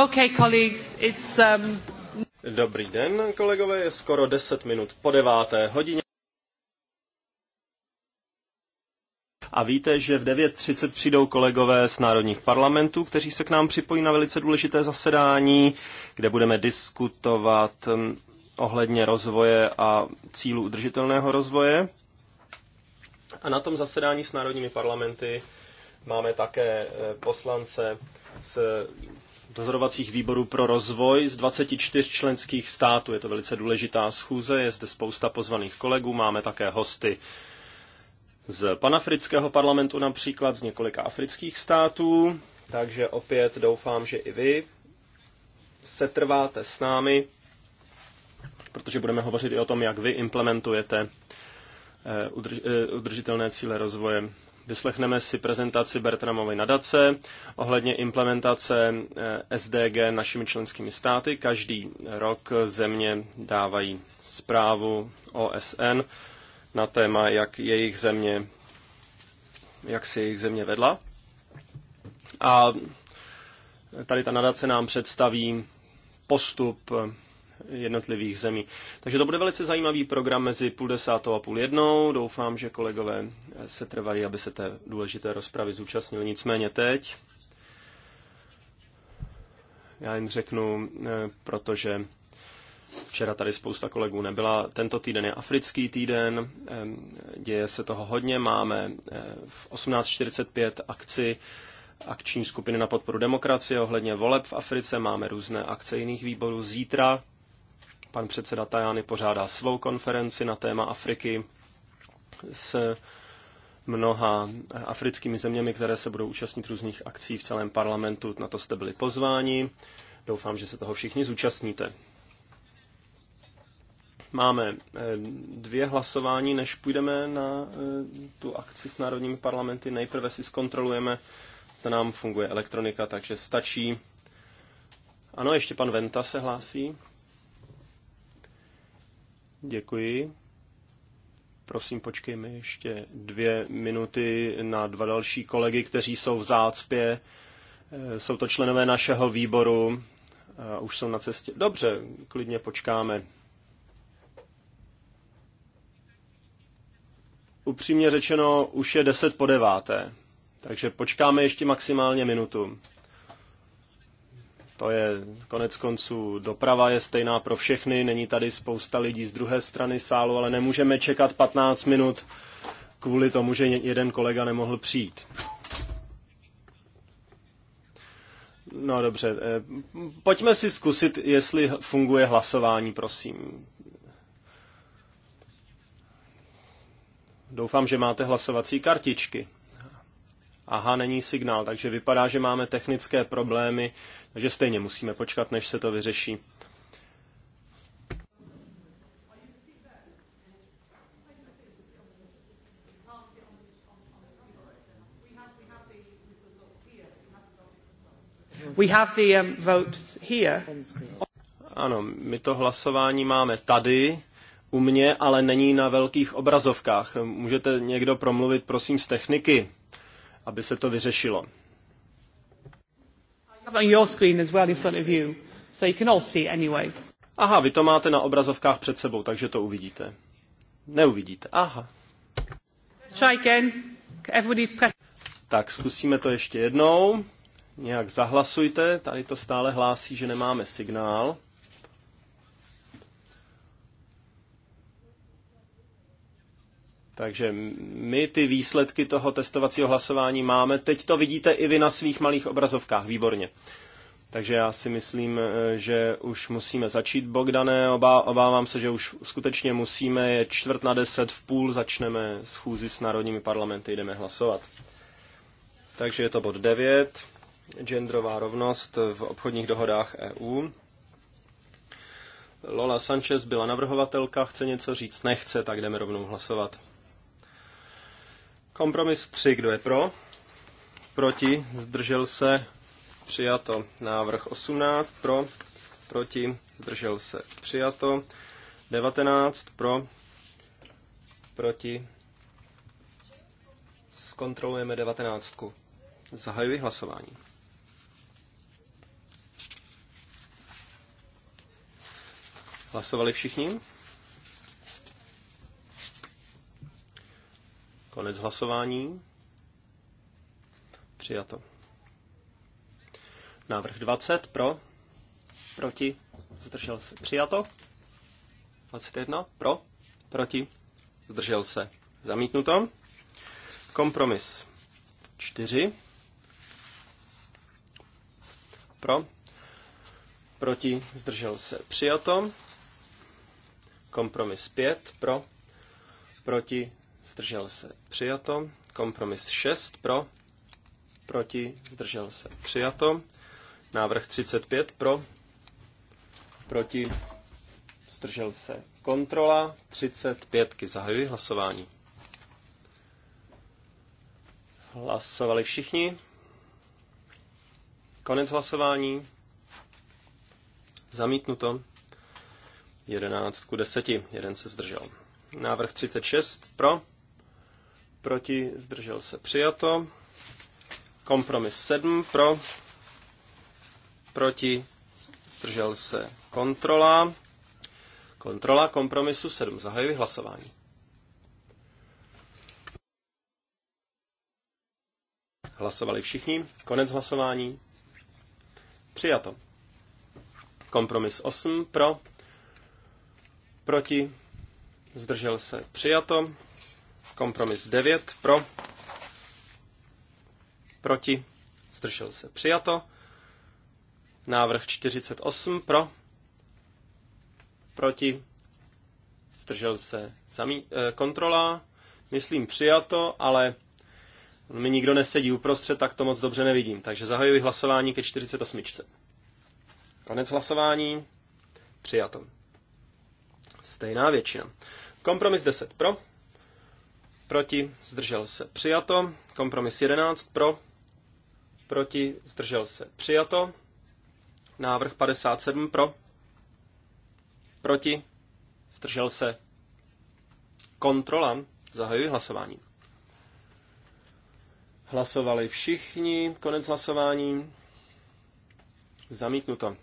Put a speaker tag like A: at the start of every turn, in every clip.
A: Um, Dobrý den, kolegové,
B: je skoro 10 minut po deváté hodině. A víte, že v 9.30 přijdou kolegové z národních parlamentů, kteří se k nám připojí na velice důležité zasedání, kde budeme diskutovat um, ohledně rozvoje a cílu udržitelného rozvoje. A na tom zasedání s národními parlamenty máme také eh, poslance z dozorovacích výborů pro rozvoj z 24 členských států. Je to velice důležitá schůze, je zde spousta pozvaných kolegů, máme také hosty z panafrického parlamentu například, z několika afrických států, takže opět doufám, že i vy setrváte s námi, protože budeme hovořit i o tom, jak vy implementujete eh, eh, udržitelné cíle rozvoje Vyslechneme si prezentaci Bertramovy nadace ohledně implementace eh, SDG našimi členskými státy. Každý rok země dávají zprávu OSN na téma, jak jejich země, jak si jejich země vedla. A tady ta nadace nám představí postup jednotlivých zemí. Takže to bude velice zajímavý program mezi půl desátou a půl jednou. Doufám, že kolegové se trvají, aby se té důležité rozpravy zúčastnili. Nicméně teď já jim řeknu, eh, protože Včera tady spousta kolegů nebyla. Tento týden je africký týden, eh, děje se toho hodně. Máme eh, v 18.45 akci akční skupiny na podporu demokracie ohledně voleb v Africe. Máme různé akce jiných výborů. Zítra Pan předseda Tajany pořádá svou konferenci na téma Afriky s mnoha africkými zeměmi, které se budou účastnit různých akcí v celém parlamentu. Na to jste byli pozváni. Doufám, že se toho všichni zúčastníte. Máme eh, dvě hlasování, než půjdeme na eh, tu akci s národními parlamenty. Nejprve si zkontrolujeme, zda nám funguje elektronika, takže stačí. Ano, ještě pan Venta se hlásí. Děkuji. Prosím, počkejme ještě dvě minuty na dva další kolegy, kteří jsou v zácpě. Eh, jsou to členové našeho výboru. Eh, už jsou na cestě. Dobře, klidně počkáme. Upřímně řečeno, už je 10 po deváté, takže počkáme ještě maximálně minutu. To je konec konců doprava je stejná pro všechny, není tady spousta lidí z druhé strany sálu, ale nemůžeme čekat 15 minut kvůli tomu, že jeden kolega nemohl přijít. No dobře, eh, pojďme si zkusit, jestli funguje hlasování, prosím. Doufám, že máte hlasovací kartičky. Aha, není signál, takže vypadá, že máme technické problémy, takže stejně musíme počkat, než se to vyřeší.
A: We have the um, vote here.
B: Ano, my to hlasování máme tady, u mě, ale není na velkých obrazovkách. Můžete někdo promluvit, prosím, z techniky? aby se to vyřešilo. Aha, vy to máte na obrazovkách před sebou, takže to uvidíte. Neuvidíte. Aha. Try again. Everybody press. Tak zkusíme to ještě jednou. Nějak zahlasujte. Tady to stále hlásí, že nemáme signál. Takže my ty výsledky toho testovacího hlasování máme. Teď to vidíte i vy na svých malých obrazovkách. Výborně. Takže já si myslím, eh, že už musíme začít, Bogdané. Obá, obávám se, že už skutečně musíme. Je čtvrt na deset, v půl začneme schůzi s národními parlamenty, jdeme hlasovat. Takže je to bod 9, genderová rovnost v obchodních dohodách EU. Lola Sanchez byla navrhovatelka, chce něco říct, nechce, tak jdeme rovnou hlasovat. Kompromis 3, kdo je pro? Proti, zdržel se, přijato. Návrh 18, pro, proti, zdržel se, přijato. 19, pro, proti. Zkontrolujeme 19. Zahajuji hlasování. Hlasovali všichni? Konec hlasování. Přijato. Návrh 20 pro, proti, zdržel se. Přijato. 21 pro, proti, zdržel se. Zamítnuto. Kompromis 4 pro, proti, zdržel se. Přijato. Kompromis 5 pro, proti, zdržel se, přijato. Kompromis 6 pro, proti, zdržel se, přijato. Návrh 35 pro, proti, zdržel se, kontrola. 35 zahajuji hlasování. Hlasovali všichni. Konec hlasování. Zamítnuto. 11 ku 10. Jeden se zdržel. Návrh 36 pro proti, zdržel se přijato. Kompromis 7 pro, proti, zdržel se kontrola. Kontrola kompromisu 7. Zahajuji hlasování. Hlasovali všichni. Konec hlasování. Přijato. Kompromis 8 pro, proti, zdržel se přijato. Kompromis 9 pro, proti, zdržel se přijato. Návrh 48 pro, proti, zdržel se zamí- eh, kontrola, myslím přijato, ale mi nikdo nesedí uprostřed, tak to moc dobře nevidím. Takže zahajuji hlasování ke 48. Konec hlasování, přijato. Stejná většina. Kompromis 10 pro, proti, zdržel se, přijato. Kompromis 11 pro, proti, zdržel se, přijato. Návrh 57 pro, proti, zdržel se, kontrola, zahajuji hlasování. Hlasovali všichni, konec hlasování, zamítnuto.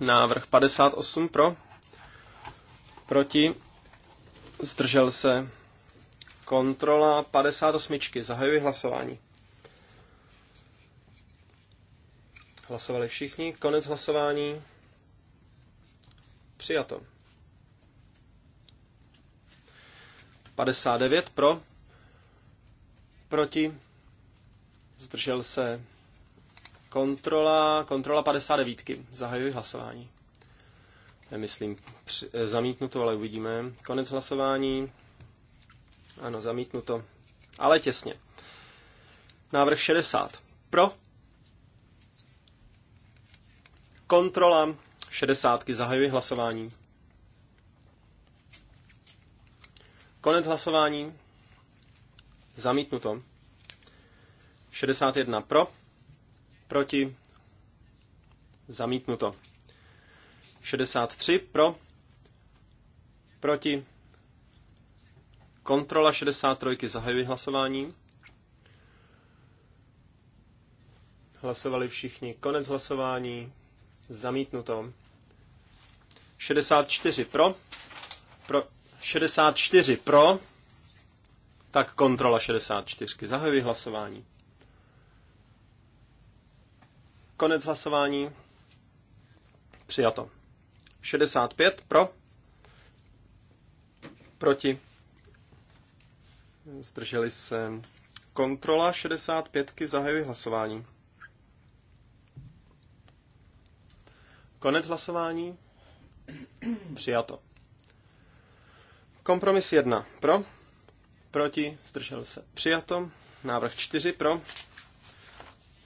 B: Návrh 58 pro, proti, zdržel se, Kontrola 58. Zahajuji hlasování. Hlasovali všichni. Konec hlasování. Přijato. 59 pro. Proti. Zdržel se. Kontrola, kontrola 59. Zahajuji hlasování. Nemyslím při, eh, zamítnuto, ale uvidíme. Konec hlasování. Ano, zamítnuto. Ale těsně. Návrh 60. Pro. Kontrola 60. Zahajuji hlasování. Konec hlasování. Zamítnuto. 61 pro. Proti. Zamítnuto. 63 pro. Proti. Kontrola 63. Zahajuji hlasování. Hlasovali všichni. Konec hlasování. Zamítnuto. 64 pro. pro 64 pro. Tak kontrola 64. Zahajuji hlasování. Konec hlasování. Přijato. 65 pro. Proti zdrželi se. Kontrola 65. Zahajuji hlasování. Konec hlasování. Přijato. Kompromis 1. Pro. Proti. Zdržel se. Přijato. Návrh 4. Pro.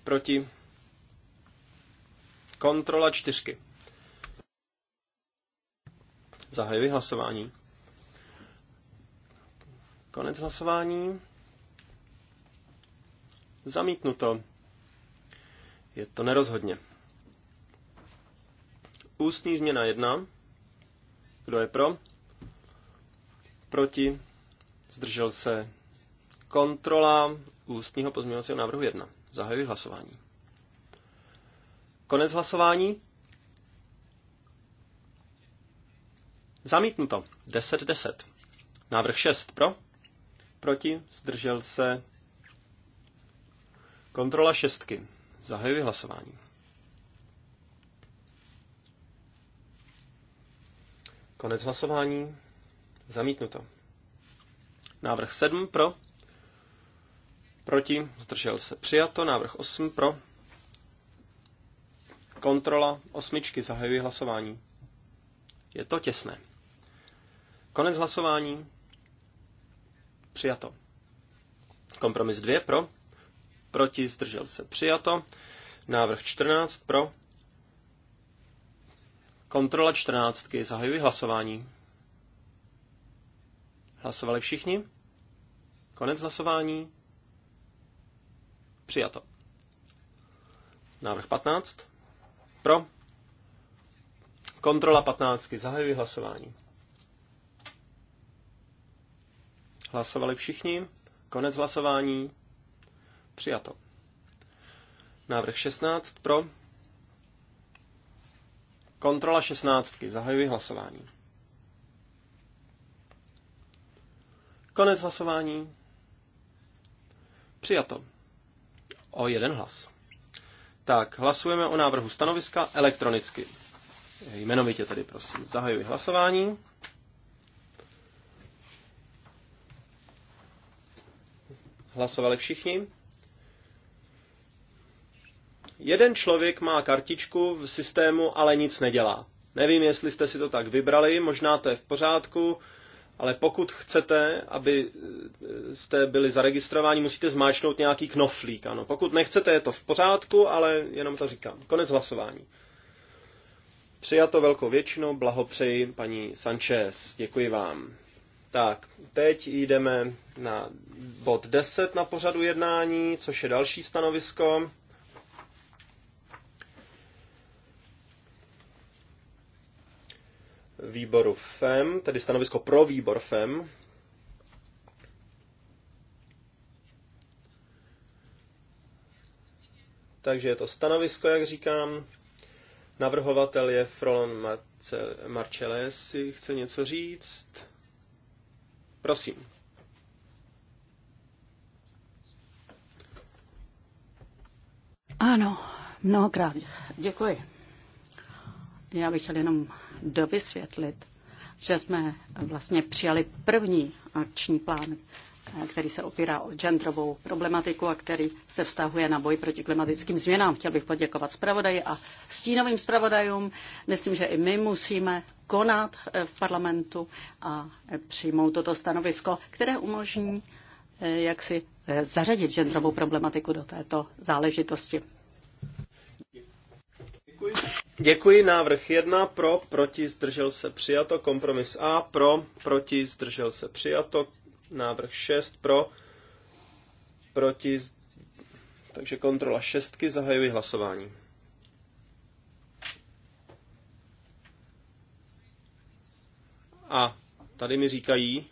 B: Proti. Kontrola 4. Zahajuji hlasování. Konec hlasování. Zamítnuto. Je to nerozhodně. Ústní změna 1. Kdo je pro? Proti? Zdržel se? Kontrola ústního pozměňovacího návrhu 1. Zahajuji hlasování. Konec hlasování. Zamítnuto. 10-10. Návrh 6. Pro? Proti? Zdržel se? Kontrola šestky. Zahajuji hlasování. Konec hlasování. Zamítnuto. Návrh 7 pro. Proti. Zdržel se. Přijato. Návrh 8 pro. Kontrola osmičky. Zahajuji hlasování. Je to těsné. Konec hlasování. Přijato. Kompromis 2 pro. Proti zdržel se. Přijato. Návrh 14 pro. Kontrola 14. Zahajuji hlasování. Hlasovali všichni? Konec hlasování. Přijato. Návrh 15. Pro. Kontrola 15. Zahajuji hlasování. Hlasovali všichni. Konec hlasování. Přijato. Návrh 16 pro. Kontrola 16. Zahajuji hlasování. Konec hlasování. Přijato. O jeden hlas. Tak, hlasujeme o návrhu stanoviska elektronicky. Jmenovitě tedy, prosím. Zahajuji hlasování. Hlasovali všichni? Jeden člověk má kartičku v systému, ale nic nedělá. Nevím, jestli jste si to tak vybrali, možná to je v pořádku, ale pokud chcete, aby eh, jste byli zaregistrováni, musíte zmáčknout nějaký knoflík. Ano, pokud nechcete, je to v pořádku, ale jenom to říkám. Konec hlasování. Přijato velkou většinou, blahopřeji paní Sanchez. Děkuji vám. Tak, teď jdeme na bod 10 na pořadu jednání, což je další stanovisko. výboru FEM, tedy stanovisko pro výbor FEM. Takže je to stanovisko, jak říkám. Navrhovatel je Frolon Marcel Marcellesi. Chce něco říct? Prosím.
C: Ano, mnohokrát děkuji. Já bych chtěl jenom dovysvětlit, že jsme vlastně přijali první akční plán, Eh, který se opírá o genderovou problematiku a který se vztahuje na boj proti klimatickým změnám. Chtěl bych poděkovat zpravodaji a stínovým zpravodajům. Myslím, že i my musíme konat eh, v parlamentu a eh, přijmout toto stanovisko, které umožní jak si zařadit genderovou problematiku do této záležitosti.
B: Děkuji. Děkuji. Návrh 1 pro, proti, zdržel se přijato. Kompromis A pro, proti, zdržel se přijato. Návrh 6 pro, proti, takže kontrola šestky, zahajuji hlasování. A tady mi říkají,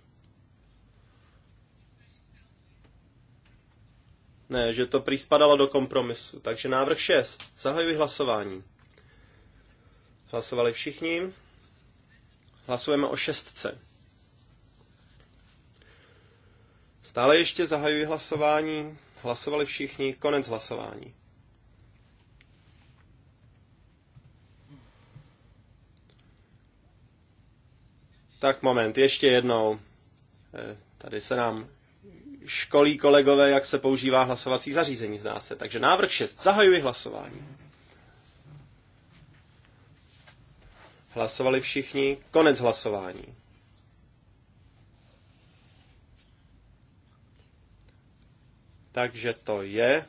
B: ne, že to prý spadalo do kompromisu, takže návrh 6, zahajuji hlasování. Hlasovali všichni. Hlasujeme o šestce. Stále ještě zahajuji hlasování. Hlasovali všichni. Konec hlasování. Tak moment, ještě jednou. Eh, tady se nám školí kolegové, jak se používá hlasovací zařízení, zdá se. Takže návrh 6. Zahajuji hlasování. Hlasovali všichni. Konec hlasování. Takže to je.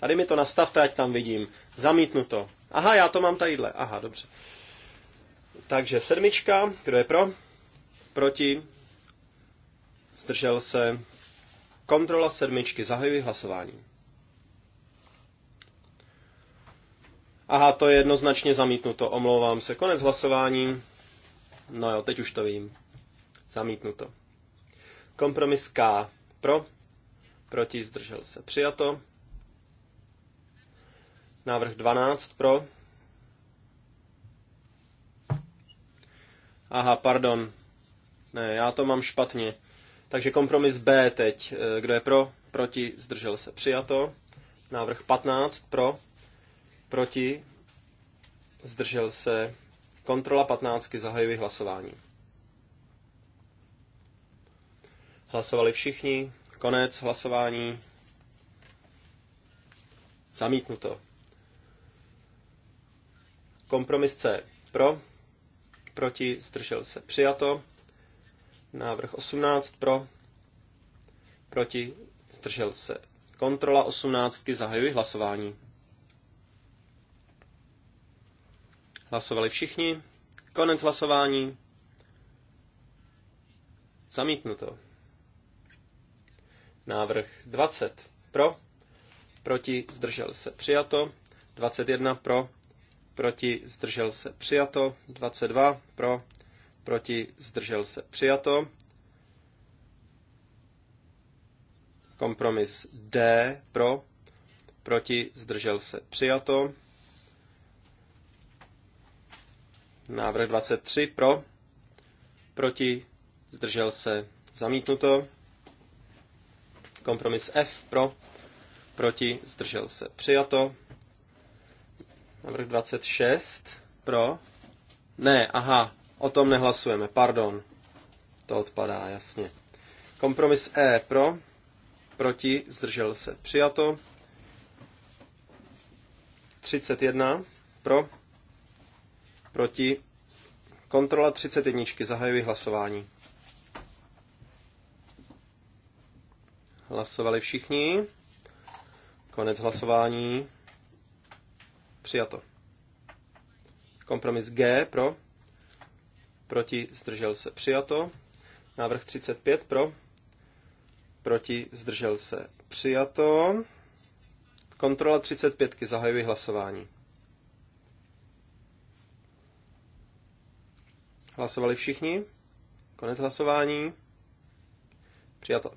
B: Tady mi to nastavte, ať tam vidím. Zamítnu to. Aha, já to mám tadyhle. Aha, dobře. Takže sedmička, kdo je pro? Proti? Zdržel se. Kontrola sedmičky, zahajuji hlasování. Aha, to je jednoznačně zamítnuto, omlouvám se. Konec hlasování. No jo, teď už to vím. Zamítnuto. Kompromis K. Pro? proti, zdržel se, přijato. Návrh 12 pro. Aha, pardon. Ne, já to mám špatně. Takže kompromis B teď. Eh, kdo je pro? Proti, zdržel se, přijato. Návrh 15 pro, proti, zdržel se. Kontrola 15, zahajuji hlasování. Hlasovali všichni, Konec hlasování. Zamítnuto. Kompromis C. Pro. Proti. Zdržel se. Přijato. Návrh 18. Pro. Proti. Zdržel se. Kontrola 18. Zahajuji hlasování. Hlasovali všichni. Konec hlasování. Zamítnuto. Návrh 20 pro, proti, zdržel se, přijato. 21 pro, proti, zdržel se, přijato. 22 pro, proti, zdržel se, přijato. Kompromis D pro, proti, zdržel se, přijato. Návrh 23 pro, proti, zdržel se, zamítnuto. Kompromis F pro, proti, zdržel se. Přijato. Návrh 26 pro. Ne, aha, o tom nehlasujeme, pardon. To odpadá, jasně. Kompromis E pro, proti, zdržel se. Přijato. 31 pro, proti, kontrola 31. Zahajuji hlasování. Hlasovali všichni. Konec hlasování. Přijato. Kompromis G pro. Proti zdržel se přijato. Návrh 35 pro. Proti zdržel se přijato. Kontrola 35. Zahajuji hlasování. Hlasovali všichni? Konec hlasování. Přijato.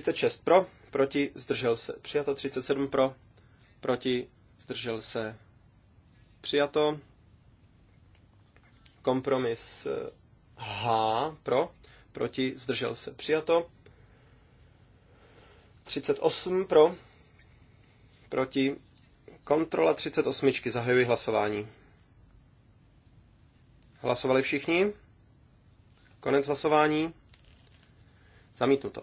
B: 36 pro, proti, zdržel se. Přijato 37 pro, proti, zdržel se. Přijato. Kompromis eh, H pro, proti, zdržel se. Přijato. 38 pro, proti, kontrola 38. Zahajuji hlasování. Hlasovali všichni? Konec hlasování. Zamítnuto.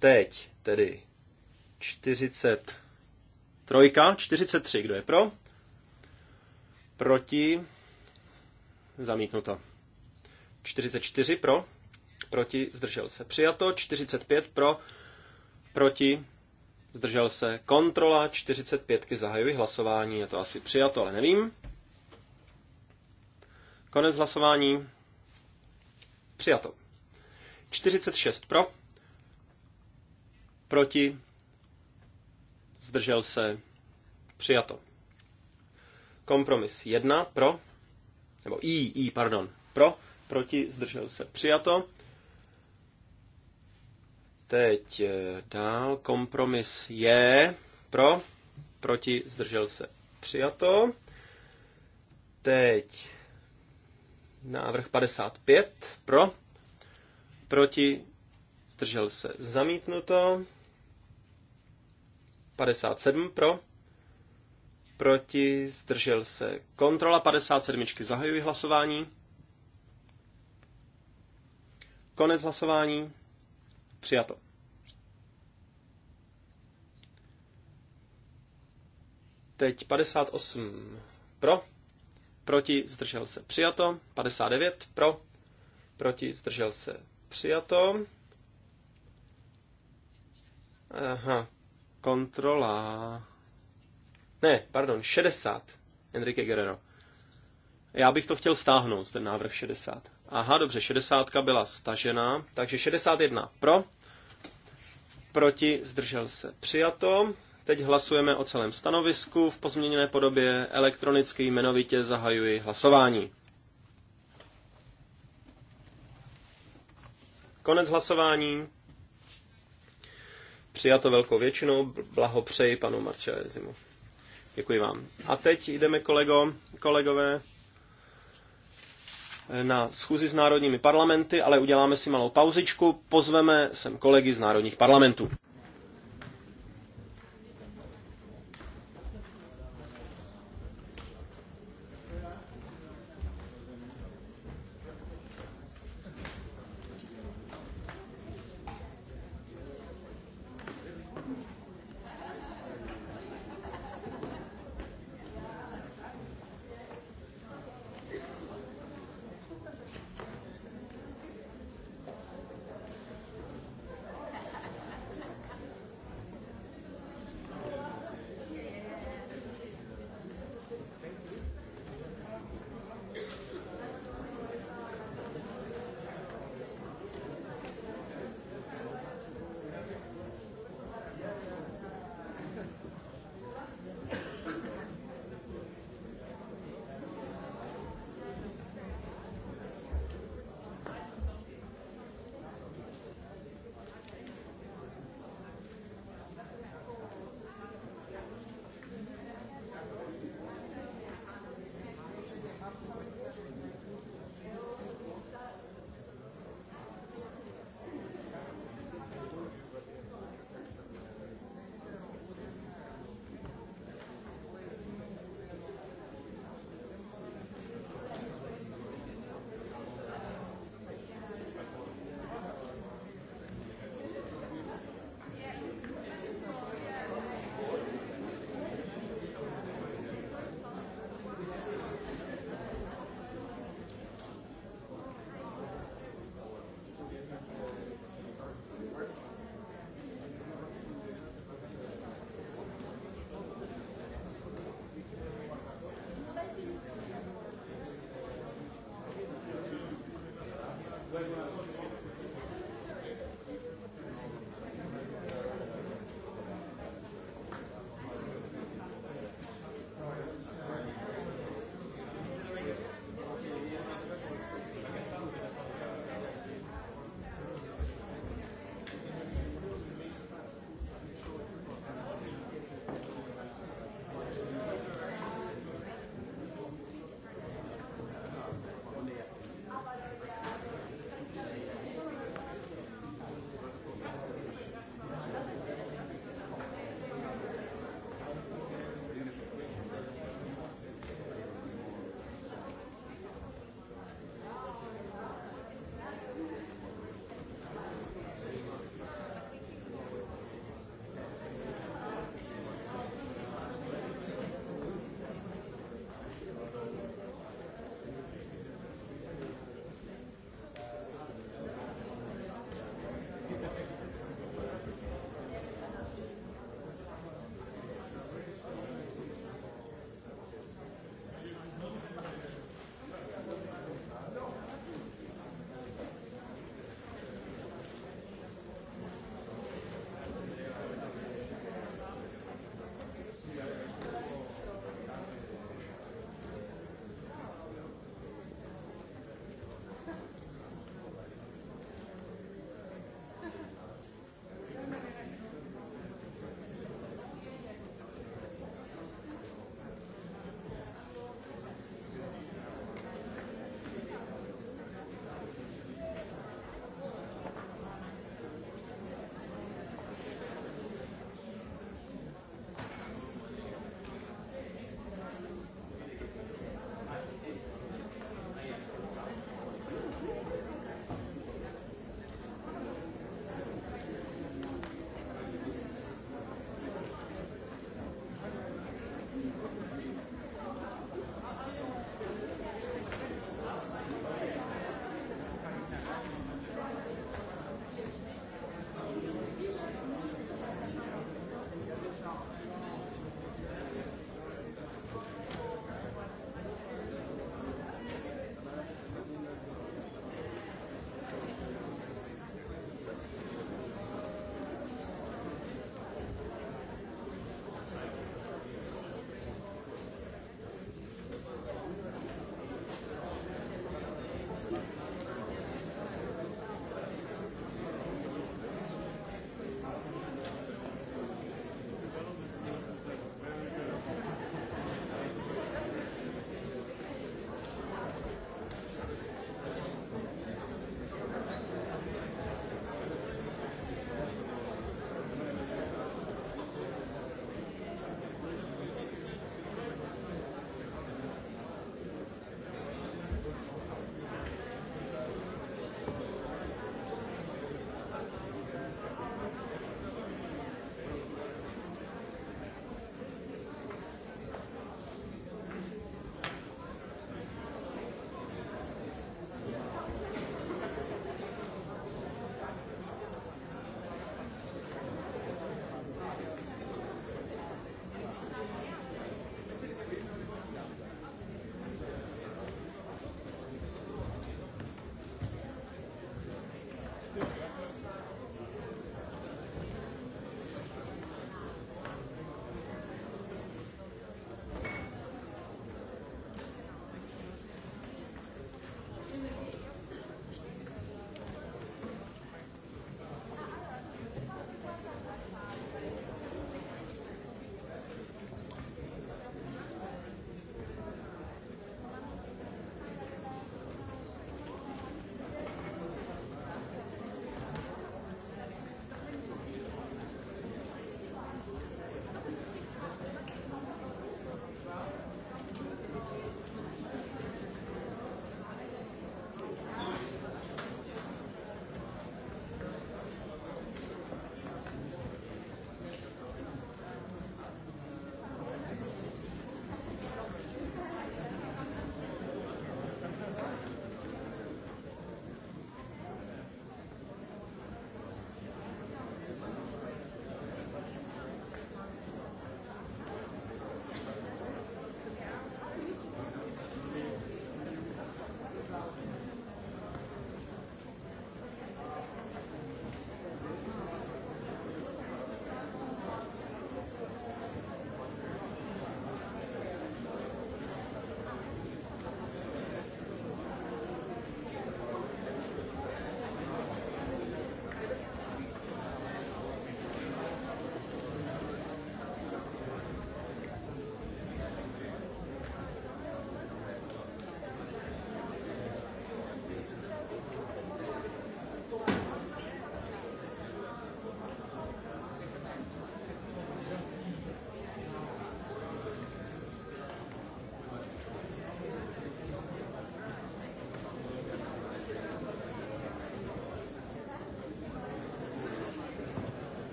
B: teď tedy 43, 43, kdo je pro? Proti, zamítnuto. 44 pro, proti, zdržel se. Přijato, 45 pro, proti, zdržel se. Kontrola 45, zahajuji hlasování, je to asi přijato, ale nevím. Konec hlasování. Přijato. 46 pro, Proti? Zdržel se? Přijato. Kompromis 1 pro, nebo I, I, pardon, pro, proti, zdržel se, přijato. Teď eh, dál, kompromis je pro, proti, zdržel se, přijato. Teď návrh 55 pro, proti, zdržel se, zamítnuto. 57 pro, proti, zdržel se. Kontrola 57. Zahajuji hlasování. Konec hlasování. Přijato. Teď 58 pro, proti, zdržel se. Přijato. 59 pro, proti, zdržel se. Přijato. Aha, kontrola... Ne, pardon, 60. Enrique Guerrero. Já bych to chtěl stáhnout, ten návrh 60. Aha, dobře, 60 byla stažena, takže 61 pro, proti, zdržel se, přijato. Teď hlasujeme o celém stanovisku v pozměněné podobě elektronicky jmenovitě zahajuji hlasování. Konec hlasování. Přijato velkou většinou, blahopřeji panu Marčelezimu. Děkuji vám. A teď jdeme, kolego, kolegové, na schůzi s národními parlamenty, ale uděláme si malou pauzičku, pozveme sem kolegy z národních parlamentů.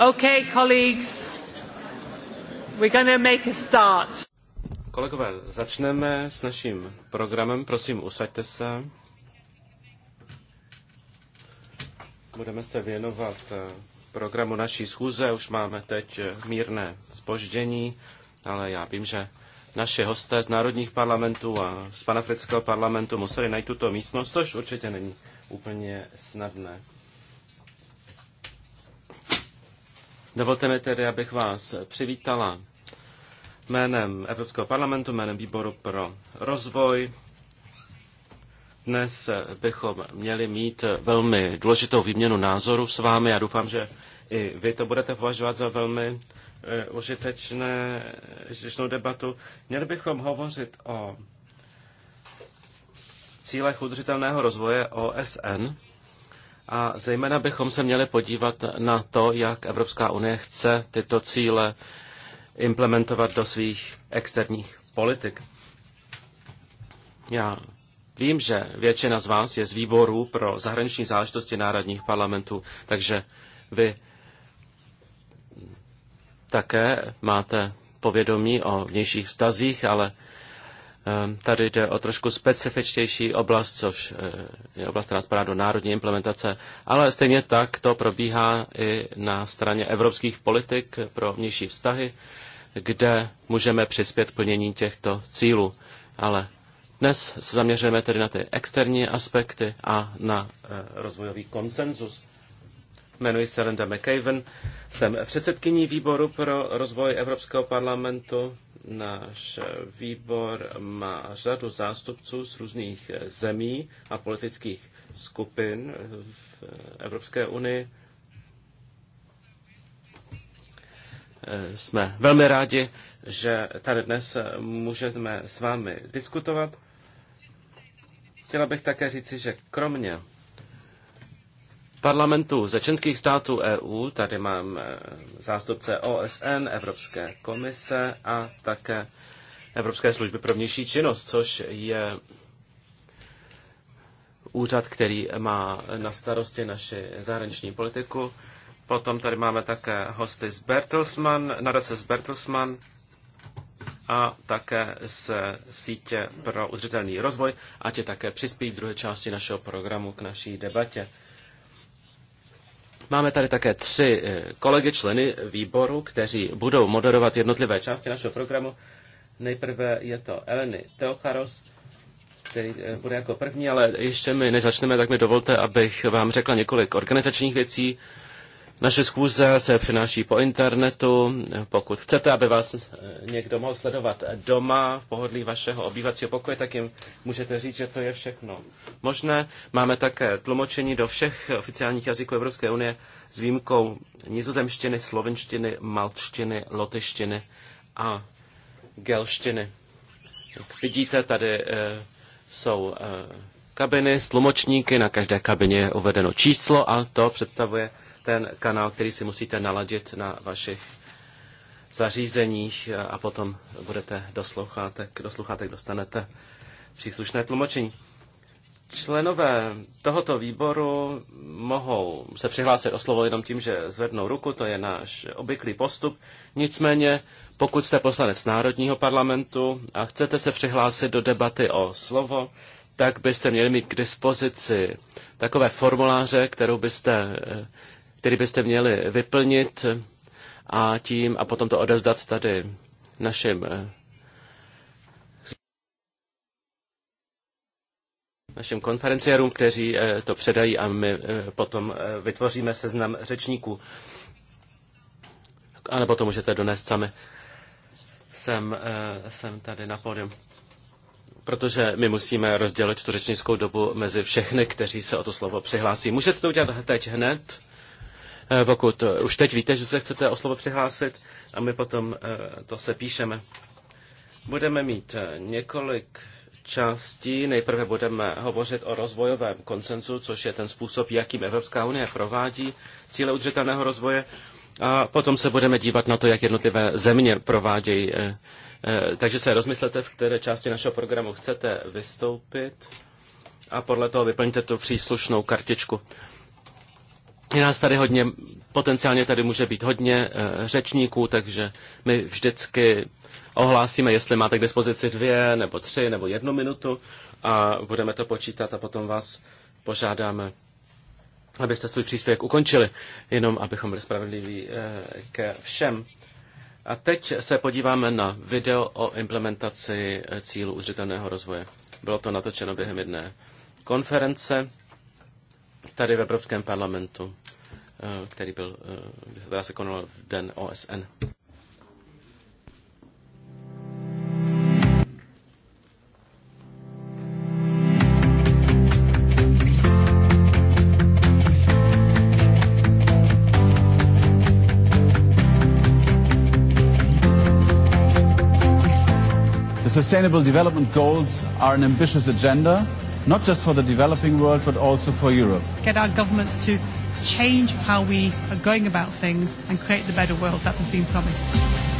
A: Okay, colleagues. We're make a start.
D: Kolegové, začneme s naším programem. Prosím, usaďte se. Budeme se věnovat eh, programu naší schůze. Už máme teď eh, mírné spoždění, ale já vím, že naše hosté z národních parlamentů a z panafrického parlamentu museli najít tuto místnost, což určitě není úplně snadné. Dovolte mi tedy, abych vás přivítala jménem Evropského parlamentu, jménem Výboru pro rozvoj. Dnes bychom měli mít velmi důležitou výměnu názorů s vámi. Já doufám, že i vy to budete považovat za velmi eh, užitečné, užitečnou debatu. Měli bychom hovořit o cílech udržitelného rozvoje OSN a zejména bychom se měli podívat na to, jak Evropská unie chce tyto cíle implementovat do svých externích politik. Já vím, že většina z vás je z výboru pro zahraniční záležitosti národních parlamentů, takže vy také máte povědomí o vnějších vztazích, ale Ehm, tady jde o trošku specifičtější oblast, což eh, je oblast, která spadá do národní implementace, ale stejně tak to probíhá i na straně evropských politik pro vnější vztahy, kde můžeme přispět plnění těchto cílů. Ale dnes se zaměřujeme tedy na ty externí aspekty a na eh, rozvojový konsenzus. Jmenuji se Linda McAven, jsem předsedkyní výboru pro rozvoj Evropského parlamentu Náš výbor má řadu zástupců z různých zemí a politických skupin v Evropské unii. Jsme velmi rádi, že tady dnes můžeme s vámi diskutovat. Chtěla bych také říci, že kromě parlamentů ze členských států EU, tady mám eh, zástupce OSN, Evropské komise a také Evropské služby pro vnější činnost, což je úřad, který má na starosti naši zahraniční politiku. Potom tady máme také hosty z Bertelsmann, nadace z Bertelsmann a také z sítě pro udržitelný rozvoj a tě také přispějí v druhé části našeho programu k naší debatě. Máme tady také tři eh, kolegy, členy výboru, kteří budou moderovat jednotlivé části našeho programu. Nejprve je to Eleny Teocharos, který eh, bude jako první, ale ještě mi nezačneme, tak mi dovolte, abych vám řekla několik organizačních věcí. Naše schůze se přináší po internetu. Pokud chcete, aby vás eh, někdo mohl sledovat doma v pohodlí vašeho obývacího pokoje, tak jim můžete říct, že to je všechno možné. Máme také tlumočení do všech oficiálních jazyků Evropské unie s výjimkou nizozemštiny, slovenštiny, malčtiny, lotyštiny a gelštiny. Jak vidíte, tady eh, jsou eh, kabiny s tlumočníky. Na každé kabině je uvedeno číslo a to představuje ten kanál, který si musíte naladit na vašich zařízeních a potom budete do sluchátek, dostanete příslušné tlumočení. Členové tohoto výboru mohou se přihlásit o slovo jenom tím, že zvednou ruku, to je náš obvyklý postup. Nicméně, pokud jste poslanec Národního parlamentu a chcete se přihlásit do debaty o slovo, tak byste měli mít k dispozici takové formuláře, kterou byste eh, který byste měli vyplnit a tím a potom to odevzdat tady našim eh, našim konferenciérům, kteří eh, to předají a my eh, potom vytvoříme seznam řečníků. A nebo to můžete donést sami sem, sem tady na pódium. Protože my musíme rozdělit tu řečnickou dobu mezi všechny, kteří se o to slovo přihlásí. Můžete to udělat teď hned. Eh, pokud eh, už teď víte, že se chcete o slovo přihlásit a my potom eh, to se píšeme. Budeme mít několik částí. Nejprve budeme hovořit o rozvojovém koncenzu, což je ten způsob, jakým Evropská unie provádí cíle udržitelného rozvoje. A potom se budeme dívat na to, jak jednotlivé země provádějí. Takže se rozmyslete, v které části našeho programu chcete vystoupit a podle toho vyplňte tu příslušnou kartičku. Je nás tady hodně, potenciálně tady může být hodně eh, řečníků, takže my vždycky ohlásíme, jestli máte k dispozici dvě, nebo tři, nebo jednu minutu a budeme to počítat a potom vás požádáme, abyste svůj příspěvek ukončili, jenom abychom byli spravedliví eh, ke všem. A teď se podíváme na video o implementaci eh, cílu udržitelného rozvoje. Bylo to natočeno během jedné konference tady v Evropském parlamentu, eh, který byl, eh, která se konala v den OSN. The Sustainable Development Goals are an ambitious agenda not just for the developing world, but also for Europe.
A: Get our governments to change how we are going about things and create the better world that has been promised.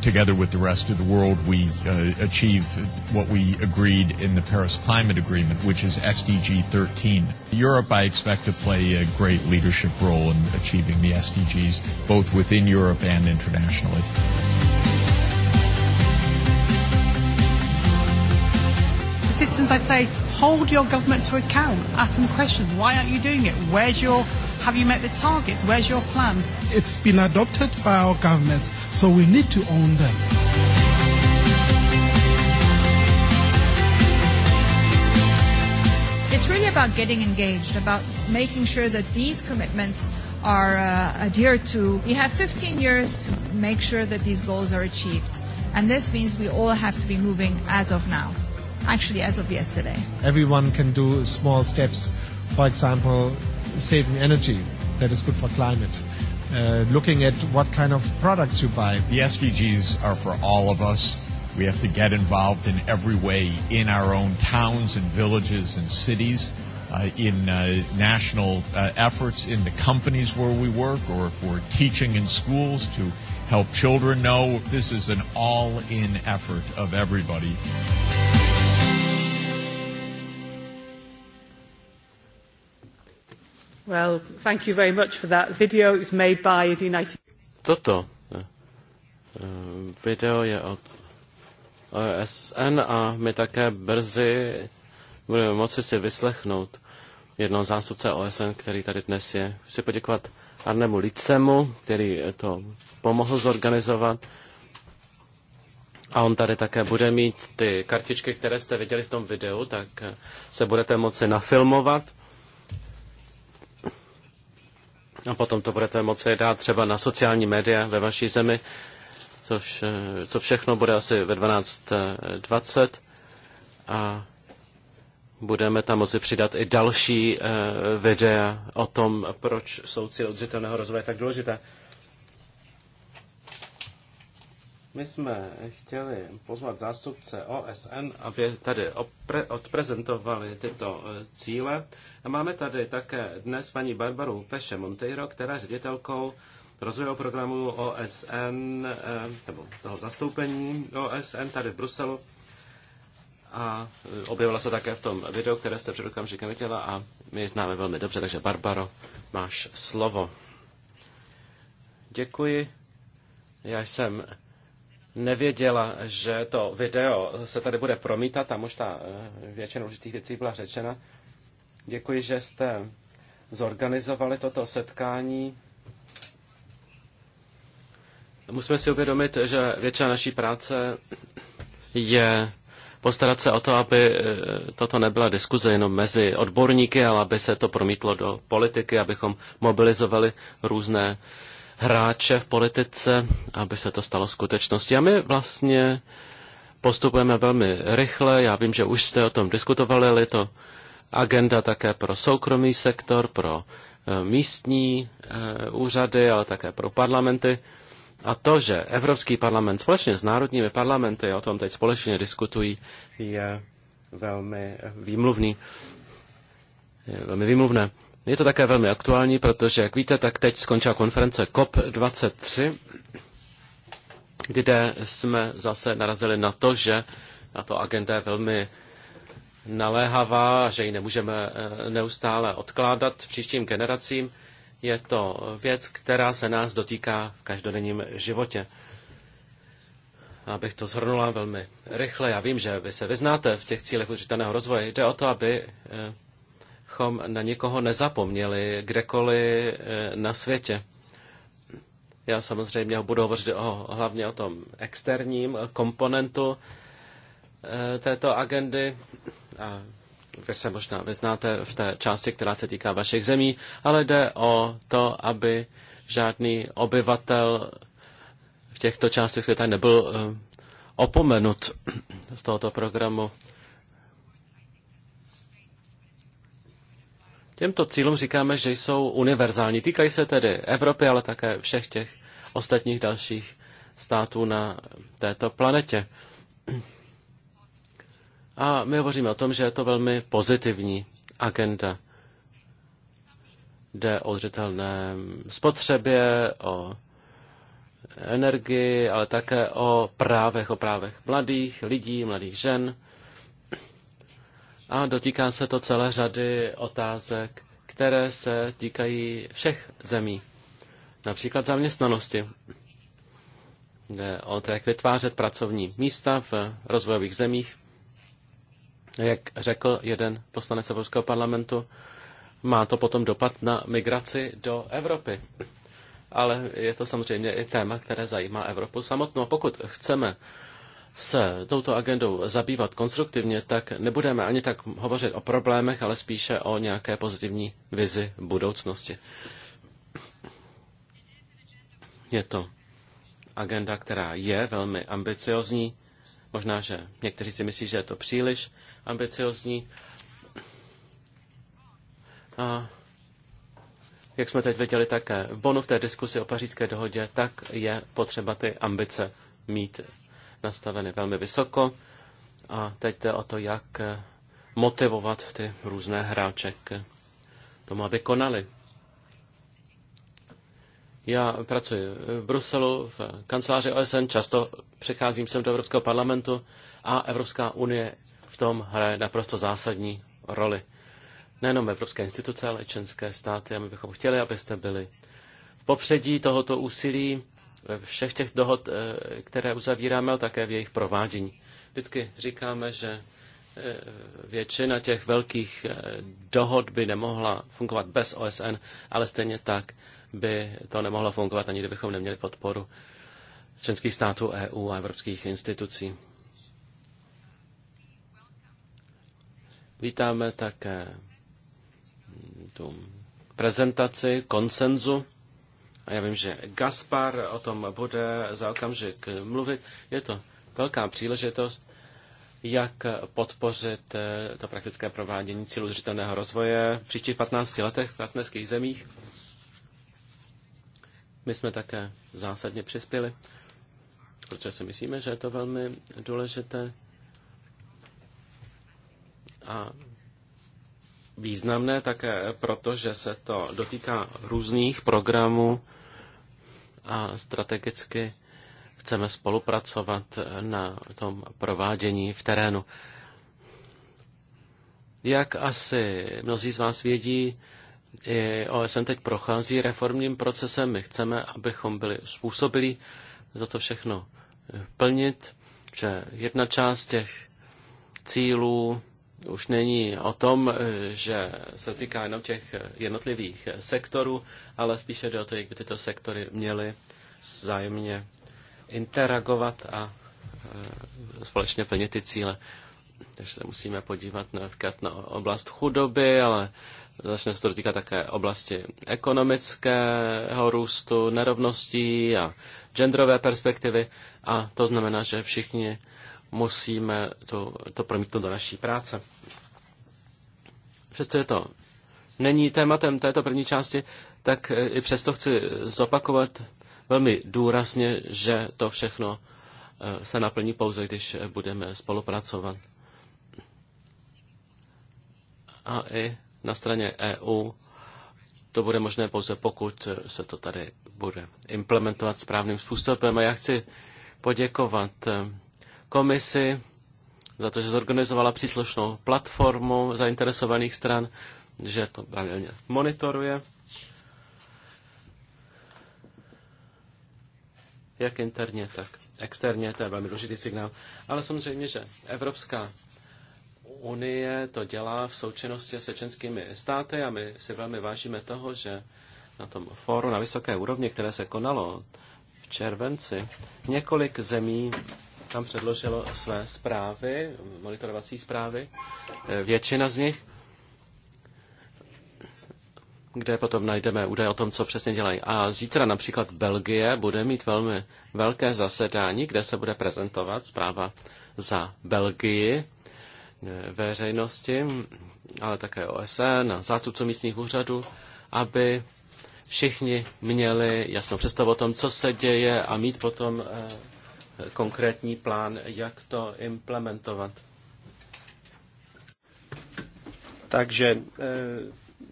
E: together with the rest of the world, we uh, achieve what we agreed in the Paris Climate Agreement, which is SDG 13. Europe, I expect to play a great leadership role in achieving the SDGs, both within Europe and internationally.
A: citizens, I say, hold your government to account. Ask them questions. Why aren't you doing it? Where's your Have you met the targets? Where's your plan?
D: It's been adopted by our governments,
F: so we need to own them.
A: It's really about getting engaged, about making sure that these commitments are uh, adhered to. We have 15 years to make sure that these goals are achieved. And this means we all have to be moving as of now, actually, as of yesterday.
B: Everyone can do small steps. For example,
E: saving energy that is good for climate. Uh, looking at what kind of products you buy. The SDGs are for all of us. We have to get involved in every way in our own towns and villages and cities, uh, in uh, national uh, efforts in the companies where we work, or if we're teaching in schools to help children know this is an all in effort of everybody.
A: Well, thank you very much for that video. made by the United
D: Toto eh, eh, video je od OSN a my také brzy budeme moci si vyslechnout jednoho zástupce OSN, který tady dnes je. Chci poděkovat Arnemu Licemu, který to pomohl zorganizovat. A on tady také bude mít ty kartičky, které jste viděli v tom videu, tak se budete moci nafilmovat a potom to budete moci dát třeba na sociální média ve vaší zemi, což, eh, co všechno bude asi ve 12.20 a budeme tam moci přidat i další eh, videa o tom, proč jsou cíle udržitelného rozvoje tak důležité. My jsme chtěli pozvat zástupce OSN, aby tady opre- odprezentovali tyto eh, cíle. A máme tady také dnes paní Barbaru Peše Monteiro, která je ředitelkou rozvojového programu OSN, eh, nebo toho zastoupení OSN tady v Bruselu. A eh, objevila se také v tom videu, které jste před okamžikem viděla a my ji známe velmi dobře, takže Barbaro, máš slovo. Děkuji. Já jsem nevěděla, že to video se tady bude promítat a možná eh, většina určitých věcí byla řečena. Děkuji, že jste zorganizovali toto setkání. Musíme si uvědomit, že většina naší práce je postarat se o to, aby eh, toto nebyla diskuze jenom mezi odborníky, ale aby se to promítlo do politiky, abychom mobilizovali různé hráče v politice, aby se to stalo skutečností. A my vlastně postupujeme velmi rychle. Já vím, že už jste o tom diskutovali, ale je to agenda také pro soukromý sektor, pro eh, místní eh, úřady, ale také pro parlamenty. A to, že Evropský parlament společně s národními parlamenty o tom teď společně diskutují, je velmi eh, výmluvný. Je velmi výmluvné. Je to také velmi aktuální, protože, jak víte, tak teď skončila konference COP23, kde jsme zase narazili na to, že na to agenda je velmi naléhavá, že ji nemůžeme eh, neustále odkládat příštím generacím. Je to věc, která se nás dotýká v každodenním životě. Abych to zhrnula velmi rychle, já vím, že vy se vyznáte v těch cílech udržitelného rozvoje. Jde o to, aby eh, abychom na někoho nezapomněli kdekoliv eh, na světě. Já samozřejmě budu hovořit o, hlavně o tom externím komponentu eh, této agendy. A vy se možná vyznáte v té části, která se týká vašich zemí, ale jde o to, aby žádný obyvatel v těchto částech světa nebyl eh, opomenut z tohoto programu. Těmto cílům říkáme, že jsou univerzální. Týkají se tedy Evropy, ale také všech těch ostatních dalších států na této planetě. A my hovoříme o tom, že je to velmi pozitivní agenda. Jde o zřetelné spotřebě, o energii, ale také o právech, o právech mladých lidí, mladých žen a dotýká se to celé řady otázek, které se týkají všech zemí. Například zaměstnanosti. Jde o to, jak vytvářet pracovní místa v rozvojových zemích. Jak řekl jeden poslanec Evropského parlamentu, má to potom dopad na migraci do Evropy. Ale je to samozřejmě i téma, které zajímá Evropu samotnou. Pokud chceme se touto agendou zabývat konstruktivně, tak nebudeme ani tak hovořit o problémech, ale spíše o nějaké pozitivní vizi budoucnosti. Je to agenda, která je velmi ambiciozní. Možná, že někteří si myslí, že je to příliš ambiciozní. A jak jsme teď viděli také v Bonu v té diskusi o pařížské dohodě, tak je potřeba ty ambice mít nastaveny velmi vysoko. A teď jde o to, jak eh, motivovat ty různé hráče k tomu, aby konali. Já pracuji v Bruselu, v kanceláři OSN, často přecházím sem do Evropského parlamentu a Evropská unie v tom hraje naprosto zásadní roli. Nejenom Evropské instituce, ale i členské státy. A my bychom chtěli, abyste byli v popředí tohoto úsilí ve všech těch dohod, eh, které uzavíráme, ale také v jejich provádění. Vždycky říkáme, že eh, většina těch velkých eh, dohod by nemohla fungovat bez OSN, ale stejně tak by to nemohlo fungovat, ani kdybychom neměli podporu členských států EU a evropských institucí. Vítáme také mm, tu prezentaci konsenzu a já vím, že Gaspar o tom bude za okamžik mluvit. Je to velká příležitost, jak podpořit eh, to praktické provádění cílů zřitelného rozvoje v příštích 15 letech v partnerských zemích. My jsme také zásadně přispěli, protože si myslíme, že je to velmi důležité a významné také proto, že se to dotýká různých programů a strategicky chceme spolupracovat na tom provádění v terénu. Jak asi mnozí z vás vědí, i OSN teď prochází reformním procesem. My chceme, abychom byli způsobili za to všechno plnit, že jedna část těch cílů už není o tom, eh, že se týká jenom těch eh, jednotlivých eh, sektorů, ale spíše jde o to, jak by tyto sektory měly zájemně interagovat a společně plnit ty cíle. Takže se musíme podívat například na oblast chudoby, ale začne se to dotýkat také oblasti ekonomického růstu, nerovností a genderové perspektivy. A to znamená, že všichni musíme to, to promítnout do naší práce. Přesto je to není tématem této první části, tak eh, i přesto chci zopakovat velmi důrazně, že to všechno eh, se naplní pouze, když eh, budeme spolupracovat. A i na straně EU to bude možné pouze, pokud se to tady bude implementovat správným způsobem. A já chci poděkovat komisi za to, že zorganizovala příslušnou platformu zainteresovaných stran, že to pravidelně monitoruje. Jak interně, tak externě, to je velmi důležitý signál. Ale samozřejmě, že Evropská unie to dělá v součinnosti se členskými státy a my si velmi vážíme toho, že na tom fóru na vysoké úrovni, které se konalo v červenci, několik zemí tam předložilo své zprávy, monitorovací zprávy, eh, většina z nich, kde potom najdeme údaje o tom, co přesně dělají. A zítra například Belgie bude mít velmi velké zasedání, kde se bude prezentovat zpráva za Belgii eh, veřejnosti, ale také OSN a zástupců místních úřadů, aby všichni měli jasnou představu o tom, co se děje a mít potom eh, konkrétní plán, jak to implementovat.
B: Takže eh,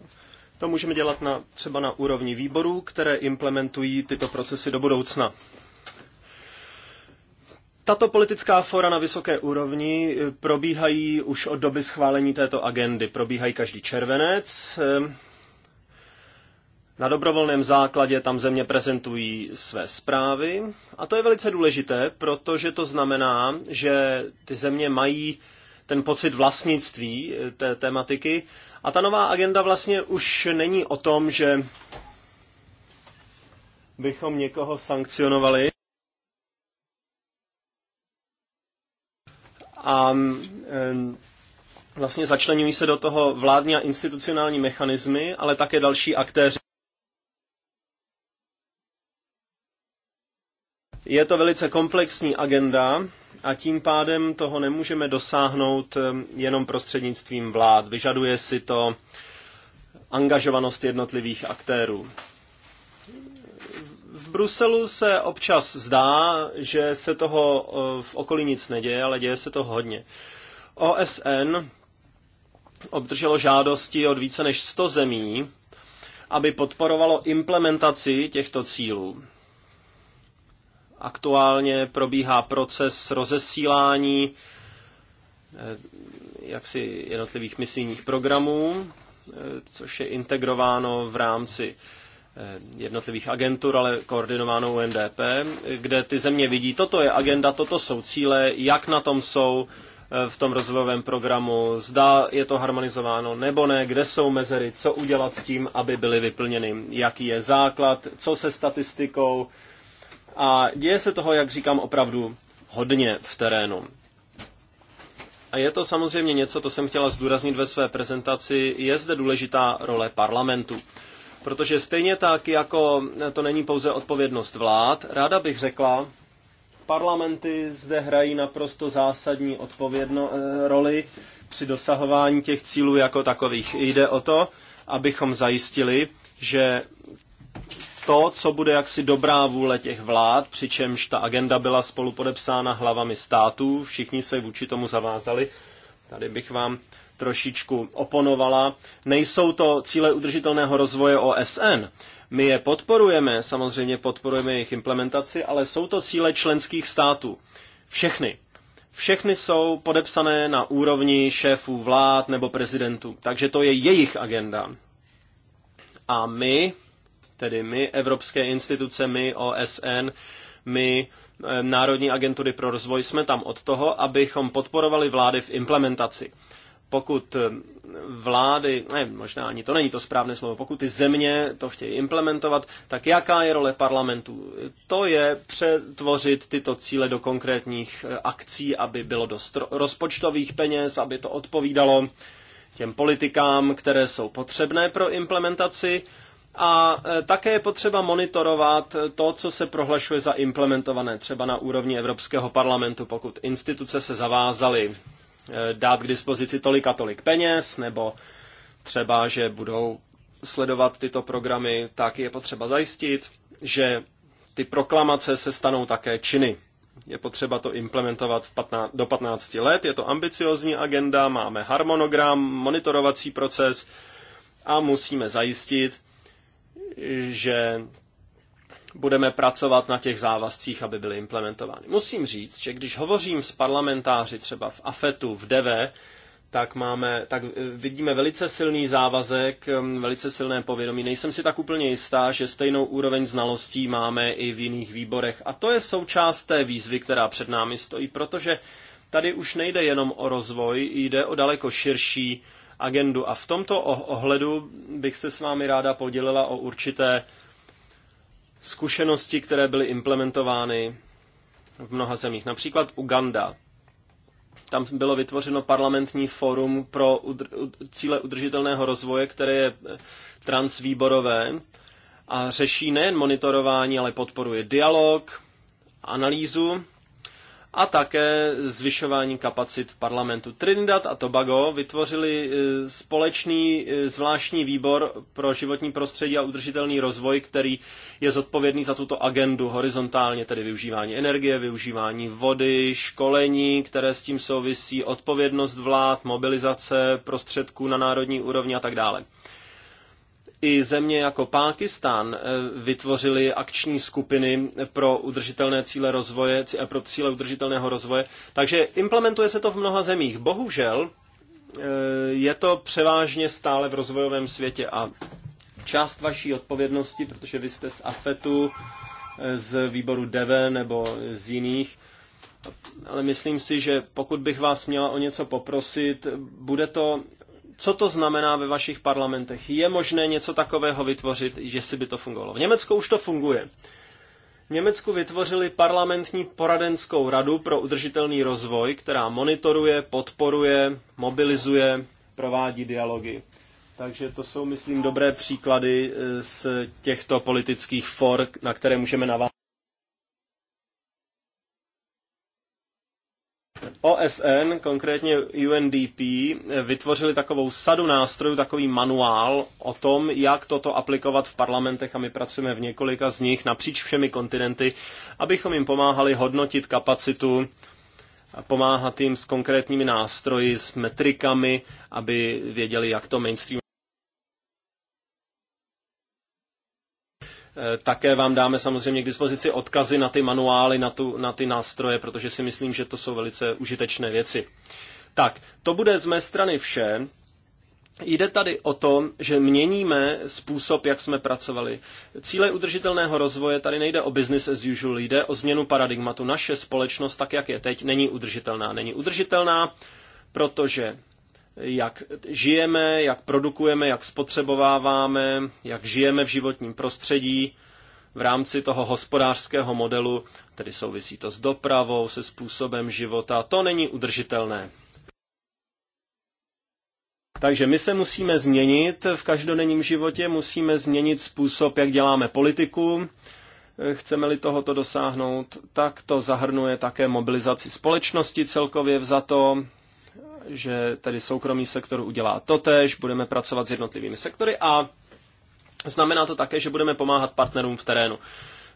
B: to můžeme dělat na, třeba na úrovni výborů, které implementují tyto procesy do budoucna. Tato politická fora na vysoké úrovni eh, probíhají už od doby schválení této agendy. Probíhají každý červenec. Eh, na dobrovolném základě tam země prezentují své zprávy a to je velice důležité, protože to znamená, že ty země mají ten pocit vlastnictví eh, té tematiky a ta nová agenda vlastně už není o tom, že bychom někoho sankcionovali. A vlastně začlenují se do toho vládní a institucionální mechanismy, ale také další aktéři. Je to velice komplexní agenda a tím pádem toho nemůžeme dosáhnout eh, jenom prostřednictvím vlád. Vyžaduje si to angažovanost jednotlivých aktérů. V Bruselu se občas zdá, že se toho eh, v okolí nic neděje, ale děje se to hodně. OSN obdrželo žádosti od více než 100 zemí, aby podporovalo implementaci těchto cílů. Aktuálně probíhá proces rozesílání eh, jaksi jednotlivých misijních programů, eh, což je integrováno v rámci eh, jednotlivých agentur, ale koordinováno UNDP, kde ty země vidí, toto je agenda, toto jsou cíle, jak na tom jsou v tom rozvojovém programu, zda je to harmonizováno nebo ne, kde jsou mezery, co udělat s tím, aby byly vyplněny, jaký je základ, co se statistikou, a děje se toho, jak říkám, opravdu hodně v terénu. A je to samozřejmě něco, to jsem chtěla zdůraznit ve své prezentaci, je zde důležitá role parlamentu. Protože stejně tak, jako to není pouze odpovědnost vlád, ráda bych řekla, parlamenty zde hrají naprosto zásadní odpovědno, eh, roli při dosahování těch cílů jako takových. Jde o to, abychom zajistili, že to, co bude jaksi dobrá vůle těch vlád, přičemž ta agenda byla spolupodepsána hlavami států, všichni se vůči tomu zavázali. Tady bych vám trošičku oponovala. Nejsou to cíle udržitelného rozvoje OSN. My je podporujeme, samozřejmě podporujeme jejich implementaci, ale jsou to cíle členských států. Všechny. Všechny jsou podepsané na úrovni šéfů vlád nebo prezidentů, takže to je jejich agenda. A my tedy my, evropské instituce, my, OSN, my, eh, Národní agentury pro rozvoj, jsme tam od toho, abychom podporovali vlády v implementaci. Pokud eh, vlády, ne, možná ani to není to správné slovo, pokud ty země to chtějí implementovat, tak jaká je role parlamentu? To je přetvořit tyto cíle do konkrétních eh, akcí, aby bylo dost rozpočtových peněz, aby to odpovídalo těm politikám, které jsou potřebné pro implementaci a e, také je potřeba monitorovat to, co se prohlašuje za implementované, třeba na úrovni Evropského parlamentu, pokud instituce se zavázaly e, dát k dispozici tolik a tolik peněz, nebo třeba, že budou sledovat tyto programy, tak je potřeba zajistit, že ty proklamace se stanou také činy. Je potřeba to implementovat v 15, do 15 let, je to ambiciozní agenda, máme harmonogram, monitorovací proces a musíme zajistit, že budeme pracovat na těch závazcích, aby byly implementovány. Musím říct, že když hovořím s parlamentáři třeba v AFETu, v DEVE, tak, máme, tak eh, vidíme velice silný závazek, mm, velice silné povědomí. Nejsem si tak úplně jistá, že stejnou úroveň znalostí máme i v jiných výborech. A to je součást té výzvy, která před námi stojí, protože tady už nejde jenom o rozvoj, jde o daleko širší agendu. A v tomto ohledu bych se s vámi ráda podělila o určité zkušenosti, které byly implementovány v mnoha zemích. Například Uganda. Tam bylo vytvořeno parlamentní fórum pro udr- cíle udržitelného rozvoje, které je transvýborové a řeší nejen monitorování, ale podporuje dialog, analýzu a také zvyšování kapacit v parlamentu. Trinidad a Tobago vytvořili e, společný e, zvláštní výbor pro životní prostředí a udržitelný rozvoj, který je zodpovědný za tuto agendu horizontálně, tedy využívání energie, využívání vody, školení, které s tím souvisí, odpovědnost vlád, mobilizace prostředků na národní úrovni a tak dále. I země jako Pákistán eh, vytvořily akční skupiny pro udržitelné cíle rozvoje, eh, pro cíle udržitelného rozvoje, takže implementuje se to v mnoha zemích. Bohužel eh, je to převážně stále v rozvojovém světě a část vaší odpovědnosti, protože vy jste z AFETu, z výboru DEVE nebo z jiných, ale myslím si, že pokud bych vás měla o něco poprosit, bude to co to znamená ve vašich parlamentech? Je možné něco takového vytvořit, že si by to fungovalo? V Německu už to funguje. V Německu vytvořili parlamentní poradenskou radu pro udržitelný rozvoj, která monitoruje, podporuje, mobilizuje, provádí dialogy. Takže to jsou, myslím, dobré příklady eh, z těchto politických for, na které můžeme navázat. OSN, konkrétně UNDP, vytvořili takovou sadu nástrojů, takový manuál o tom, jak toto aplikovat v parlamentech a my pracujeme v několika z nich napříč všemi kontinenty, abychom jim pomáhali hodnotit kapacitu a pomáhat jim s konkrétními nástroji, s metrikami, aby věděli, jak to mainstream Eh, také vám dáme samozřejmě k dispozici odkazy na ty manuály, na, tu, na ty nástroje, protože si myslím, že to jsou velice užitečné věci. Tak, to bude z mé strany vše. Jde tady o to, že měníme způsob, jak jsme pracovali. Cíle udržitelného rozvoje tady nejde o business as usual, jde o změnu paradigmatu. Naše společnost, tak jak je teď, není udržitelná. Není udržitelná, protože jak žijeme, jak produkujeme, jak spotřebováváme, jak žijeme v životním prostředí v rámci toho hospodářského modelu, tedy souvisí to s dopravou, se způsobem života, to není udržitelné. Takže my se musíme změnit v každodenním životě, musíme změnit způsob, jak děláme politiku. Chceme-li tohoto dosáhnout, tak to zahrnuje také mobilizaci společnosti celkově vzato, že tady soukromý sektor udělá totež, budeme pracovat s jednotlivými sektory a znamená to také, že budeme pomáhat partnerům v terénu.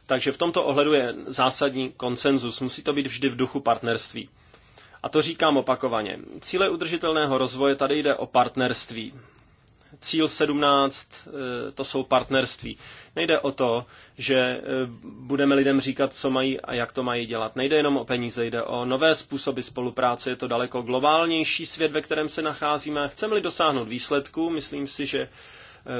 B: Takže v tomto ohledu je zásadní konsenzus. Musí to být vždy v duchu partnerství. A to říkám opakovaně. Cíle udržitelného rozvoje tady jde o partnerství cíl 17, eh, to jsou partnerství. Nejde o to, že eh, budeme lidem říkat, co mají a jak to mají dělat. Nejde jenom o peníze, jde o nové způsoby spolupráce. Je to daleko globálnější svět, ve kterém se nacházíme. Chceme-li dosáhnout výsledku, myslím si, že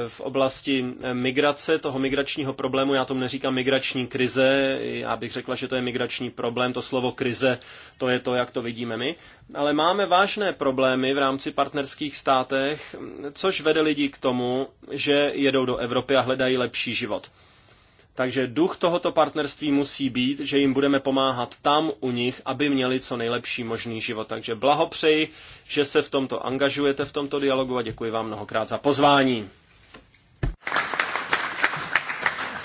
B: v oblasti migrace, toho migračního problému. Já tomu neříkám migrační krize, já bych řekla, že to je migrační problém, to slovo krize, to je to, jak to vidíme my. Ale máme vážné problémy v rámci partnerských státech, což vede lidi k tomu, že jedou do Evropy a hledají lepší život. Takže duch tohoto partnerství musí být, že jim budeme pomáhat tam u nich, aby měli co nejlepší možný život. Takže blahopřeji, že se v tomto angažujete, v tomto dialogu a děkuji vám mnohokrát za pozvání.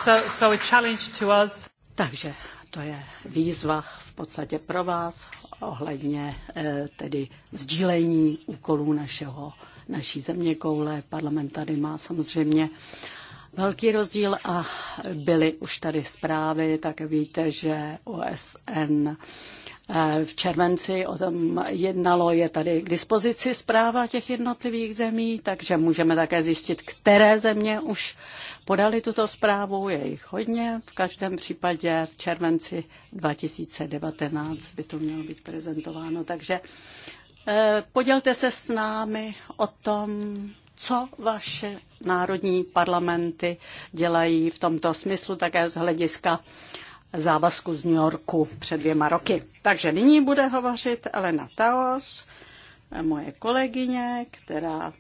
C: So, so a challenge to us. Takže to je výzva v podstatě pro vás ohledně eh, tedy sdílení úkolů našeho, naší země koule. Parlament tady má samozřejmě velký rozdíl a byly už tady zprávy, tak víte, že OSN Eh, v červenci o tom jednalo, je tady k dispozici zpráva těch jednotlivých zemí, takže můžeme také zjistit, které země už podali tuto zprávu, je jich hodně. V každém případě v červenci 2019 by to mělo být prezentováno, takže eh, podělte se s námi o tom, co vaše národní parlamenty dělají v tomto smyslu, také z hlediska závazku z New Yorku před dvěma roky. Takže nyní bude hovořit Elena Taos, moje kolegyně, která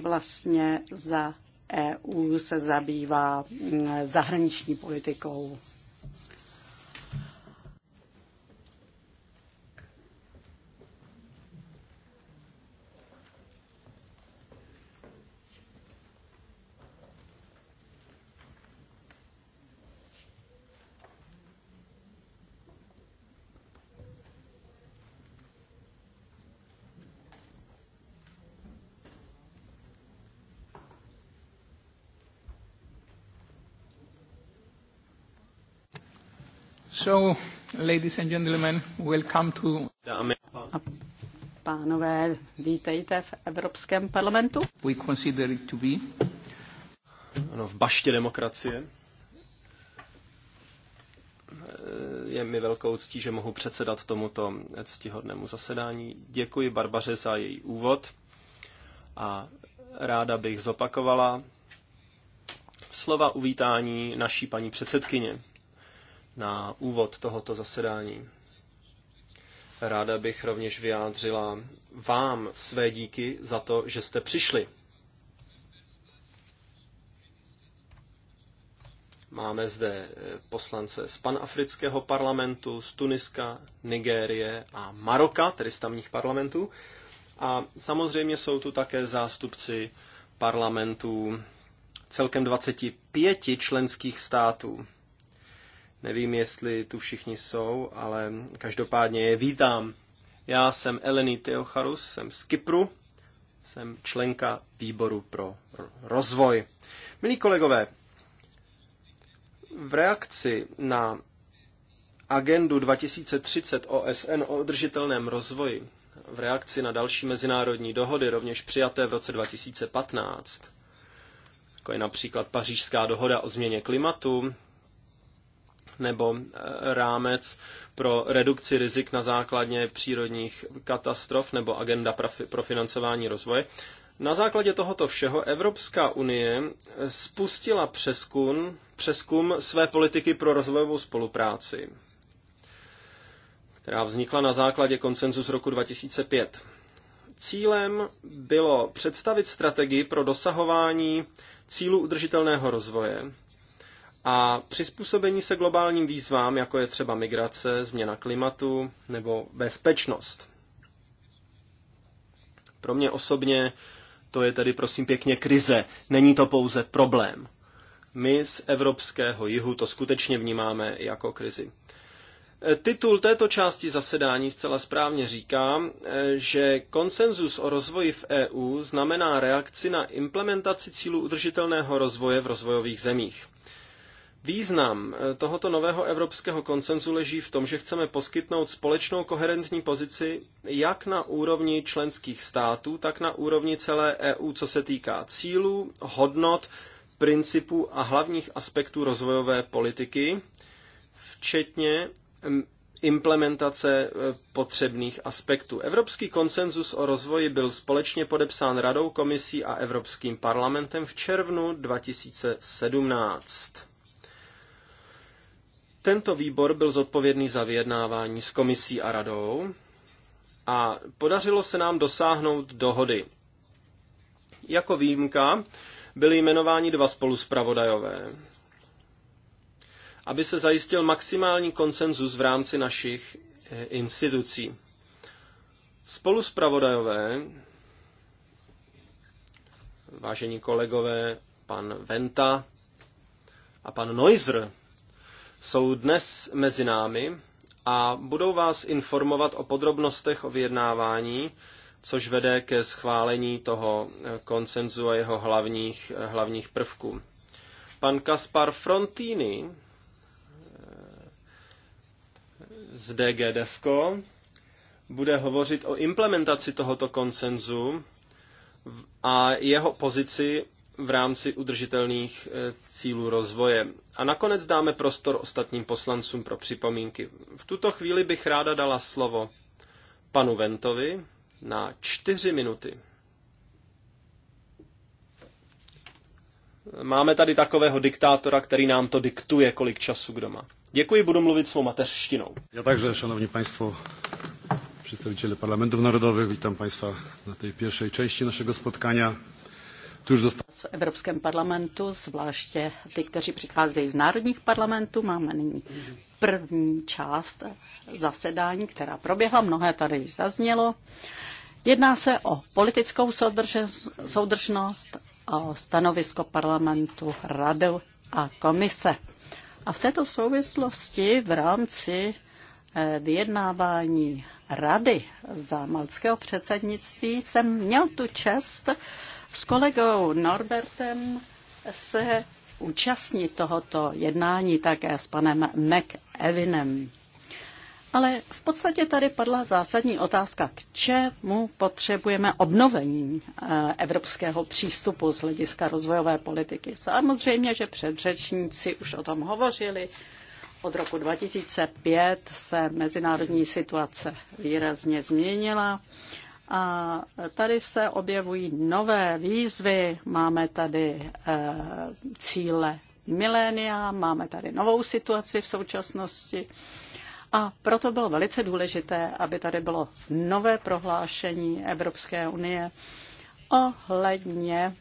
C: vlastně za EU se zabývá mm, zahraniční politikou
F: So, ladies and gentlemen, welcome to...
B: Dámy a
C: pánové, vítejte v Evropském parlamentu.
B: We consider it to be. Ano, v baště demokracie. Je mi velkou ctí, že mohu předsedat tomuto ctihodnému zasedání. Děkuji Barbaře za její úvod a ráda bych zopakovala slova uvítání naší paní předsedkyně na úvod tohoto zasedání. Ráda bych rovněž vyjádřila vám své díky za to, že jste přišli. Máme zde eh, poslance z panafrického parlamentu, z Tuniska, Nigérie a Maroka, tedy z tamních parlamentů. A samozřejmě jsou tu také zástupci parlamentů celkem 25 členských států. Nevím, jestli tu všichni jsou, ale každopádně je vítám. Já jsem Eleni Teocharus, jsem z Kypru, jsem členka výboru pro rozvoj. Milí kolegové, v reakci na agendu 2030 OSN o udržitelném rozvoji, v reakci na další mezinárodní dohody, rovněž přijaté v roce 2015, jako je například Pařížská dohoda o změně klimatu, nebo eh, rámec pro redukci rizik na základě přírodních katastrof nebo agenda pro financování rozvoje. Na základě tohoto všeho Evropská unie spustila přeskum, přeskum své politiky pro rozvojovou spolupráci, která vznikla na základě koncenzu z roku 2005. Cílem bylo představit strategii pro dosahování cílu udržitelného rozvoje, a přizpůsobení se globálním výzvám, jako je třeba migrace, změna klimatu nebo bezpečnost. Pro mě osobně to je tedy prosím pěkně krize, není to pouze problém. My z evropského jihu to skutečně vnímáme jako krizi. Titul této části zasedání zcela správně říká, že konsenzus o rozvoji v EU znamená reakci na implementaci cílů udržitelného rozvoje v rozvojových zemích. Význam eh, tohoto nového evropského koncenzu leží v tom, že chceme poskytnout společnou koherentní pozici jak na úrovni členských států, tak na úrovni celé EU, co se týká cílů, hodnot, principů a hlavních aspektů rozvojové politiky, včetně mm, implementace eh, potřebných aspektů. Evropský konsenzus o rozvoji byl společně podepsán Radou, Komisí a Evropským parlamentem v červnu 2017. Tento výbor byl zodpovědný za vyjednávání s komisí a radou a podařilo se nám dosáhnout dohody. Jako výjimka byli jmenováni dva spoluspravodajové. Aby se zajistil maximální konsenzus v rámci našich eh, institucí. Spoluspravodajové, vážení kolegové, pan Venta a pan Neuser, jsou dnes mezi námi a budou vás informovat o podrobnostech o vyjednávání, což vede ke schválení toho eh, koncenzu a jeho hlavních, eh, hlavních prvků. Pan Kaspar Frontini eh, z DGDFko bude hovořit o implementaci tohoto koncenzu a jeho pozici v rámci udržitelných eh, cílů rozvoje. A nakonec dáme prostor ostatním poslancům pro připomínky. V tuto chvíli bych ráda dala slovo panu Ventovi na čtyři minuty. Máme tady takového diktátora, který nám to diktuje, kolik času kdo má. Děkuji, budu mluvit svou mateřštinou.
F: Já takže, šanovní państwo, představitele parlamentů narodových, vítám państwa na té první části našeho spotkania
C: v Evropském parlamentu, zvláště ty, kteří přicházejí z národních parlamentů. Máme nyní první část zasedání, která proběhla, mnohé tady již zaznělo. Jedná se o politickou soudržnost, o stanovisko parlamentu, radu a komise. A v této souvislosti v rámci eh, vyjednávání rady za malského předsednictví jsem měl tu čest s kolegou Norbertem se účastní tohoto jednání také s panem McEvinem. Ale v podstatě tady padla zásadní otázka, k čemu potřebujeme obnovení eh, evropského přístupu z hlediska rozvojové politiky. Samozřejmě, že předřečníci už o tom hovořili. Od roku 2005 se mezinárodní situace výrazně změnila a tady se objevují nové výzvy. Máme tady e, cíle milénia, máme tady novou situaci v současnosti. A proto bylo velice důležité, aby tady bylo nové prohlášení Evropské unie ohledně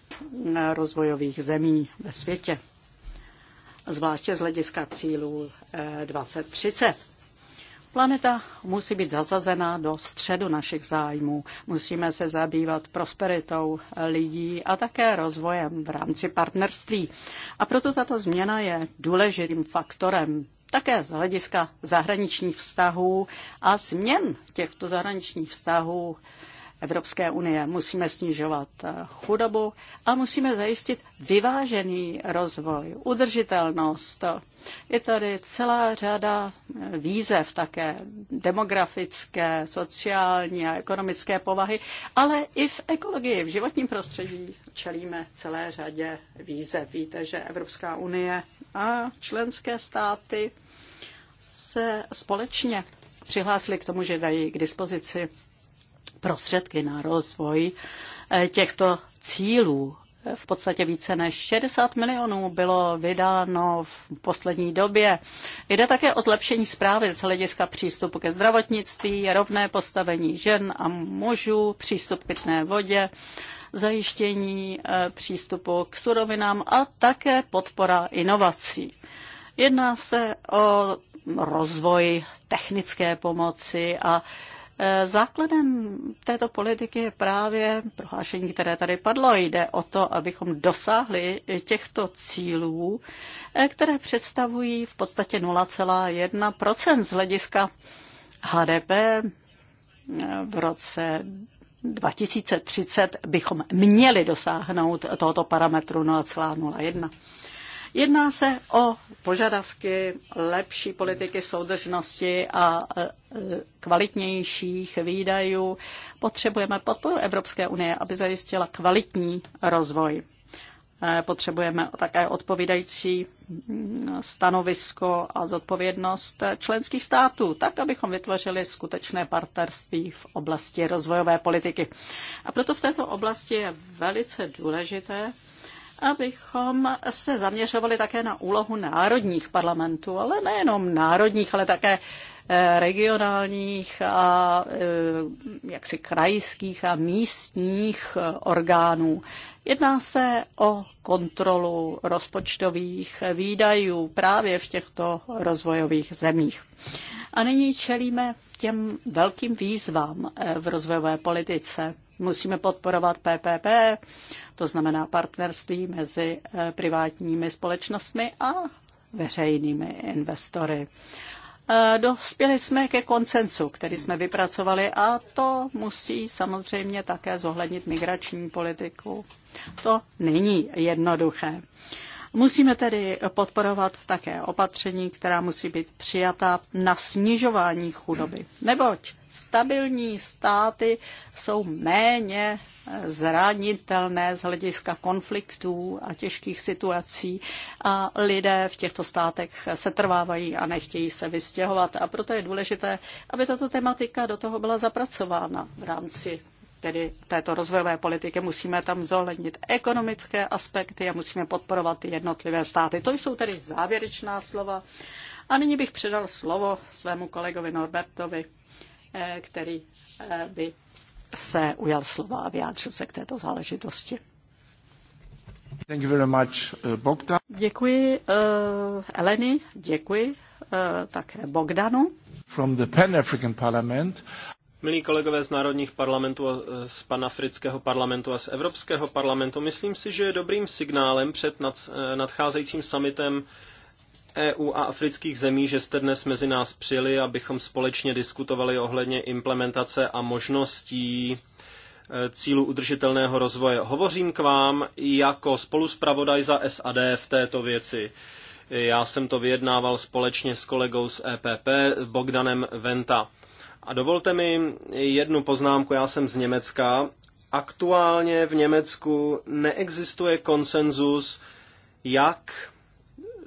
C: eh, rozvojových zemí ve světě, zvláště z hlediska cílů 2030. Eh, Planeta musí být zasazena do středu našich zájmů. Musíme se zabývat prosperitou lidí a také rozvojem v rámci partnerství. A proto tato změna je důležitým faktorem také z hlediska zahraničních vztahů a změn těchto zahraničních vztahů Evropské unie. Musíme snižovat eh, chudobu a musíme zajistit vyvážený rozvoj, udržitelnost. Je tady celá řada eh, výzev také demografické, sociální a ekonomické povahy, ale i v ekologii, v životním prostředí čelíme celé řadě výzev. Víte, že Evropská unie a členské státy se společně přihlásili k tomu, že dají k dispozici prostředky na rozvoj eh, těchto cílů. V podstatě více než 60 milionů bylo vydáno v poslední době. Jde také o zlepšení zprávy z hlediska přístupu ke zdravotnictví, rovné postavení žen a mužů, přístup k pitné vodě, zajištění eh, přístupu k surovinám a také podpora inovací. Jedná se o rozvoj technické pomoci a Eh, základem této politiky je právě prohlášení, které tady padlo. Jde o to, abychom dosáhli těchto cílů, eh, které představují v podstatě 0,1 z hlediska HDP eh, v roce 2030 bychom měli dosáhnout tohoto parametru 0,01. Jedná se o požadavky lepší politiky soudržnosti a e, e, kvalitnějších výdajů. Potřebujeme podporu Evropské unie, aby zajistila kvalitní rozvoj. E, potřebujeme také odpovídající mm, stanovisko a zodpovědnost členských států, tak abychom vytvořili skutečné partnerství v oblasti rozvojové politiky. A proto v této oblasti je velice důležité, abychom se zaměřovali také na úlohu národních parlamentů, ale nejenom národních, ale také eh, regionálních a eh, jaksi krajských a místních eh, orgánů. Jedná se o kontrolu rozpočtových výdajů právě v těchto rozvojových zemích. A nyní čelíme těm velkým výzvám v rozvojové politice. Musíme podporovat PPP, to znamená partnerství mezi eh, privátními společnostmi a veřejnými investory. Eh, dospěli jsme ke koncensu, který jsme vypracovali a to musí samozřejmě také zohlednit migrační politiku. To není jednoduché. Musíme tedy podporovat také opatření, která musí být přijata na snižování chudoby, neboť stabilní státy jsou méně zranitelné z hlediska konfliktů a těžkých situací a lidé v těchto státech se trvávají a nechtějí se vystěhovat. A proto je důležité, aby tato tematika do toho byla zapracována v rámci tedy této rozvojové politiky, musíme tam zohlednit ekonomické aspekty a musíme podporovat ty jednotlivé státy. To jsou tedy závěrečná slova. A nyní bych předal slovo svému kolegovi Norbertovi, eh, který eh, by se ujal slova a vyjádřil se k této záležitosti. Thank you very much, eh, Bogdan. Děkuji uh, Eleni, děkuji uh, také Bogdanu.
A: From the Pan-African
C: Parliament.
B: Milí kolegové z národních parlamentů, e, z panafrického parlamentu a z Evropského parlamentu, myslím si, že je dobrým signálem před e, nadcházejícím summitem EU a afrických zemí, že jste dnes mezi nás přijeli, abychom společně diskutovali ohledně implementace a možností e, cílu udržitelného rozvoje. Hovořím k vám jako spoluspravodaj za SAD v této věci. Já jsem to vyjednával společně s kolegou z EPP Bogdanem Venta. A dovolte mi jednu poznámku, já jsem z Německa. Aktuálně v Německu neexistuje konsenzus, jak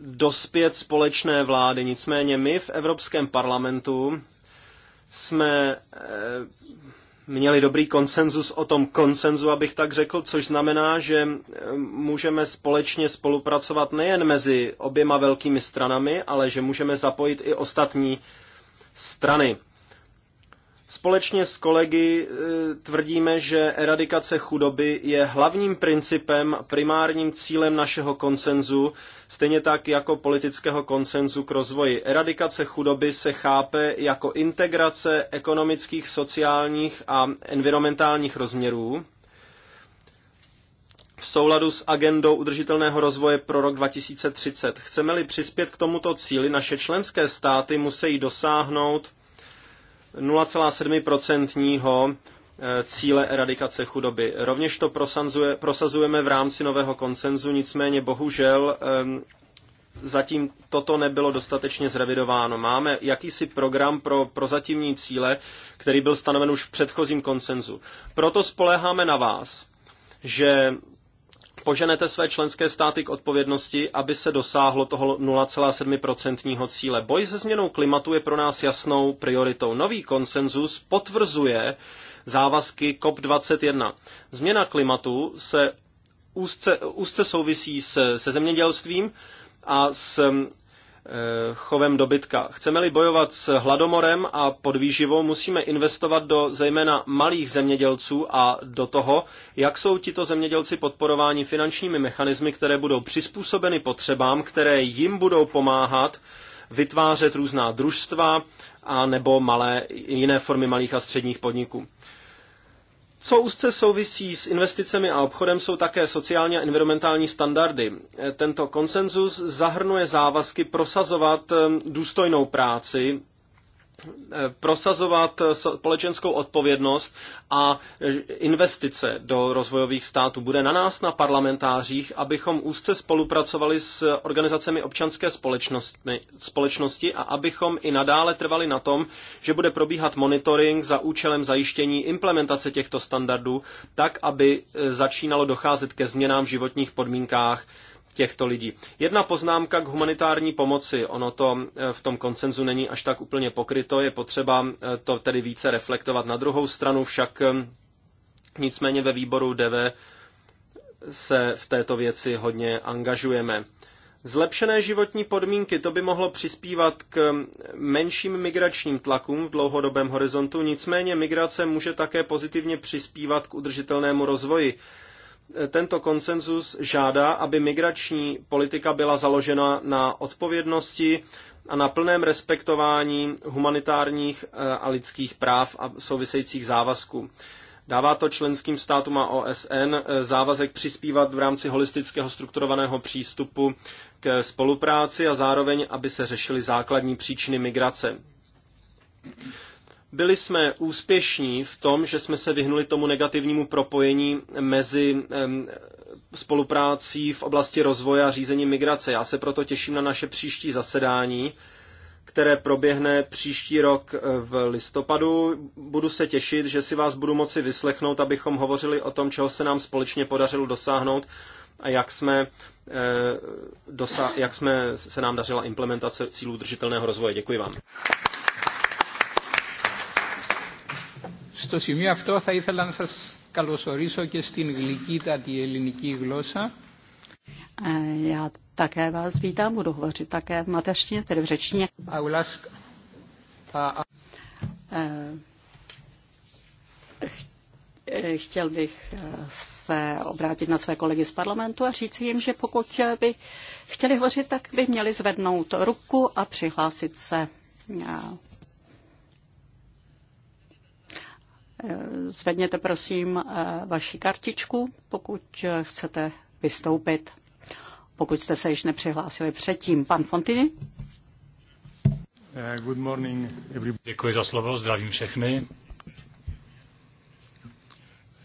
B: dospět společné vlády. Nicméně my v Evropském parlamentu jsme eh, měli dobrý konsenzus o tom konsenzu, abych tak řekl, což znamená, že eh, můžeme společně spolupracovat nejen mezi oběma velkými stranami, ale že můžeme zapojit i ostatní strany. Společně s kolegy e, tvrdíme, že eradikace chudoby je hlavním principem, primárním cílem našeho konsenzu, stejně tak jako politického konsenzu k rozvoji. Eradikace chudoby se chápe jako integrace ekonomických, sociálních a environmentálních rozměrů v souladu s agendou udržitelného rozvoje pro rok 2030. Chceme-li přispět k tomuto cíli, naše členské státy musí dosáhnout 0,7% eh, cíle eradikace chudoby. Rovněž to prosazujeme v rámci nového konsenzu, nicméně bohužel eh, zatím toto nebylo dostatečně zrevidováno. Máme jakýsi program pro prozatímní cíle, který byl stanoven už v předchozím konsenzu. Proto spoléháme na vás, že poženete své členské státy k odpovědnosti, aby se dosáhlo toho 0,7% cíle. Boj se změnou klimatu je pro nás jasnou prioritou. Nový konsenzus potvrzuje závazky COP21. Změna klimatu se úzce, úzce souvisí se, se zemědělstvím a s chovem dobytka. Chceme-li bojovat s hladomorem a podvýživou, musíme investovat do zejména malých zemědělců a do toho, jak jsou tito zemědělci podporováni finančními mechanismy, které budou přizpůsobeny potřebám, které jim budou pomáhat vytvářet různá družstva a nebo malé, jiné formy malých a středních podniků. Co úzce souvisí s investicemi a obchodem, jsou také sociální a environmentální standardy. E, tento konsenzus zahrnuje závazky prosazovat e, důstojnou práci prosazovat společenskou odpovědnost a investice do rozvojových států. Bude na nás, na parlamentářích, abychom úzce spolupracovali s organizacemi občanské společnosti a abychom i nadále trvali na tom, že bude probíhat monitoring za účelem zajištění implementace těchto standardů, tak, aby e, začínalo docházet ke změnám v životních podmínkách těchto lidí. Jedna poznámka k humanitární pomoci. Ono to e, v tom koncenzu není až tak úplně pokryto, je potřeba e, to tedy více reflektovat. Na druhou stranu však e, nicméně ve výboru DV se v této věci hodně angažujeme. Zlepšené životní podmínky, to by mohlo přispívat k menším migračním tlakům v dlouhodobém horizontu, nicméně migrace může také pozitivně přispívat k udržitelnému rozvoji tento konsenzus žádá, aby migrační politika byla založena na odpovědnosti a na plném respektování humanitárních eh, a lidských práv a souvisejících závazků. Dává to členským státům a OSN eh, závazek přispívat v rámci holistického strukturovaného přístupu k spolupráci a zároveň, aby se řešily základní příčiny migrace. Byli jsme úspěšní v tom, že jsme se vyhnuli tomu negativnímu propojení mezi spoluprácí v oblasti rozvoje a řízení migrace. Já se proto těším na naše příští zasedání, které proběhne příští rok eh, v listopadu. Budu se těšit, že si vás budu moci vyslechnout, abychom hovořili o tom, čeho se nám společně podařilo dosáhnout a jak jsme, eh, jak jsme se nám dařila implementace cílů držitelného rozvoje. Děkuji vám.
F: Στο σημείο αυτό θα ήθελα να σας καλωσορίσω και στην γλυκύτατη ελληνική γλώσσα.
C: Já také vás vítám, budu hovořit také v mateřštině, tedy v řečtině. Uh, eh, eh, chtěl bych eh, se obrátit na své kolegy z parlamentu a říct jim, že pokud by chtěli hovořit, tak by měli zvednout ruku a přihlásit se Eh, zvedněte prosím eh, vaši kartičku, pokud eh, chcete vystoupit. Pokud jste se již nepřihlásili předtím. Pan Fontini?
F: Good morning, Děkuji za slovo, zdravím všechny.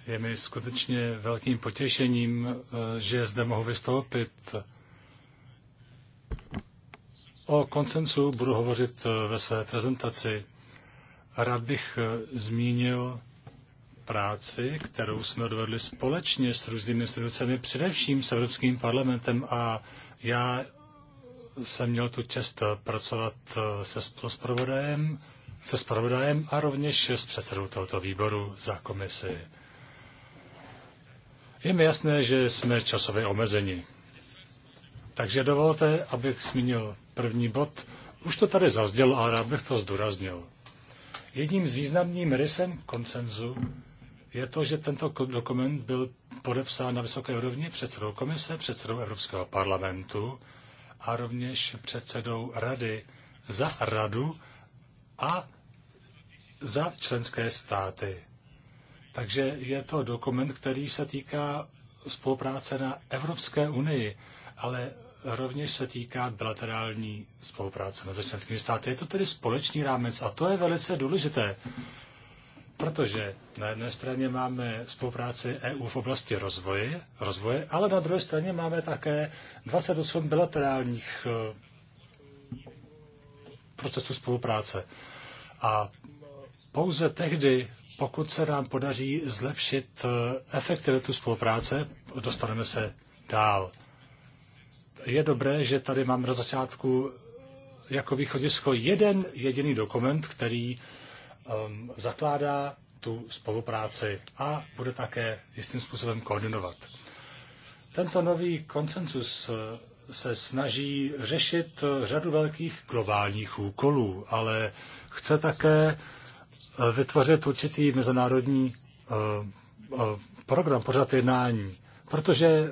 F: Je mi skutečně velkým potěšením, že zde mohu vystoupit. O koncensu budu hovořit ve své prezentaci. Rád bych zmínil práci, kterou jsme odvedli společně s různými institucemi, především s Evropským parlamentem a já jsem měl tu čest pracovat eh, se spravodajem, se spravodajem a rovněž s předsedou tohoto výboru za komisi. Je mi jasné, že jsme časově omezeni. Takže dovolte, abych zmínil první bod. Už to tady zazděl a rád bych to zdůraznil. Jedním z významným rysem koncenzu je to, že tento dokument byl podepsán na vysoké úrovni předsedou komise, předsedou Evropského parlamentu a rovněž předsedou rady za radu a za členské státy. Takže je to dokument, který se týká spolupráce na Evropské unii, ale rovněž se týká bilaterální spolupráce mezi členskými státy. Je to tedy společný rámec a to je velice důležité. Protože na jedné straně máme spolupráci EU v oblasti rozvoje, rozvoje ale na druhé straně máme také 28 bilaterálních eh, procesů spolupráce. A pouze tehdy, pokud se nám podaří zlepšit eh, efektivitu spolupráce, dostaneme se dál. Je dobré, že tady máme na začátku jako východisko jeden jediný dokument, který um, zakládá tu spolupráci a bude také jistým způsobem koordinovat. Tento nový konsensus uh, se snaží řešit uh, řadu velkých globálních úkolů, ale chce také uh, vytvořit určitý mezinárodní program, pořad jednání, protože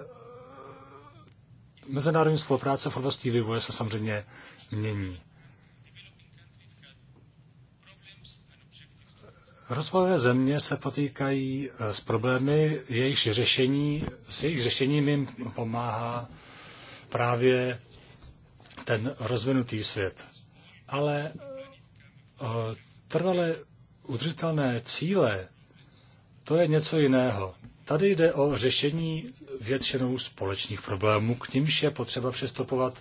F: mezinárodní spolupráce v oblasti vývoje se samozřejmě mění. Rozvojové země se potýkají eh, s problémy, jejich řešení, s jejich řešením jim pomáhá právě ten rozvinutý svět. Ale eh, trvale udržitelné cíle, to je něco jiného. Tady jde o řešení většinou společných problémů, k nímž je potřeba přistupovat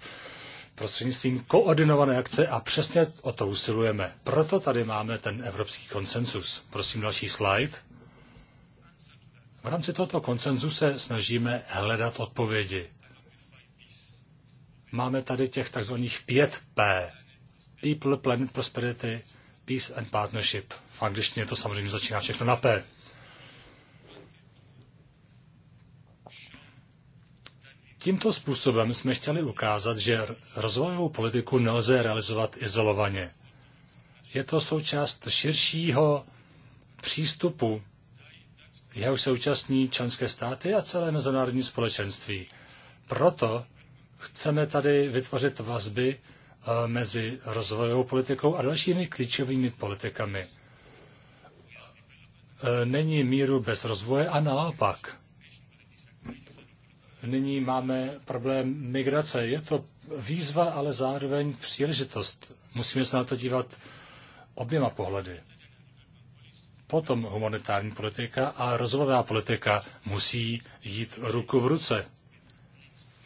F: prostřednictvím koordinované akce a přesně o to usilujeme. Proto tady máme ten evropský konsensus. Prosím další slide. V rámci tohoto konsenzu se snažíme hledat odpovědi. Máme tady těch takzvaných 5 P. People, Planet, Prosperity, Peace and Partnership. V angličtině to samozřejmě začíná všechno na P. Tímto způsobem jsme chtěli ukázat, že rozvojovou politiku nelze realizovat izolovaně. Je to součást širšího přístupu, jehož se účastní členské státy a celé mezinárodní společenství. Proto chceme tady vytvořit vazby e, mezi rozvojovou politikou a dalšími klíčovými politikami. E, není míru bez rozvoje a naopak nyní máme problém migrace. Je to výzva, ale zároveň příležitost. Musíme se na to dívat oběma pohledy. Potom humanitární politika a rozvojová politika musí jít ruku v ruce.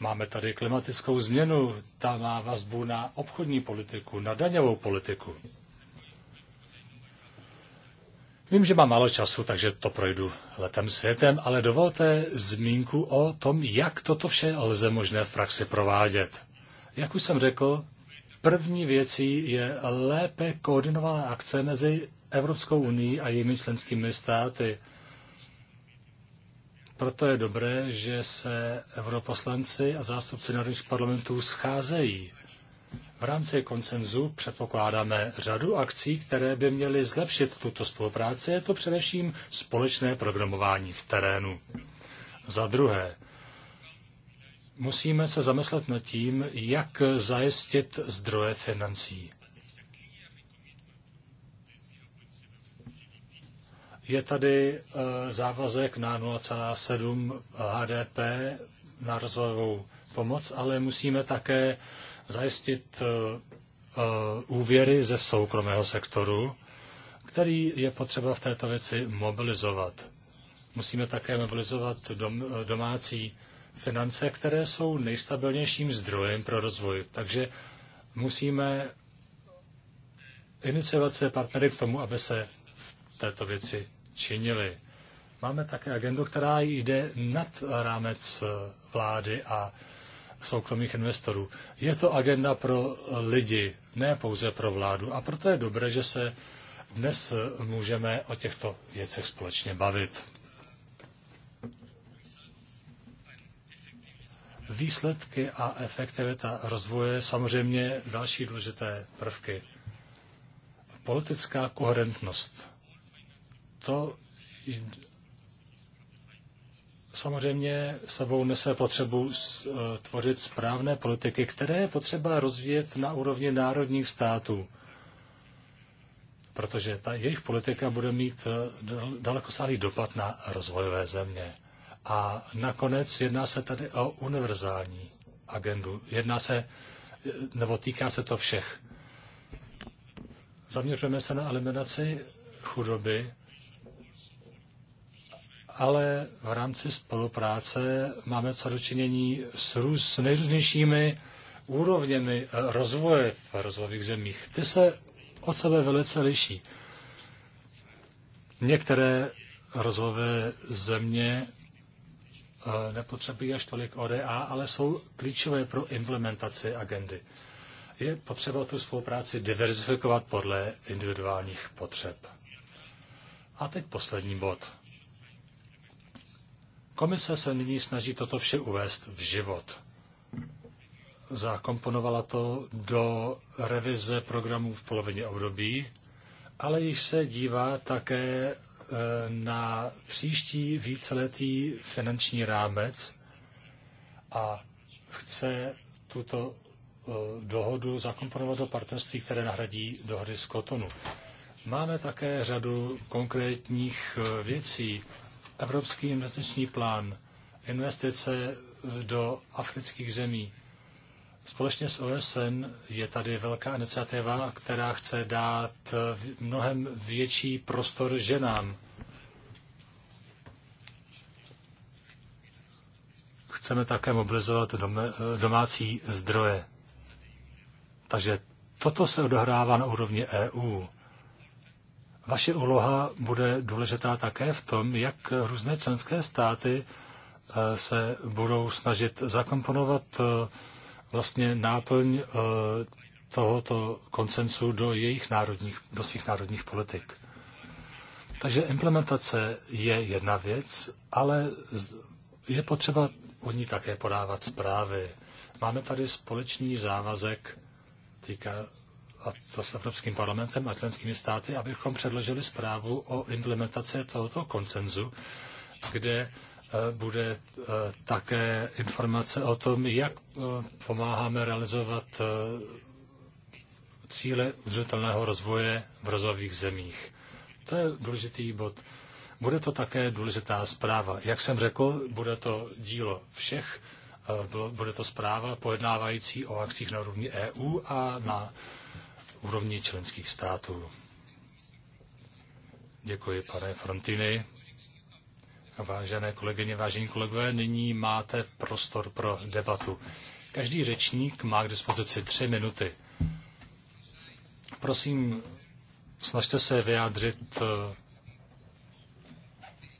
F: Máme tady klimatickou změnu, ta má vazbu na obchodní politiku, na daňovou politiku. Vím, že mám málo času, takže to projdu letem světem, ale dovolte zmínku o tom, jak toto vše lze možné v praxi provádět. Jak už jsem řekl, první věcí je lépe koordinovaná akce mezi Evropskou unii a jejími členskými státy. Proto je dobré, že se europoslanci a zástupci národních parlamentů scházejí. V rámci koncenzu předpokládáme řadu akcí, které by měly zlepšit tuto spolupráci. Je to především společné programování v terénu. Za druhé, musíme se zamyslet nad tím, jak zajistit zdroje financí. Je tady eh, závazek na 0,7 HDP na rozvojovou pomoc, ale musíme také zajistit eh, eh, úvěry ze soukromého sektoru, který je potřeba v této věci mobilizovat. Musíme také mobilizovat dom, domácí finance, které jsou nejstabilnějším zdrojem pro rozvoj. Takže musíme iniciovat své partnery k tomu, aby se v této věci činili. Máme také agendu, která jde nad rámec eh, vlády a soukromých investorů. Je to agenda pro lidi, ne pouze pro vládu. A proto je dobré, že se dnes můžeme o těchto věcech společně bavit. Výsledky a efektivita rozvoje samozřejmě další důležité prvky. Politická koherentnost. To samozřejmě sebou nese potřebu eh, tvořit správné politiky, které je potřeba rozvíjet na úrovni národních států, protože ta jejich politika bude mít eh, dalekosáhlý dopad na rozvojové země. A nakonec jedná se tady o univerzální agendu. Jedná se, eh, nebo týká se to všech. Zaměřujeme se na eliminaci chudoby, ale v rámci spolupráce máme co dočinění s, růz, s nejrůznějšími úrovněmi eh, rozvoje v rozvojových zemích. Ty se od sebe velice liší. Některé rozvojové země eh, nepotřebují až tolik ODA, ale jsou klíčové pro implementaci agendy. Je potřeba tu spolupráci diverzifikovat podle individuálních potřeb. A teď poslední bod. Komise se nyní snaží toto vše uvést v život. Zakomponovala to do revize programů v polovině období, ale již se dívá také e, na příští víceletý finanční rámec a chce tuto e, dohodu zakomponovat do partnerství, které nahradí dohody z Kotonu. Máme také řadu konkrétních e, věcí, Evropský investiční plán, investice do afrických zemí. Společně s OSN je tady velká iniciativa, která chce dát mnohem větší prostor ženám. Chceme také mobilizovat domácí zdroje. Takže toto se odohrává na úrovni EU. Vaše úloha bude důležitá také v tom, jak různé členské státy eh, se budou snažit zakomponovat eh, vlastně náplň eh, tohoto koncensu do jejich národních, do svých národních politik. Takže implementace je jedna věc, ale je potřeba o ní také podávat zprávy. Máme tady společný závazek týká, a to s Evropským parlamentem a členskými státy, abychom předložili zprávu o implementaci tohoto koncenzu, kde eh, bude eh, také informace o tom, jak eh, pomáháme realizovat cíle udržitelného rozvoje v rozvojových zemích. To je důležitý bod. Bude to také důležitá zpráva. Jak jsem řekl, bude to dílo všech, bude to zpráva pojednávající o akcích na úrovni EU a na úrovni členských států. Děkuji, pane Frontiny. Vážené kolegyně, vážení kolegové, nyní máte prostor pro debatu. Každý řečník má k dispozici tři minuty. Prosím, snažte se vyjádřit,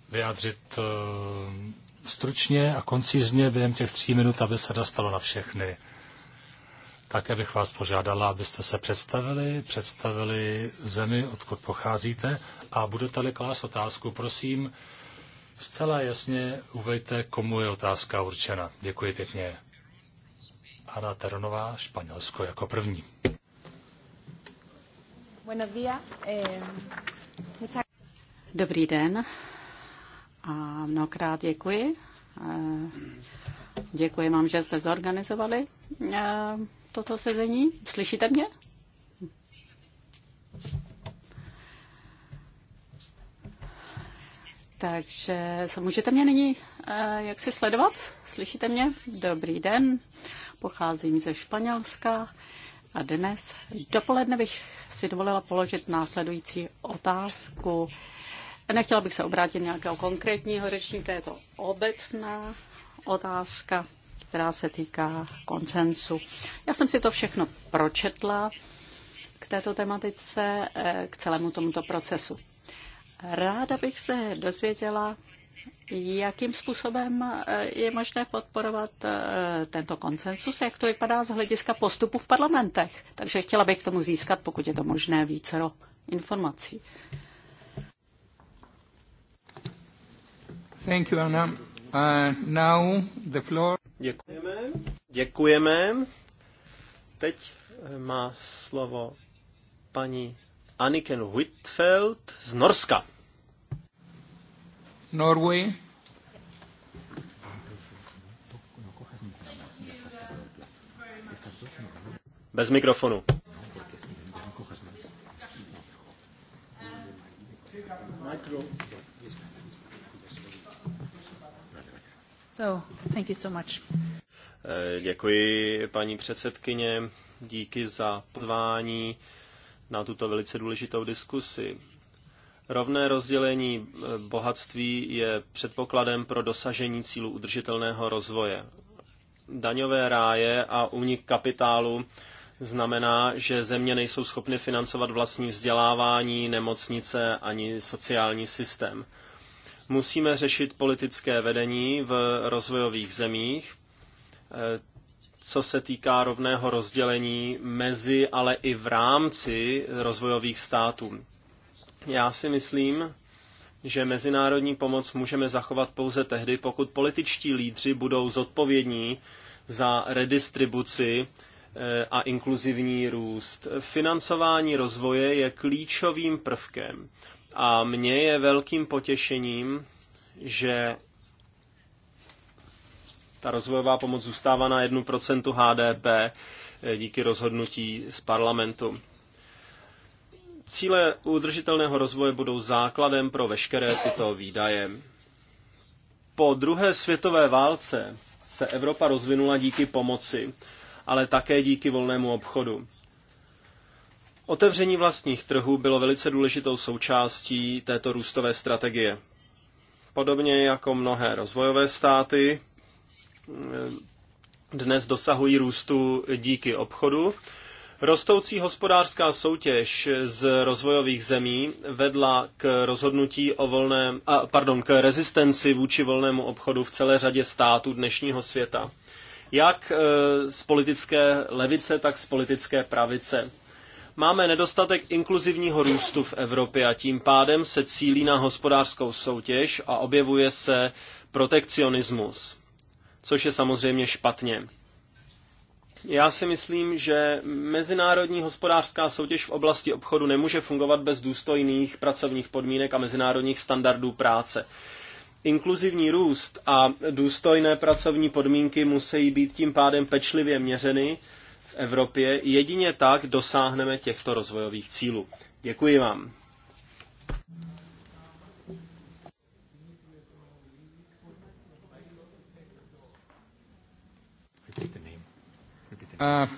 F: vyjádřit eh, stručně a koncizně během těch tří minut, aby se dostalo na všechny. Také bych vás požádala, abyste se představili, představili zemi, odkud pocházíte a budete-li klás otázku, prosím, zcela jasně uveďte, komu je otázka určena. Děkuji pěkně. Ana Teronová, Španělsko jako první.
C: Eh, Dobrý den a mnohokrát děkuji. Eh, děkuji vám, že jste zorganizovali eh, toto sezení? Slyšíte mě? Takže můžete mě nyní eh, jak si sledovat? Slyšíte mě? Dobrý den, pocházím ze Španělska a dnes dopoledne bych si dovolila položit následující otázku. Nechtěla bych se obrátit nějakého konkrétního řečníka, je to obecná otázka která se týká koncensu. Já jsem si to všechno pročetla k této tematice, eh, k celému tomuto procesu. Ráda bych se dozvěděla, jakým způsobem eh, je možné podporovat eh, tento konsensus, jak to vypadá z hlediska postupu v parlamentech. Takže chtěla bych k tomu získat, pokud je to možné, více informací. Thank you, Anna. Uh,
B: now the floor. Děkujeme. Děkujeme. Teď eh, má slovo paní Anniken Whitfeld z Norska.
F: Norway.
B: Bez mikrofonu.
C: So, thank you so much.
B: Eh, děkuji, paní předsedkyně. Díky za pozvání na tuto velice důležitou diskusi. Rovné rozdělení eh, bohatství je předpokladem pro dosažení cílu udržitelného rozvoje. Daňové ráje a únik kapitálu znamená, že země nejsou schopny financovat vlastní vzdělávání, nemocnice ani sociální systém. Musíme řešit politické vedení v rozvojových zemích, eh, co se týká rovného rozdělení mezi, ale i v rámci rozvojových států. Já si myslím, že mezinárodní pomoc můžeme zachovat pouze tehdy, pokud političtí lídři budou zodpovědní za redistribuci eh, a inkluzivní růst. Financování rozvoje je klíčovým prvkem a mně je velkým potěšením, že ta rozvojová pomoc zůstává na 1% HDP eh, díky rozhodnutí z parlamentu. Cíle udržitelného rozvoje budou základem pro veškeré tyto výdaje. Po druhé světové válce se Evropa rozvinula díky pomoci, ale také díky volnému obchodu. Otevření vlastních trhů bylo velice důležitou součástí této růstové strategie. Podobně jako mnohé rozvojové státy, eh, dnes dosahují růstu díky obchodu. Rostoucí hospodářská soutěž z rozvojových zemí vedla k rozhodnutí o volném, a, pardon, k rezistenci vůči volnému obchodu v celé řadě států dnešního světa. Jak eh, z politické levice, tak z politické pravice. Máme nedostatek inkluzivního růstu v Evropě a tím pádem se cílí na hospodářskou soutěž a objevuje se protekcionismus, což je samozřejmě špatně. Já si myslím, že mezinárodní hospodářská soutěž v oblasti obchodu nemůže fungovat bez důstojných pracovních podmínek a mezinárodních standardů práce. Inkluzivní růst a důstojné pracovní podmínky musí být tím pádem pečlivě měřeny Evropě. Jedině tak dosáhneme těchto rozvojových cílů. Děkuji vám.
F: Uh,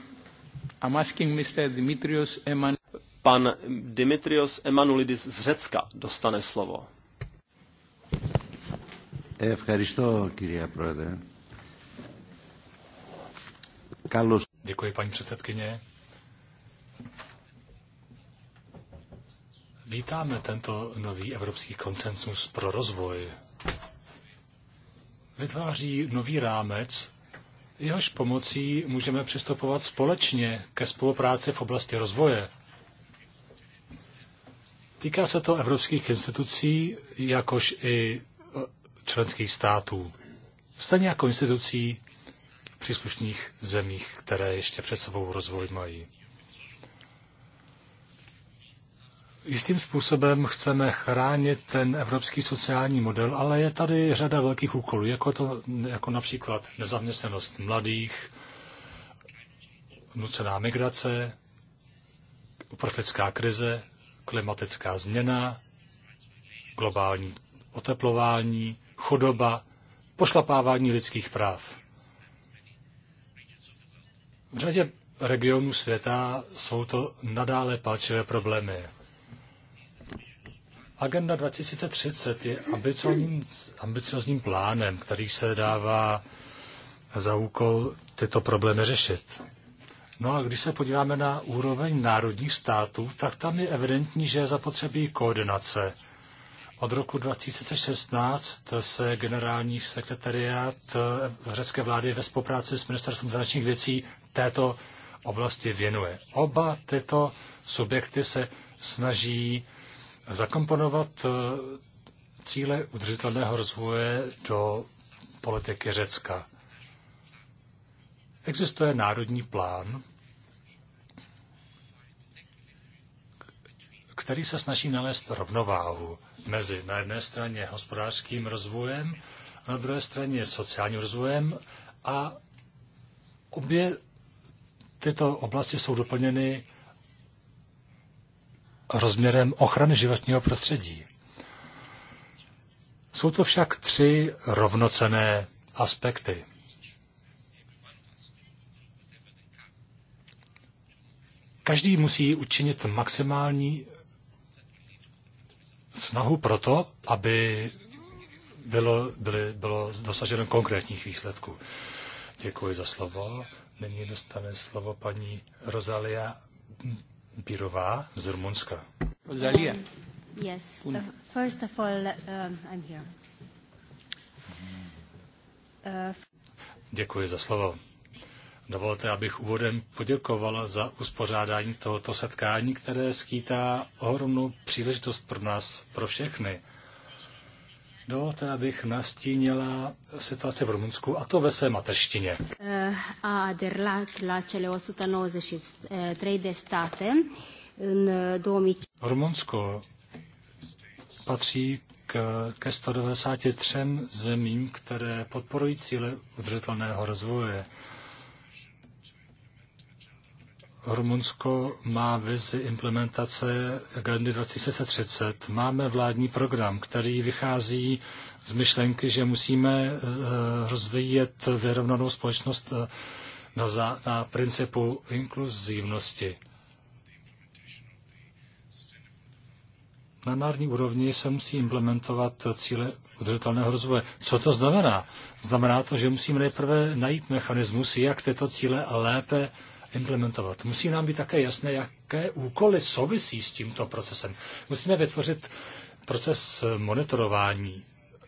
F: I'm asking Mr. Dimitrios Eman...
B: Pan Dimitrios Emanulidis z Řecka
F: dostane slovo. Ευχαριστώ, κυρία Πρόεδρε. Καλώς Děkuji, paní předsedkyně. Vítáme tento nový evropský koncensus pro rozvoj. Vytváří nový rámec, jehož pomocí můžeme přistupovat společně ke spolupráci v oblasti rozvoje. Týká se to evropských institucí, jakož i členských států. Stejně jako institucí příslušných zemích, které ještě před sebou rozvoj mají. Jistým způsobem chceme chránit ten evropský sociální model, ale je tady řada velkých úkolů, jako, to, jako například nezaměstnanost mladých, nucená migrace, uprchlická krize, klimatická změna, globální oteplování, chudoba, pošlapávání lidských práv. V řadě regionů světa jsou to nadále palčivé problémy. Agenda 2030 je ambiciozním, ambiciozním plánem, který se dává za úkol tyto problémy řešit. No a když se podíváme na úroveň národních států, tak tam je evidentní, že je zapotřebí koordinace. Od roku 2016 se generální sekretariát řecké vlády ve spolupráci s ministerstvem zahraničních věcí této oblasti věnuje. Oba tyto subjekty se snaží zakomponovat eh, cíle udržitelného rozvoje do politiky Řecka. Existuje národní plán, který se snaží nalézt rovnováhu mezi na jedné straně hospodářským rozvojem, a na druhé straně sociálním rozvojem a obě tyto oblasti jsou doplněny rozměrem ochrany životního prostředí. Jsou to však tři rovnocené aspekty. Každý musí učinit maximální snahu pro to, aby bylo, byly, bylo dosaženo konkrétních výsledků. Děkuji za slovo. Nyní dostane slovo paní Rosalia Bírová z Rumunska. Rosalia. Yes. Uh,
C: first of all, uh, um, I'm here. Uh,
F: Děkuji za slovo. Dovolte, abych úvodem poděkovala za uspořádání tohoto setkání, které skýtá ohromnou příležitost pro nás, pro všechny. Dovolte, abych nastínila situaci v Rumunsku, a to ve své mateřštině.
C: Eh, a aderat la cele 193 de state în 2000.
F: Eh, Rumunsko patří k, ke 193 zemím, které podporují cíle udržitelného rozvoje. Rumunsko má vizi implementace agendy 2030. Máme vládní program, který vychází z myšlenky, že musíme eh, rozvíjet vyrovnanou společnost eh, na, za, na principu inkluzivnosti. Na národní úrovni se musí implementovat cíle udržitelného rozvoje. Co to znamená? Znamená to, že musíme nejprve najít mechanismus, jak tyto cíle lépe implementovat. Musí nám být také jasné, jaké úkoly souvisí s tímto procesem. Musíme vytvořit proces monitorování,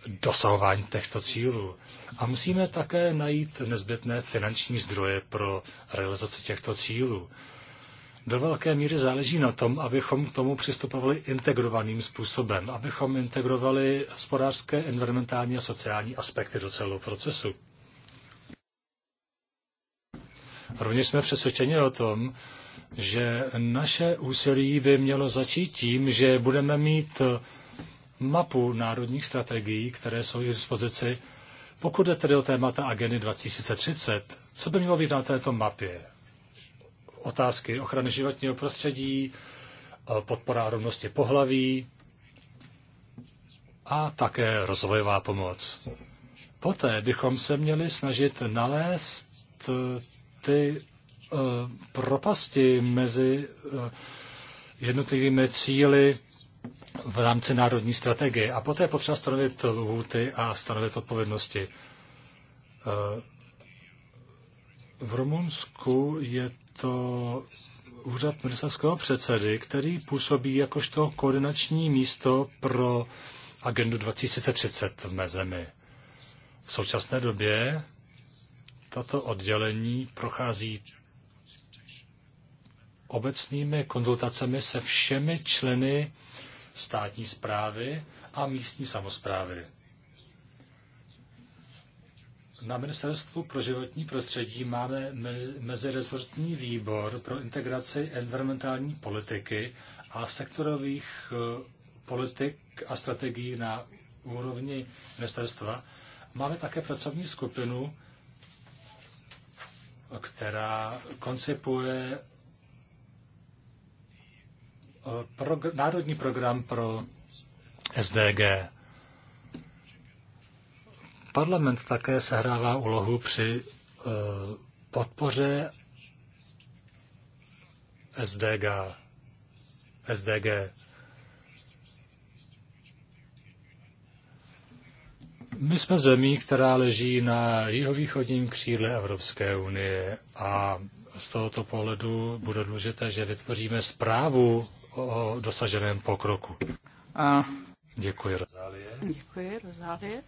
F: dosahování těchto cílů. A musíme také najít nezbytné finanční zdroje pro realizaci těchto cílů. Do velké míry záleží na tom, abychom k tomu přistupovali integrovaným způsobem, abychom integrovali hospodářské, environmentální a sociální aspekty do celého procesu. Rovněž jsme přesvědčeni o tom, že naše úsilí by mělo začít tím, že budeme mít mapu národních strategií, které jsou k dispozici, pokud jde tedy o témata agendy 2030. Co by mělo být na této mapě? Otázky ochrany životního prostředí, podpora rovnosti pohlaví a také rozvojová pomoc. Poté bychom se měli snažit nalézt ty eh, propasti mezi eh, jednotlivými cíly v rámci národní strategie. A poté je potřeba stanovit lhůty a stanovit odpovědnosti. Eh, v Rumunsku je to úřad ministerského předsedy, který působí jakožto koordinační místo pro agendu 2030 v mé zemi. V současné době tato oddělení prochází obecnými konzultacemi se všemi členy státní zprávy a místní samozprávy. Na Ministerstvu pro životní prostředí máme mezirezortní výbor pro integraci environmentální politiky a sektorových eh, politik a strategií na úrovni ministerstva. Máme také pracovní skupinu která koncepuje eh, prog- národní program pro SDG. Parlament také sehrává úlohu při uh, podpoře SDG. SDG. My jsme zemí, která leží na jihovýchodním křídle Evropské unie a z tohoto pohledu bude důležité, že vytvoříme zprávu o dosaženém pokroku. A... Děkuji, Rozálie.
C: Děkuji, Rozálie.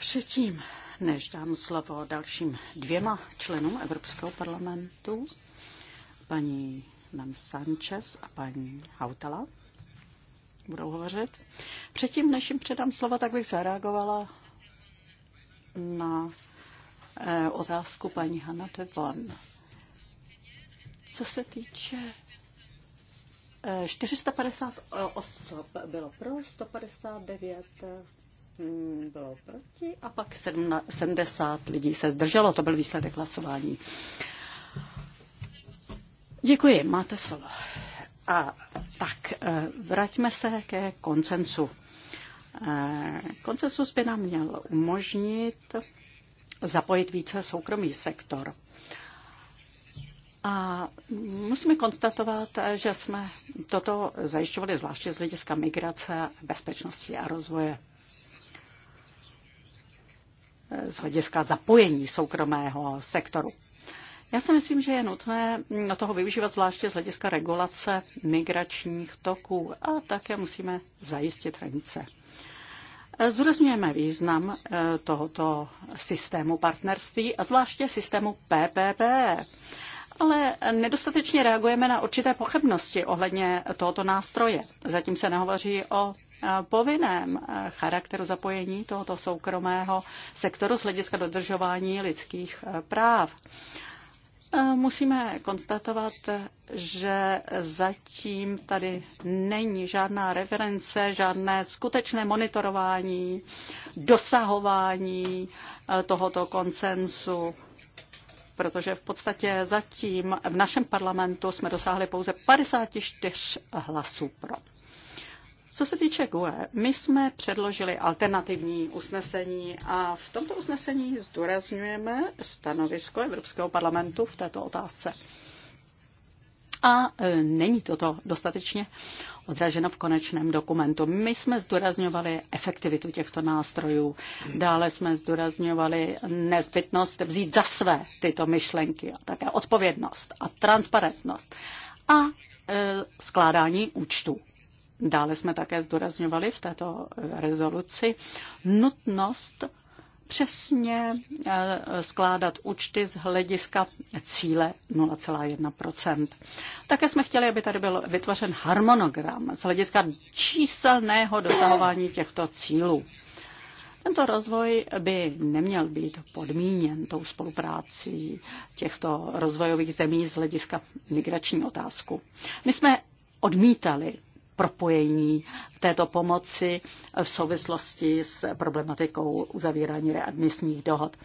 C: Předtím, než dám slovo dalším dvěma členům Evropského parlamentu, paní Nam Sanchez a paní Hautala, budou hovořit. Předtím, než jim předám slovo, tak bych zareagovala na eh, otázku paní Hanna Devon. Co se týče 450 eh, osob bylo pro, 159 hm, bylo proti a pak 70 lidí se zdrželo. To byl výsledek hlasování. Děkuji, máte slovo. A tak, eh, vraťme se ke koncensu. Eh, koncensus by nám měl umožnit zapojit více soukromý sektor. A musíme konstatovat, že jsme toto zajišťovali zvláště z hlediska migrace, bezpečnosti a rozvoje. Eh, z hlediska zapojení soukromého sektoru. Já si myslím, že je nutné toho využívat zvláště z hlediska regulace migračních toků a také musíme zajistit hranice. Zdůrazňujeme význam eh, tohoto systému partnerství a zvláště systému PPP. Ale nedostatečně reagujeme na určité pochybnosti ohledně tohoto nástroje. Zatím se nehovoří o eh, povinném eh, charakteru zapojení tohoto soukromého sektoru z hlediska dodržování lidských práv. Eh, musíme konstatovat, že zatím tady není žádná reference, žádné skutečné monitorování, dosahování eh, tohoto koncensu, protože v podstatě zatím v našem parlamentu jsme dosáhli pouze 54 hlasů pro. Co se týče GUE, my jsme předložili alternativní usnesení a v tomto usnesení zdůrazňujeme stanovisko Evropského parlamentu v této otázce. A e, není toto dostatečně odraženo v konečném dokumentu. My jsme zdůrazňovali efektivitu těchto nástrojů, dále jsme zdůrazňovali nezbytnost vzít za své tyto myšlenky a také odpovědnost a transparentnost a e, skládání účtů. Dále jsme také zdůrazňovali v této rezoluci nutnost přesně eh, skládat účty z hlediska cíle 0,1 Také jsme chtěli, aby tady byl vytvořen harmonogram z hlediska číselného dosahování těchto cílů. Tento rozvoj by neměl být podmíněn tou spoluprácí těchto rozvojových zemí z hlediska migrační otázku. My jsme odmítali propojení této pomoci v souvislosti s problematikou uzavírání readmisních dohod.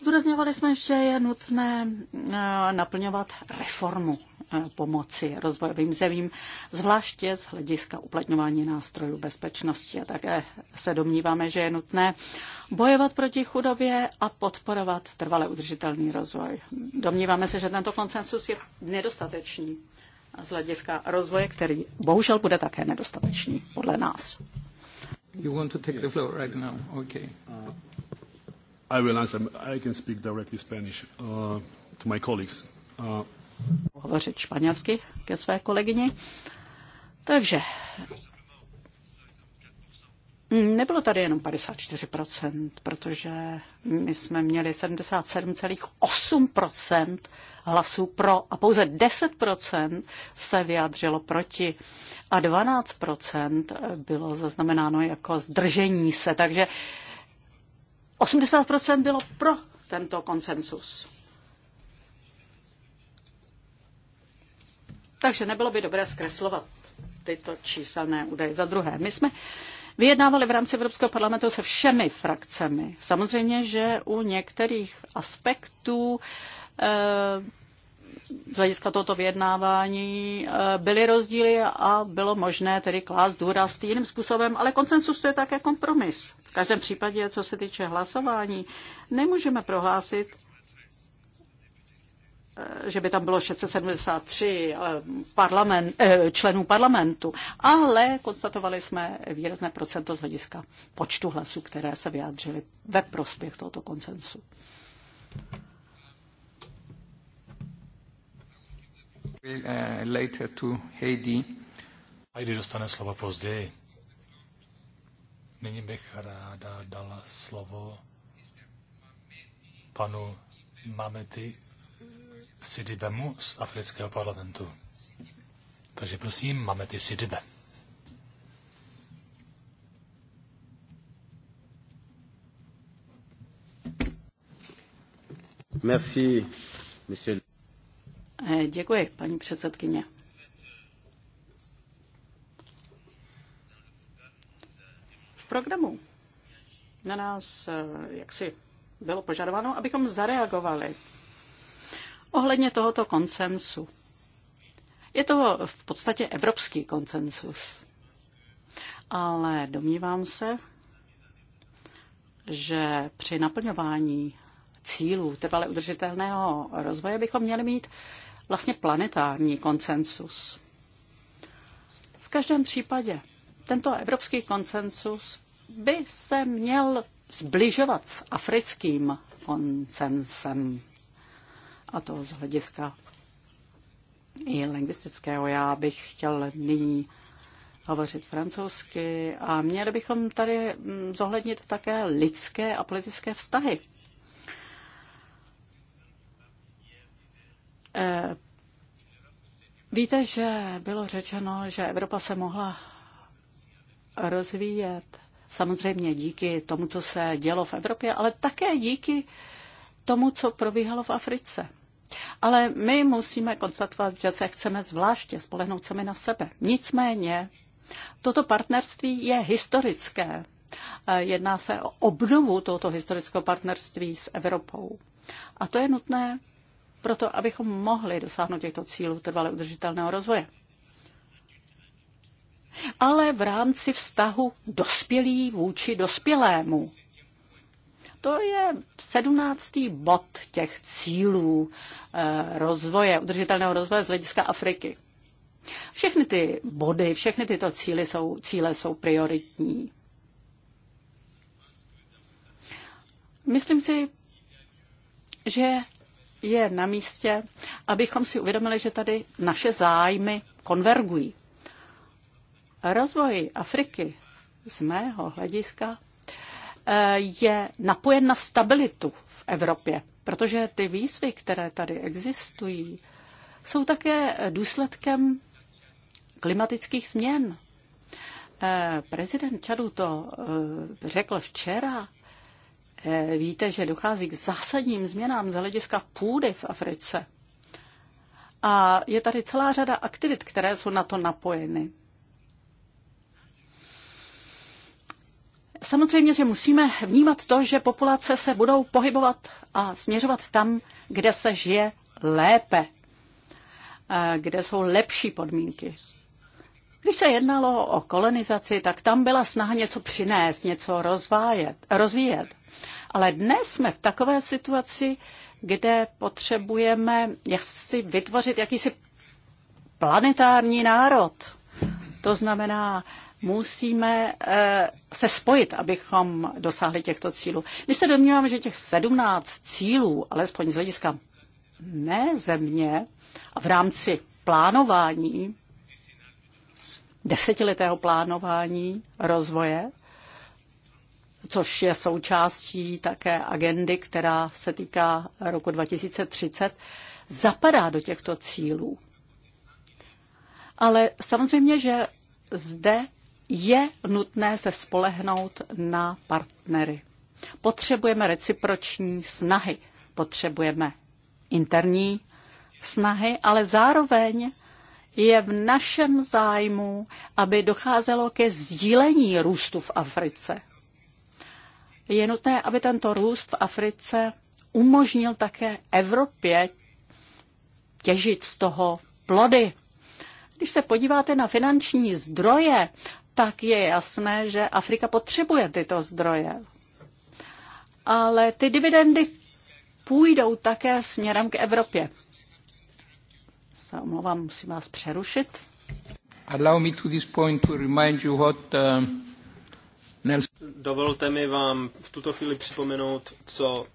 C: Zdůrazňovali jsme, že je nutné eh, naplňovat reformu eh, pomoci rozvojovým zemím, zvláště z hlediska uplatňování nástrojů bezpečnosti. A také se domníváme, že je nutné bojovat proti chudobě a podporovat trvale udržitelný rozvoj. Domníváme se, že tento konsensus je nedostatečný z hlediska rozvoje, který bohužel bude také nedostatečný podle nás.
F: You want to take the floor right now?
C: Okay. Uh,
F: I will answer. I can speak directly Spanish uh, to my colleagues. Uh,
C: hovořit španělsky ke své kolegyni. Takže mm, Nebylo tady jenom 54%, protože my jsme měli 77,8% hlasů pro a pouze 10% se vyjádřilo proti a 12% bylo zaznamenáno jako zdržení se. Takže 80% bylo pro tento konsensus. Takže nebylo by dobré zkreslovat tyto číselné údaje. Za druhé, my jsme vyjednávali v rámci Evropského parlamentu se všemi frakcemi. Samozřejmě, že u některých aspektů eh, z hlediska tohoto vyjednávání eh, byly rozdíly a bylo možné tedy klást důraz jiným způsobem, ale koncensus to je také kompromis. V každém případě, co se týče hlasování, nemůžeme prohlásit, že by tam bylo 673 eh, parlament, eh, členů parlamentu, ale konstatovali jsme výrazné procento z hlediska počtu hlasů, které se vyjádřily ve prospěch tohoto koncensu.
F: Eh, later to Heidi. Heidi dostane slovo později. Nyní bych ráda dala slovo panu Mamety Sidibemu z Afrického parlamentu. Takže prosím, máme ty Sidibe.
B: Merci, monsieur.
C: Eh, děkuji, paní předsedkyně. V programu na nás eh, jaksi bylo požadováno, abychom zareagovali ohledně tohoto koncensu. Je to v podstatě evropský konsensus. Ale domnívám se, že při naplňování cílů trvale udržitelného rozvoje bychom měli mít vlastně planetární konsensus. V každém případě tento evropský konsensus by se měl zbližovat s africkým konsensem a to z hlediska i lingvistického. Já bych chtěl nyní hovořit francouzsky a měli bychom tady mm, zohlednit také lidské a politické vztahy. E, víte, že bylo řečeno, že Evropa se mohla rozvíjet samozřejmě díky tomu, co se dělo v Evropě, ale také díky tomu, co probíhalo v Africe. Ale my musíme konstatovat, že se chceme zvláště spolehnout sami na sebe. Nicméně toto partnerství je historické. Eh, jedná se o obnovu tohoto historického partnerství s Evropou. A to je nutné proto, abychom mohli dosáhnout těchto cílů trvale udržitelného rozvoje. Ale v rámci vztahu dospělý vůči dospělému. To je sedmnáctý bod těch cílů eh, rozvoje, udržitelného rozvoje z hlediska Afriky. Všechny ty body, všechny tyto cíly jsou, cíle jsou prioritní. Myslím si, že je na místě, abychom si uvědomili, že tady naše zájmy konvergují. Rozvoj Afriky z mého hlediska je napojen na stabilitu v Evropě, protože ty výzvy, které tady existují, jsou také důsledkem klimatických změn. Eh, prezident Čadu to eh, řekl včera. Eh, víte, že dochází k zásadním změnám z hlediska půdy v Africe. A je tady celá řada aktivit, které jsou na to napojeny. Samozřejmě, že musíme vnímat to, že populace se budou pohybovat a směřovat tam, kde se žije lépe, eh, kde jsou lepší podmínky. Když se jednalo o kolonizaci, tak tam byla snaha něco přinést, něco rozvájet, rozvíjet. Ale dnes jsme v takové situaci, kde potřebujeme jaksi vytvořit jakýsi planetární národ. To znamená, musíme eh, se spojit, abychom dosáhli těchto cílů. My se domníváme, že těch 17 cílů, alespoň z hlediska mé země a v rámci plánování, desetiletého plánování rozvoje, což je součástí také agendy, která se týká roku 2030, zapadá do těchto cílů. Ale samozřejmě, že zde je nutné se spolehnout na partnery. Potřebujeme reciproční snahy, potřebujeme interní snahy, ale zároveň je v našem zájmu, aby docházelo ke sdílení růstu v Africe. Je nutné, aby tento růst v Africe umožnil také Evropě těžit z toho plody. Když se podíváte na finanční zdroje, tak je jasné, že Afrika potřebuje tyto zdroje. Ale ty dividendy půjdou také směrem k Evropě. Se omlouvám, musím vás přerušit.
F: Allow me to this point to remind you what uh, Nelson...
B: Dovolte mi vám v tuto chvíli připomenout, co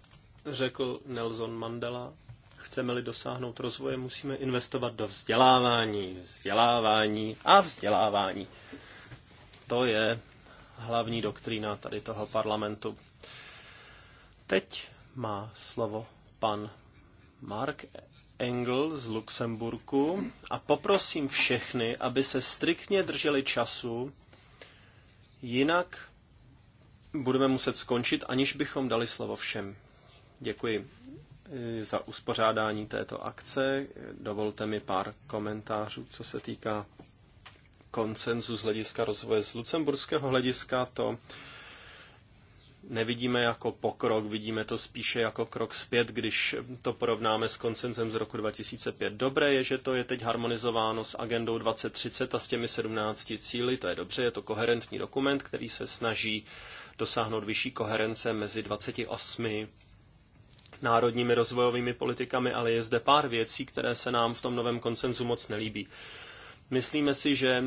B: řekl Nelson Mandela. Chceme-li dosáhnout rozvoje, musíme investovat do vzdělávání, vzdělávání a vzdělávání. To je hlavní doktrína tady toho parlamentu. Teď má slovo pan Mark Engel z Luxemburku a poprosím všechny, aby se striktně drželi času, jinak budeme muset skončit, aniž bychom dali slovo všem. Děkuji eh, za uspořádání této akce. Dovolte mi pár komentářů, co se týká koncenzu z hlediska rozvoje. Z lucemburského hlediska to nevidíme jako pokrok, vidíme to spíše jako krok zpět, když to porovnáme s koncenzem z roku 2005. Dobré je, že to je teď harmonizováno s agendou 2030 a s těmi 17 cíly, to je dobře, je to koherentní dokument, který se snaží dosáhnout vyšší koherence mezi 28 národními rozvojovými politikami, ale je zde pár věcí, které se nám v tom novém koncenzu moc nelíbí. Myslíme si, že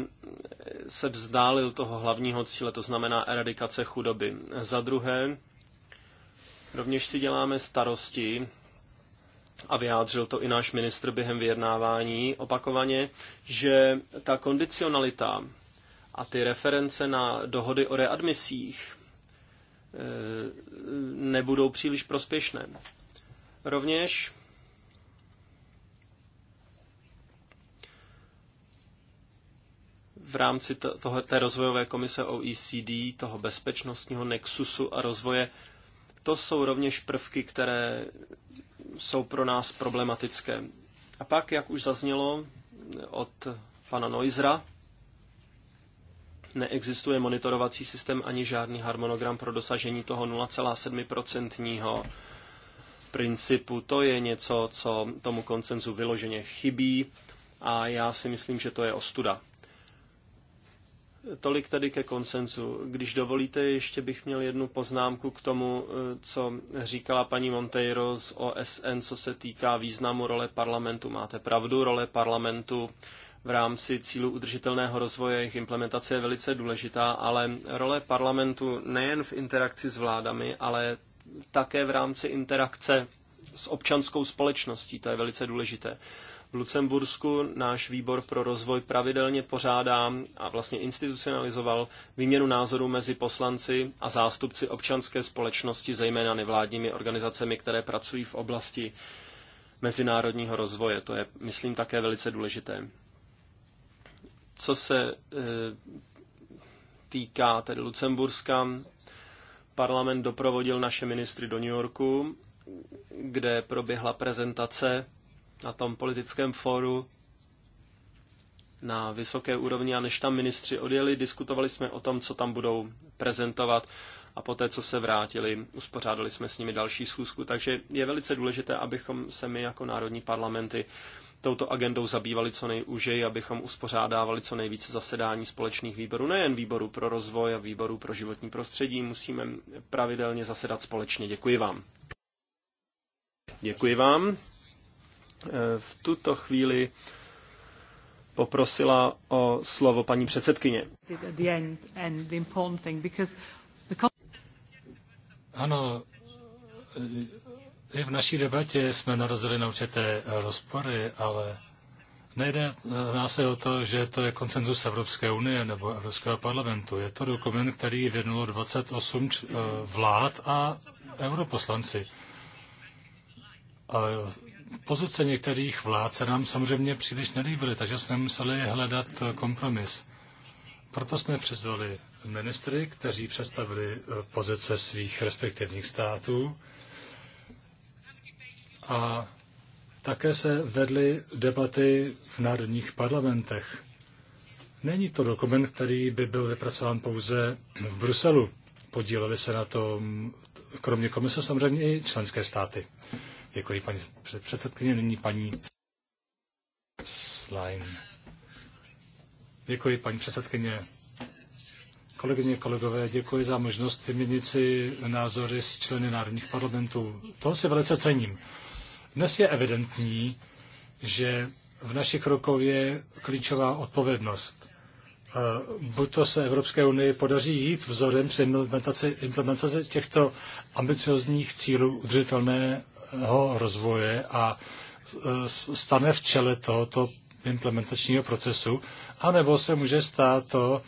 B: se vzdálil toho hlavního cíle, to znamená eradikace chudoby. Za druhé, rovněž si děláme starosti, a vyjádřil to i náš ministr během vyjednávání opakovaně, že ta kondicionalita a ty reference na dohody o readmisích e, nebudou příliš prospěšné. Rovněž v rámci toho, té rozvojové komise OECD, toho bezpečnostního nexusu a rozvoje, to jsou rovněž prvky, které jsou pro nás problematické. A pak, jak už zaznělo od pana Noizra, neexistuje monitorovací systém ani žádný harmonogram pro dosažení toho 0,7% principu. To je něco, co tomu koncenzu vyloženě chybí a já si myslím, že to je ostuda. Tolik tedy ke konsenzu. Když dovolíte, ještě bych měl jednu poznámku k tomu, eh, co říkala paní Monteiro z OSN, co se týká významu role parlamentu. Máte pravdu, role parlamentu v rámci cílu udržitelného rozvoje, jejich implementace je velice důležitá, ale role parlamentu nejen v interakci s vládami, ale také v rámci interakce s občanskou společností, to je velice důležité. V Lucembursku náš výbor pro rozvoj pravidelně pořádá a vlastně institucionalizoval výměnu názorů mezi poslanci a zástupci občanské společnosti, zejména nevládními organizacemi, které pracují v oblasti mezinárodního rozvoje. To je, myslím, také velice důležité. Co se e, týká tedy Lucemburska, parlament doprovodil naše ministry do New Yorku, kde proběhla prezentace na tom politickém fóru na vysoké úrovni a než tam ministři odjeli, diskutovali jsme o tom, co tam budou prezentovat a poté, co se vrátili, uspořádali jsme s nimi další schůzku. Takže je velice důležité, abychom se my jako národní parlamenty touto agendou zabývali co nejúžeji, abychom uspořádávali co nejvíce zasedání společných výborů, nejen výboru pro rozvoj a výboru pro životní prostředí. Musíme pravidelně zasedat společně. Děkuji vám. Děkuji vám. Eh, v tuto chvíli poprosila o slovo paní předsedkyně.
F: Ano, eh, i v naší debatě jsme narazili na určité rozpory, ale nejde eh, nás o to, že to je koncenzus Evropské unie nebo Evropského parlamentu. Je to dokument, který věnulo 28 vlád a europoslanci. A pozice některých vlád se nám samozřejmě příliš nelíbily, takže jsme museli hledat kompromis. Proto jsme přizvali ministry, kteří představili eh, pozice svých respektivních států a také se vedly debaty v národních parlamentech. Není to dokument, který by byl vypracován pouze v Bruselu. Podíleli se na tom, kromě komise, samozřejmě i členské státy. Děkuji paní předsedkyně, nyní paní Slime. Děkuji paní předsedkyně. Kolegyně, kolegové, děkuji za možnost vyměnit si názory s členy národních parlamentů. Toho si velice cením. Dnes je evidentní, že v našich rukou je klíčová odpovědnost. Eh, buď to se Evropské unii podaří jít vzorem při implementaci, implementaci těchto ambiciozních cílů udržitelné udržitelného rozvoje a e, stane v čele tohoto implementačního procesu, anebo se může stát to,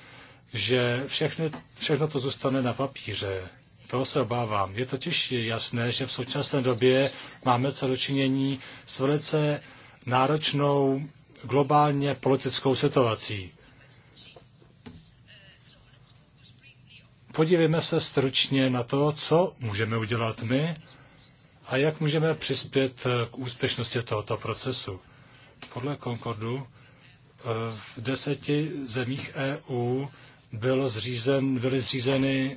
F: že všechny, všechno to zůstane na papíře. To se obávám. Je totiž jasné, že v současné době máme co dočinění s velice náročnou globálně politickou situací. Podívejme se stručně na to, co můžeme udělat my a jak můžeme přispět eh, k úspěšnosti tohoto procesu. Podle Concordu eh, v deseti zemích EU bylo zřízen, byly zřízeny,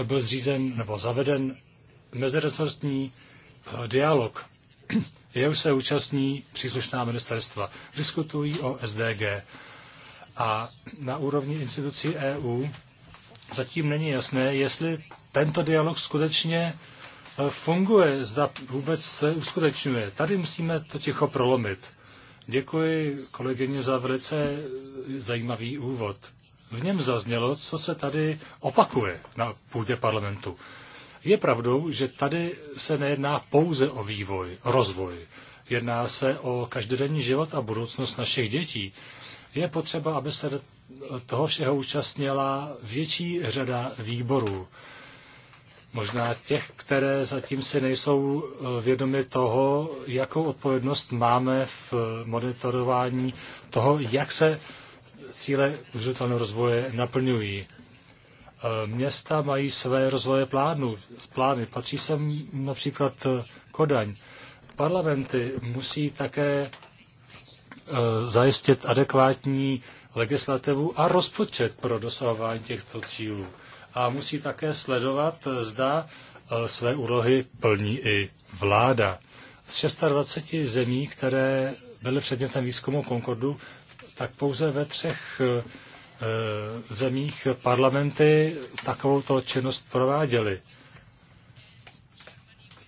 F: eh, byl zřízen nebo zaveden mezirezortní dialog. Jehož se účastní příslušná ministerstva. Diskutují o SDG. A na úrovni institucí EU zatím není jasné, jestli tento dialog skutečně Eh, funguje, zda vůbec se uskutečňuje. Tady musíme to ticho prolomit. Děkuji kolegyně za velice zajímavý úvod. V něm zaznělo, co se tady opakuje na půdě parlamentu. Je pravdou, že tady se nejedná pouze o vývoj, rozvoj. Jedná se o každodenní život a budoucnost našich dětí. Je potřeba, aby se toho všeho účastnila větší řada výborů možná těch, které zatím si nejsou eh, vědomi toho, jakou odpovědnost máme v monitorování toho, jak se cíle udržitelného rozvoje naplňují. Eh, města mají své rozvoje plánu, plány. Patří sem například eh, Kodaň. Parlamenty musí také zajistit adekvátní legislativu a rozpočet pro dosahování těchto cílů a musí také sledovat, zda e, své úlohy plní i vláda. Z 26 zemí, které byly předmětem výzkumu Concordu, tak pouze ve třech e, zemích parlamenty takovouto činnost prováděly.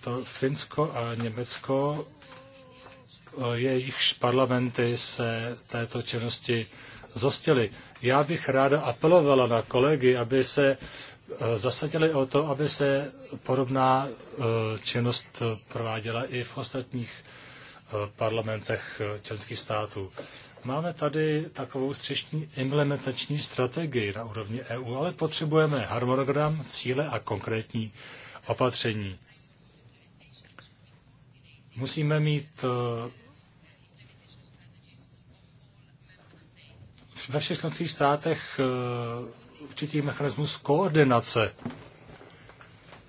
F: To Finsko a Německo, e, jejichž parlamenty se této činnosti zostily. Já bych ráda apelovala na kolegy, aby se eh, zasadili o to, aby se podobná eh, činnost prováděla i v ostatních eh, parlamentech členských států. Máme tady takovou střešní implementační strategii na úrovni EU, ale potřebujeme harmonogram, cíle a konkrétní opatření. Musíme mít ve všech členských státech eh, určitý mechanismus koordinace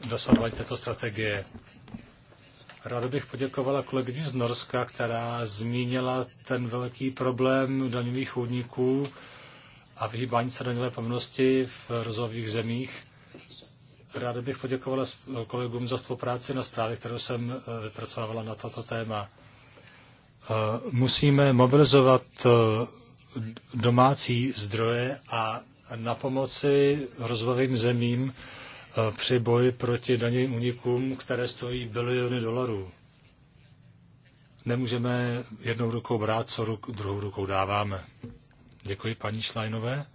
F: dosahování této strategie. Ráda bych poděkovala kolegyni z Norska, která zmínila ten velký problém daňových úniků a vyhýbání se daňové povinnosti v rozvojových zemích. Ráda bych poděkovala kolegům za spolupráci na zprávě, kterou jsem eh, vypracovala na toto téma. Eh, musíme mobilizovat domácí zdroje a na pomoci rozvojovým zemím eh, při boji proti daněvým unikům, které stojí biliony dolarů. Nemůžeme jednou rukou brát, co ruk, druhou rukou dáváme. Děkuji paní Šlajnové.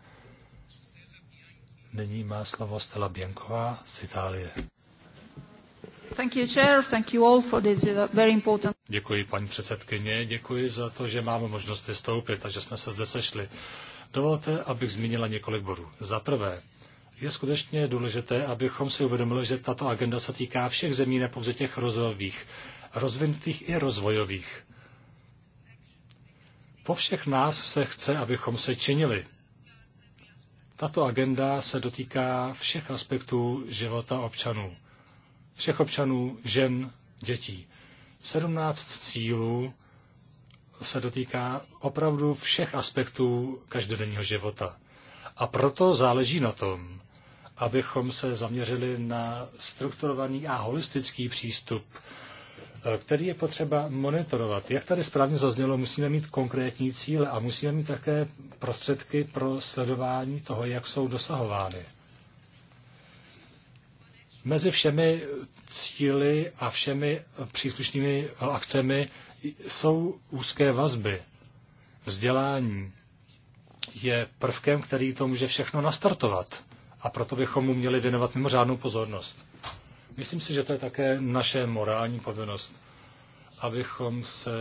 F: Nyní má slovo Stella Bianková z Itálie. Děkuji, paní předsedkyně, děkuji za to, že máme možnost vystoupit a že jsme se zde sešli. Dovolte, abych zmínila několik bodů. Za prvé, je skutečně důležité, abychom si uvědomili, že tato agenda se týká všech zemí, ne pouze těch rozvojových, rozvinutých i rozvojových. Po všech nás se chce, abychom se činili. Tato agenda se dotýká všech aspektů života občanů všech občanů, žen, dětí. 17 cílů se dotýká opravdu všech aspektů každodenního života. A proto záleží na tom, abychom se zaměřili na strukturovaný a holistický přístup, eh, který je potřeba monitorovat. Jak tady správně zaznělo, musíme mít konkrétní cíle a musíme mít také prostředky pro sledování toho, jak jsou dosahovány. Mezi všemi cíly a všemi příslušnými akcemi jsou úzké vazby. Vzdělání je prvkem, který to může všechno nastartovat a proto bychom mu měli věnovat mimořádnou pozornost. Myslím si, že to je také naše morální povinnost, abychom se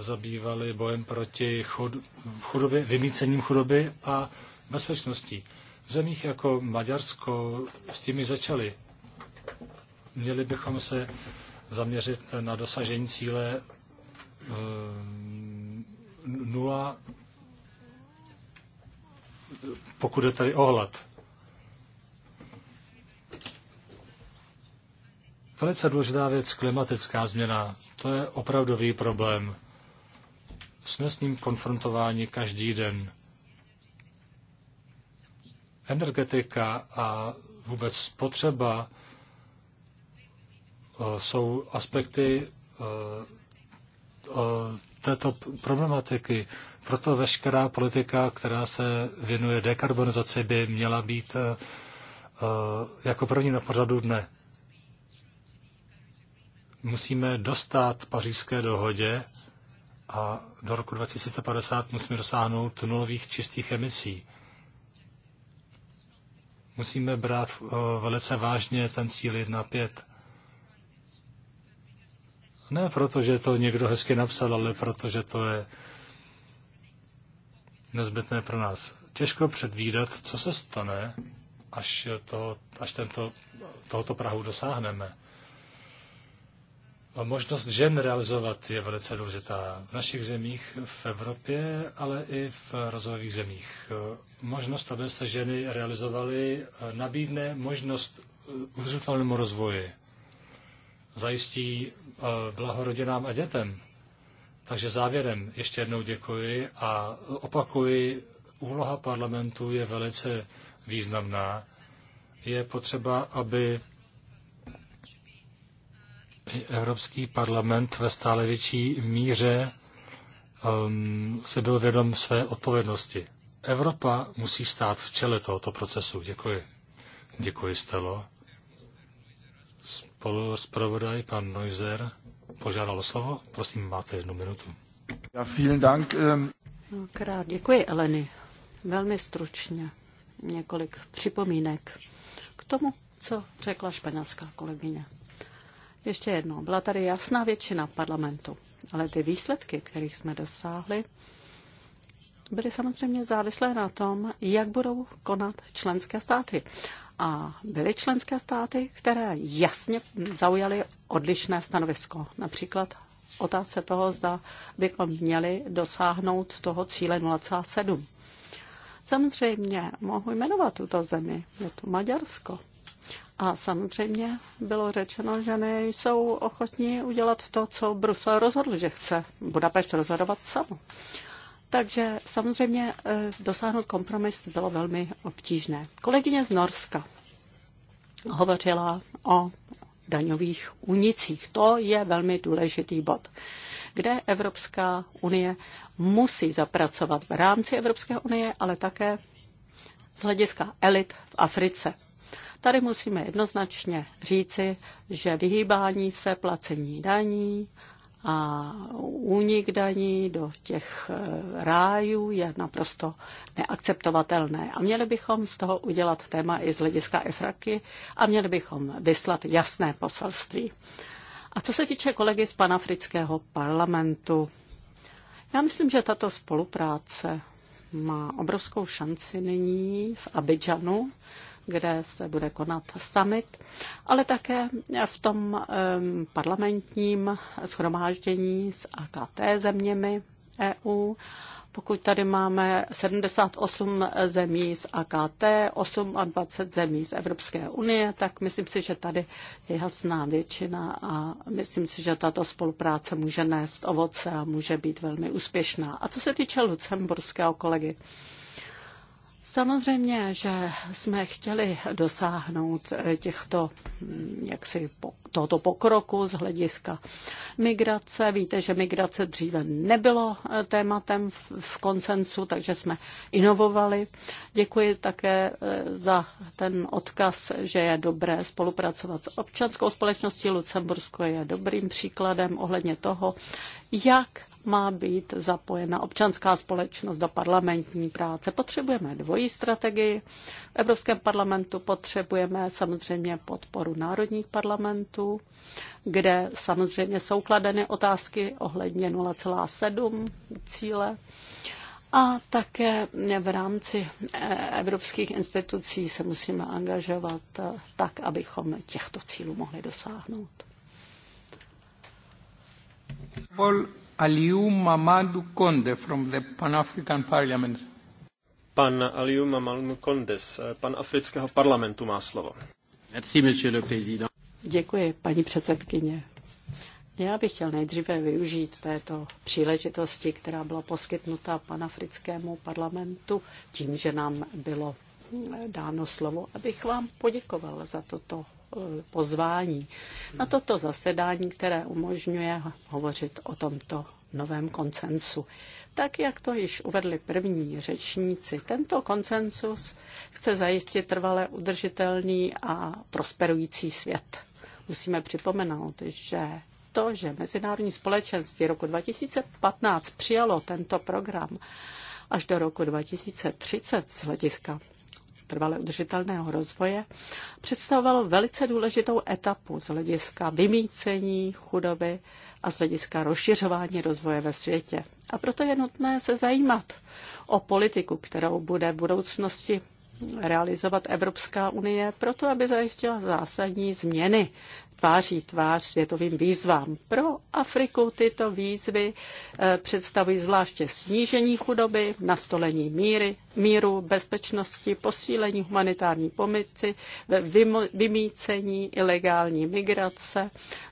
F: zabývali bojem proti chud, chudobě, vymícením chudoby a bezpečností. V zemích jako Maďarsko s tím začali. Měli bychom se zaměřit na dosažení cíle eh, nula, pokud je tady ohlad. Velice důležitá věc, klimatická změna. To je opravdový problém. Jsme s ním konfrontováni každý den. Energetika a vůbec potřeba. Eh, jsou aspekty eh, eh, této problematiky. Proto veškerá politika, která se věnuje dekarbonizaci, by měla být jako první na pořadu dne. Musíme dostat pařížské dohodě a do roku 2050 musíme dosáhnout nulových čistých emisí. Musíme brát velice vážně ten cíl 1.5. Ne proto, že to někdo hezky napsal, ale protože to je nezbytné pro nás. Těžko předvídat, co se stane, až, to, až tento, tohoto Prahu dosáhneme. Možnost žen realizovat je velice důležitá v našich zemích, v Evropě, ale i v rozvojových zemích. Možnost, aby se ženy realizovaly, nabídne možnost udržitelnému rozvoji. Zajistí Eh, blaho rodinám a dětem. Takže závěrem ještě jednou děkuji a opakuji, úloha parlamentu je velice významná. Je potřeba, aby Evropský parlament ve stále větší míře um, ehm, se byl vědom své odpovědnosti. Evropa musí stát v čele tohoto procesu. Děkuji. Děkuji, Stelo. Spoluzpravodaj pan Neuser požádal o slovo. Prosím, máte jednu minutu. Já vielen Dank.
C: No, krát. Děkuji, Eleny. Velmi stručně několik připomínek k tomu, co řekla španělská kolegyně. Ještě jednou, byla tady jasná většina parlamentu, ale ty výsledky, kterých jsme dosáhli, byly samozřejmě závislé na tom, jak budou konat členské státy. A byly členské státy, které jasně zaujaly odlišné stanovisko. Například otázce toho, zda bychom měli dosáhnout toho cíle 0,7. Samozřejmě mohu jmenovat tuto zemi, je to Maďarsko. A samozřejmě bylo řečeno, že nejsou ochotní udělat to, co Brusel rozhodl, že chce Budapešť rozhodovat samo. Takže samozřejmě eh, dosáhnout kompromis bylo velmi obtížné. Kolegyně z Norska hovořila o daňových unicích. To je velmi důležitý bod, kde Evropská unie musí zapracovat v rámci Evropské unie, ale také z hlediska elit v Africe. Tady musíme jednoznačně říci, že vyhýbání se placení daní a únik daní do těch eh, rájů je naprosto neakceptovatelné. A měli bychom z toho udělat téma i z hlediska Efraky a měli bychom vyslat jasné poselství. A co se týče kolegy z panafrického parlamentu, já myslím, že tato spolupráce má obrovskou šanci nyní v Abidžanu, kde se bude konat summit, ale také v tom parlamentním schromáždění s AKT zeměmi EU. Pokud tady máme 78 zemí z AKT, 8 a 20 zemí z Evropské unie, tak myslím si, že tady je jasná většina a myslím si, že tato spolupráce může nést ovoce a může být velmi úspěšná. A co se týče lucemburského kolegy, Samozřejmě, že jsme chtěli dosáhnout těchto, jaksi, tohoto pokroku z hlediska migrace. Víte, že migrace dříve nebylo eh, tématem v konsensu, takže jsme inovovali. Děkuji také eh, za ten odkaz, že je dobré spolupracovat s občanskou společností. Lucembursko je dobrým příkladem ohledně toho, jak má být zapojena občanská společnost do parlamentní práce. Potřebujeme dvojí strategii. V Evropském parlamentu potřebujeme samozřejmě podporu národních parlamentů, kde samozřejmě jsou kladeny otázky ohledně 0,7 cíle. A také v rámci eh, evropských institucí se musíme angažovat eh, tak, abychom těchto cílů mohli dosáhnout.
F: Paul Aliou Mamadou Konde from the Pan-African Parliament.
B: Pan Aliou Mamadou Konde z eh, Pan-Afrického parlamentu má slovo. Merci, monsieur le président.
C: Děkuji, paní předsedkyně. Já bych chtěl nejdříve využít této příležitosti, která byla poskytnuta panafrickému parlamentu tím, že nám bylo dáno slovo, abych vám poděkoval za toto pozvání na toto zasedání, které umožňuje hovořit o tomto novém koncensu. Tak, jak to již uvedli první řečníci, tento koncensus chce zajistit trvale udržitelný a prosperující svět. Musíme připomenout, že to, že mezinárodní společenství roku 2015 přijalo tento program až do roku 2030 z hlediska trvale udržitelného rozvoje představovalo velice důležitou etapu z hlediska vymícení chudoby a z hlediska rozšiřování rozvoje ve světě. A proto je nutné se zajímat o politiku, kterou bude v budoucnosti realizovat Evropská unie proto, aby zajistila zásadní změny tváří tvář světovým výzvám. Pro Afriku tyto výzvy eh, představují zvláště snížení chudoby, nastolení míry, míru, bezpečnosti, posílení humanitární pomoci, vymícení ilegální migrace,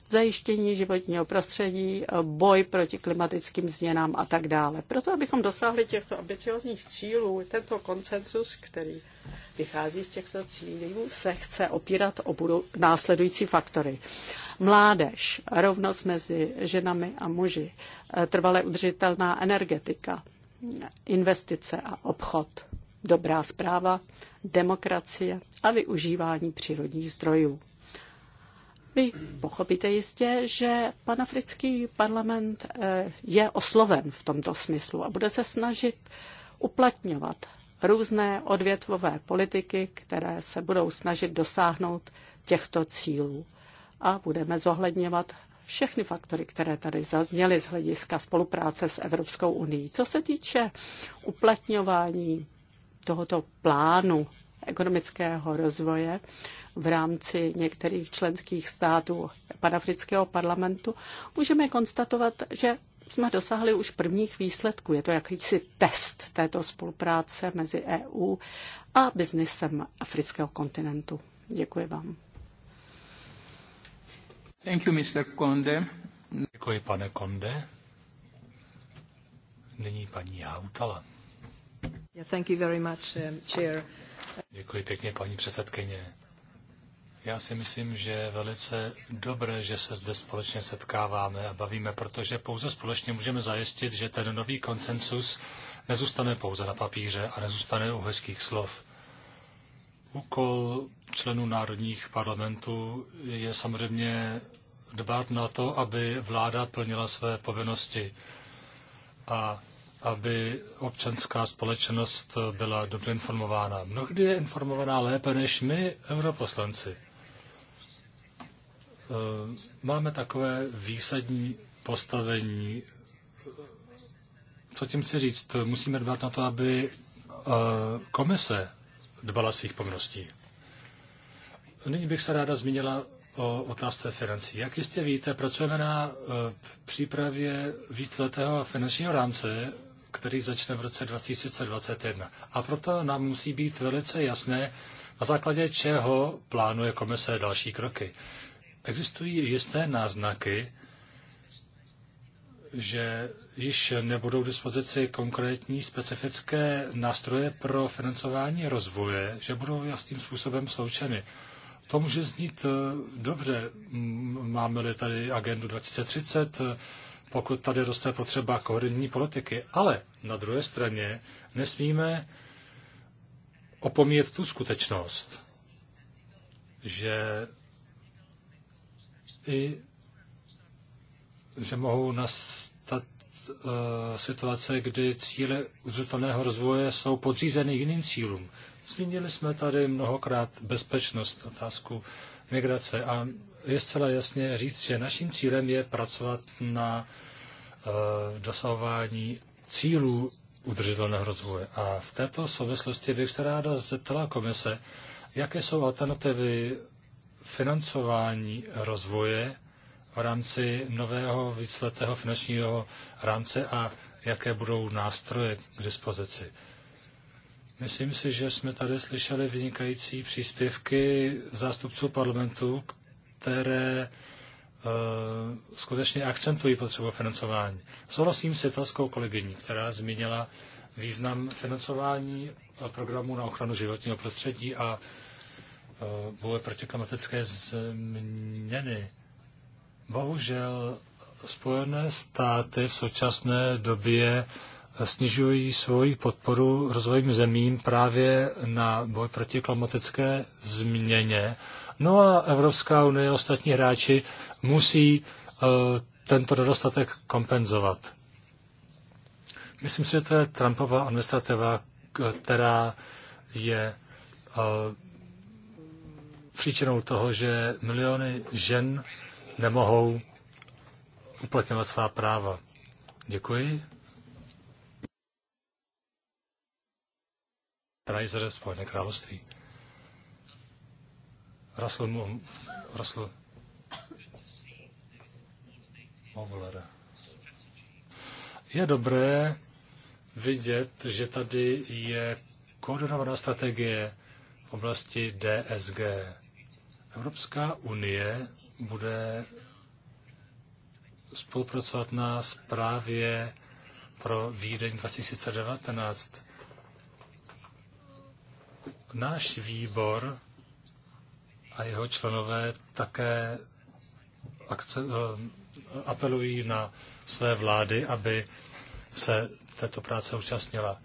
C: zajištění životního prostředí, eh, boj proti klimatickým změnám a tak dále. Proto, abychom dosáhli těchto ambiciozních cílů, tento koncensus, který vychází z těchto cílů, se chce opírat o budou následující faktory. Mládež, rovnost mezi ženami a muži, eh, trvale udržitelná energetika, investice a obchod, dobrá zpráva, demokracie a využívání přírodních zdrojů. Vy pochopíte jistě, že panafrický parlament eh, je osloven v tomto smyslu a bude se snažit uplatňovat různé odvětvové politiky, které se budou snažit dosáhnout těchto cílů. A budeme zohledňovat všechny faktory, které tady zazněly z hlediska spolupráce s Evropskou unii. Co se týče uplatňování tohoto plánu ekonomického rozvoje v rámci některých členských států panafrického parlamentu, můžeme konstatovat, že jsme dosáhli už prvních výsledků. Je to jakýsi test této spolupráce mezi EU a biznisem afrického kontinentu. Děkuji vám.
F: Thank you, Mr. Konde. Děkuji, pane Konde. Nyní paní Hautala.
E: Yeah, thank you very much, um, chair.
F: Děkuji pěkně, paní předsedkyně. Já si myslím, že je velice dobré, že se zde společně setkáváme a bavíme, protože pouze společně můžeme zajistit, že ten nový koncensus nezůstane pouze na papíře a nezůstane u hezkých slov. Úkol členů národních parlamentů je samozřejmě dbát na to, aby vláda plnila své povinnosti a aby občanská společnost byla dobře informována. Mnohdy je informovaná lépe než my, europoslanci. Eh, máme takové výsadní postavení. Co tím chci říct? Musíme dbát na to, aby eh, komise dbala svých povinností. Nyní bych se ráda zmínila o otázce financí. Jak jistě víte, pracujeme na eh, přípravě víceletého finančního rámce, který začne v roce 2021. A proto nám musí být velice jasné, na základě čeho plánuje komise další kroky. Existují jisté náznaky, že již nebudou k dispozici konkrétní specifické nástroje pro financování rozvoje, že budou jasným způsobem sloučeny. To může znít eh, dobře. Máme-li tady agendu 2030, eh, pokud tady roste potřeba koordinní politiky. Ale na druhé straně nesmíme opomíjet tu skutečnost, že i že mohou nastat e, situace, kdy cíle udržitelného rozvoje jsou podřízeny jiným cílům. Zmínili jsme tady mnohokrát bezpečnost, otázku migrace a je zcela jasně říct, že naším cílem je pracovat na e, dosahování cílů udržitelného rozvoje. A v této souvislosti bych se ráda zeptala komise, jaké jsou alternativy financování rozvoje v rámci nového výsledného finančního rámce a jaké budou nástroje k dispozici. Myslím si, že jsme tady slyšeli vynikající příspěvky zástupců parlamentu, které eh, skutečně akcentují potřebu financování. Souhlasím s italskou kolegyní, která zmínila význam financování programu na ochranu životního prostředí a Eh, boje proti klimatické změny. Bohužel Spojené státy v současné době snižují svoji podporu rozvojovým zemím právě na boj proti klimatické změně. No a Evropská unie a ostatní hráči musí eh, tento nedostatek kompenzovat. Myslím si, že to je Trumpova administrativa, která je eh, příčinou toho, že miliony žen nemohou uplatňovat svá práva. Děkuji. Reiser, Spojené království. Russell, mu, Russell Mobler. Je dobré vidět, že tady je koordinovaná strategie v oblasti DSG. Evropská unie bude spolupracovat na zprávě pro Vídeň 2019. Náš výbor a jeho členové také akce, eh, apelují na své vlády, aby se této práce účastnila.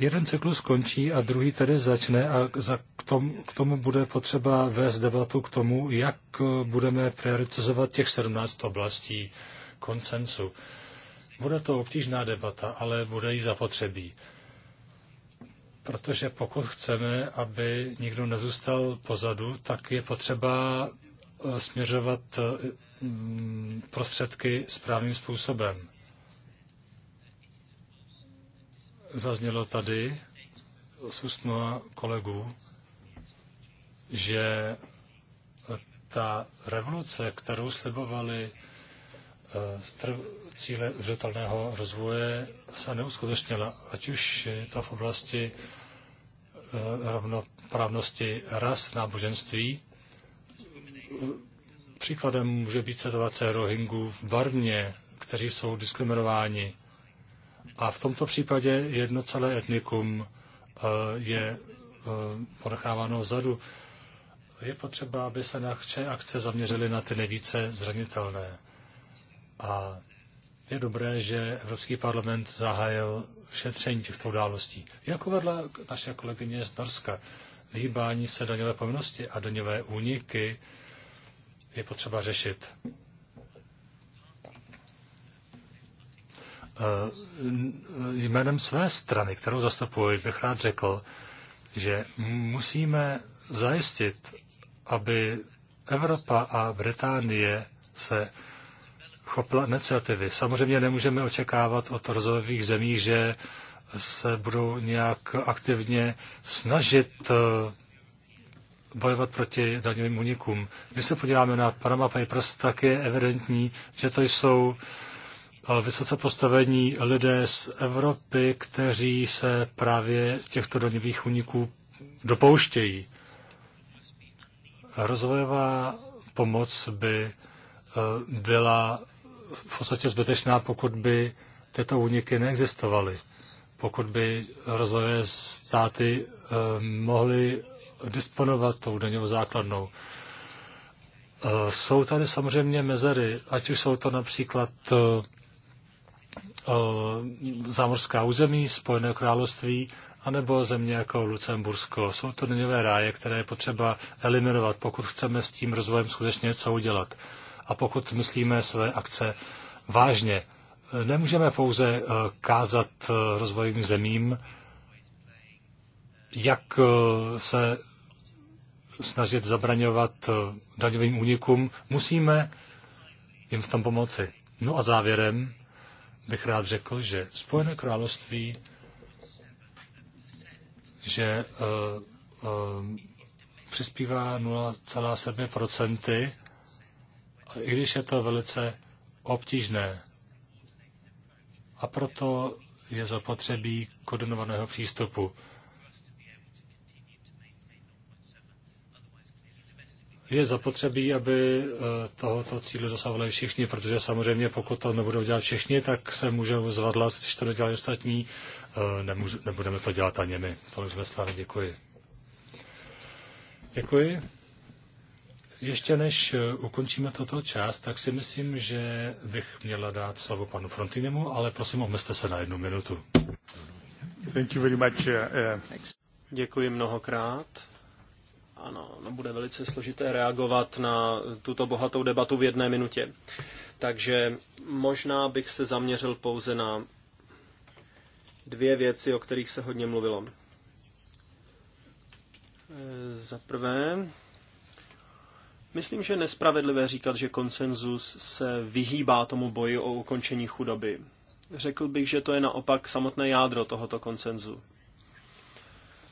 F: jeden cyklus končí a druhý tedy začne a za, k, tom, k tomu bude potřeba vést debatu k tomu, jak eh, budeme prioritizovat těch 17 oblastí konsensu. Bude to obtížná debata, ale bude jí zapotřebí. Protože pokud chceme, aby nikdo nezůstal pozadu, tak je potřeba eh, směřovat eh, prostředky správným způsobem. Zaznělo tady z úst mnoha kolegů, že ta revoluce, kterou slibovali eh, cíle zřetelného rozvoje, se neuskutečnila, ať už je to v oblasti eh, rovnoprávnosti ras náboženství. Příkladem může být situace Rohingů v Barmě, kteří jsou diskriminováni a v tomto případě jedno celé etnikum eh, je eh, ponecháváno vzadu. Je potřeba, aby se naše akce zaměřily na ty nejvíce zranitelné. A je dobré, že Evropský parlament zahájil šetření těchto událostí. Jak uvedla naše kolegyně z Norska, vyhýbání se daňové povinnosti a daňové úniky je potřeba řešit. Eh, eh, jménem své strany, kterou zastupuji, bych rád řekl, že musíme zajistit, aby Evropa a Británie se chopila iniciativy. Samozřejmě nemůžeme očekávat od rozvojových zemí, že se budou nějak aktivně snažit eh, bojovat proti daňovým unikům. Když se podíváme na Panama Papers, tak je evidentní, že to jsou uh, vysoce postavení lidé z Evropy, kteří se právě těchto daňových úniků dopouštějí. Rozvojová pomoc by e, byla v podstatě zbytečná, pokud by tyto úniky neexistovaly. Pokud by rozvojové státy e, mohly disponovat tou daňovou základnou. E, jsou tady samozřejmě mezery, ať už jsou to například zámořská území, Spojené království, anebo země jako Lucembursko. Jsou to daňové ráje, které je potřeba eliminovat, pokud chceme s tím rozvojem skutečně něco udělat. A pokud myslíme své akce vážně, nemůžeme pouze e, kázat e, rozvojovým zemím, jak e, se snažit zabraňovat daňovým únikům, musíme jim v tom pomoci. No a závěrem, bych rád řekl, že Spojené království, že uh, uh, přispívá 0,7%, i když je to velice obtížné. A proto je zapotřebí koordinovaného přístupu. je zapotřebí, aby eh, tohoto cíle dosahovali všichni, protože samozřejmě pokud to nebudou dělat všichni, tak se může zvadlat, když to nedělají ostatní, eh, Nemůžu, nebudeme to dělat ani my. To jsme slávy, děkuji. Děkuji. Ještě než eh, ukončíme toto část, tak si myslím, že bych měla dát slovo panu Frontinemu, ale prosím, omezte se na jednu minutu. Thank you very much. Děkuji mnohokrát.
B: Ano, no bude velice složité reagovat na tuto bohatou debatu v jedné minutě. Takže možná bych se zaměřil pouze na dvě věci, o kterých se hodně mluvilo. E, za prvé, myslím, že je nespravedlivé říkat, že konsenzus se vyhýbá tomu boji o ukončení chudoby. Řekl bych, že to je naopak samotné jádro tohoto konsenzu.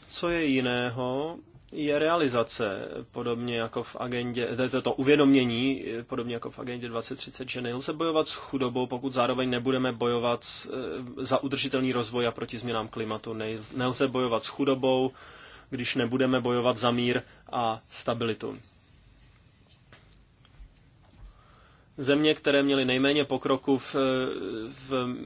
B: Co je jiného, je realizace, podobně jako v agendě, to, to uvědomění, podobně jako v agendě 2030, že nelze bojovat s chudobou, pokud zároveň nebudeme bojovat s, eh, za udržitelný rozvoj a proti změnám klimatu. Nelze bojovat s chudobou, když nebudeme bojovat za mír a stabilitu. země, které měly nejméně pokroku v, v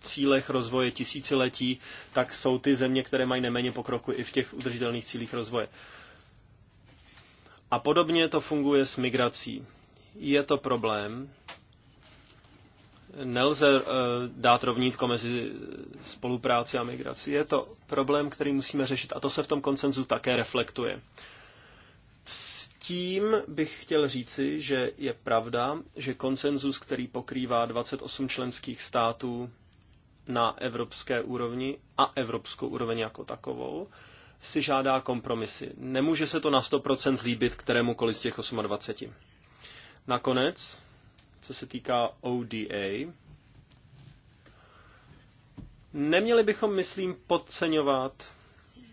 B: cílech rozvoje tisíciletí, tak jsou ty země, které mají nejméně pokroku i v těch udržitelných cílích rozvoje. A podobně to funguje s migrací. Je to problém. Nelze eh, dát rovnítko mezi spolupráci a migrací. Je to problém, který musíme řešit a to se v tom koncenzu také reflektuje tím bych chtěl říci, že je pravda, že konsenzus, který pokrývá 28 členských států na evropské úrovni a evropskou úroveň jako takovou, si žádá kompromisy. Nemůže se to na 100% líbit kterémukoliv z těch 28. Nakonec, co se týká ODA, neměli bychom, myslím, podceňovat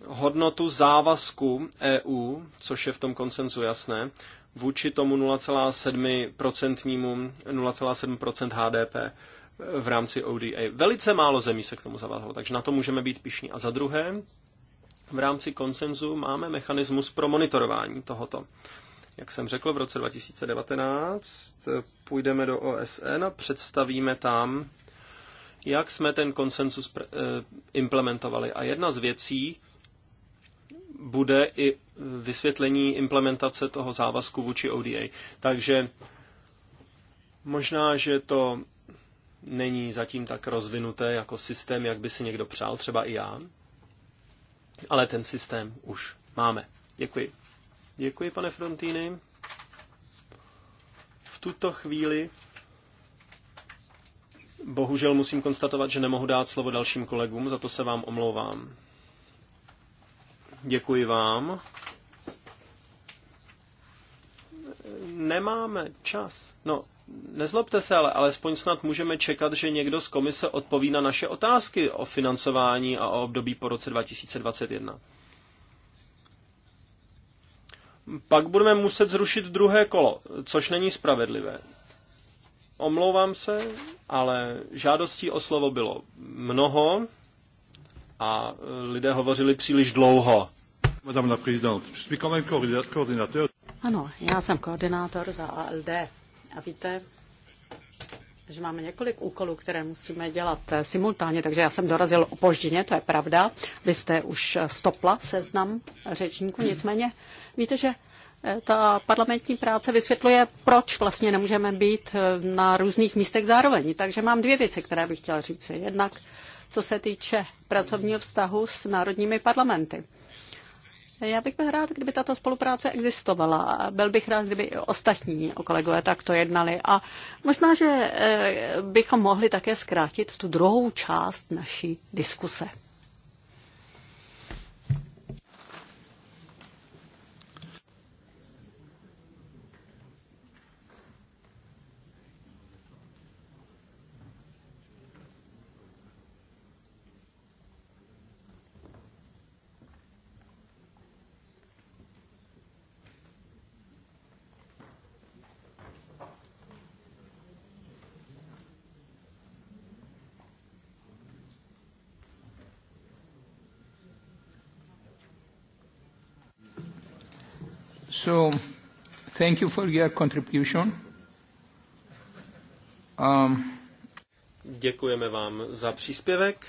B: hodnotu závazku EU, což je v tom konsenzu jasné, vůči tomu 0,7%, 0,7% HDP v rámci ODA. Velice málo zemí se k tomu zavázalo, takže na to můžeme být pišní. A za druhé, v rámci konsenzu máme mechanismus pro monitorování tohoto. Jak jsem řekl, v roce 2019 půjdeme do OSN a představíme tam, jak jsme ten konsensus eh, implementovali. A jedna z věcí, bude i vysvětlení implementace toho závazku vůči ODA. Takže možná, že to není zatím tak rozvinuté jako systém, jak by si někdo přál, třeba i já, ale ten systém už máme. Děkuji. Děkuji, pane Frontýny. V tuto chvíli bohužel musím konstatovat, že nemohu dát slovo dalším kolegům, za to se vám omlouvám. Děkuji vám. Nemáme čas. No, nezlobte se, ale alespoň snad můžeme čekat, že někdo z komise odpoví na naše otázky o financování a o období po roce 2021. Pak budeme muset zrušit druhé kolo, což není spravedlivé. Omlouvám se, ale žádostí o slovo bylo mnoho
F: a e, lidé hovořili příliš dlouho. Madame la présidente, je suis quand même coordinateur.
C: Ano, já jsem koordinátor za ALD. A víte, že máme několik úkolů, které musíme dělat e, simultánně, takže já jsem dorazil opožděně, to je pravda. Vy jste už e, stopla seznam řečníků, nicméně víte, že ta parlamentní práce vysvětluje, proč vlastně nemůžeme být na různých místech zároveň. Takže mám dvě věci, které bych chtěla říct. Jednak co se týče pracovního vztahu s národními parlamenty. Já bych byl rád, kdyby tato spolupráce existovala. Byl bych rád, kdyby i ostatní kolegové takto jednali. A možná, že eh, bychom mohli také zkrátit tu druhou část naší diskuse.
F: So thank you for your contribution.
B: Um, Děkujeme vám za příspěvek.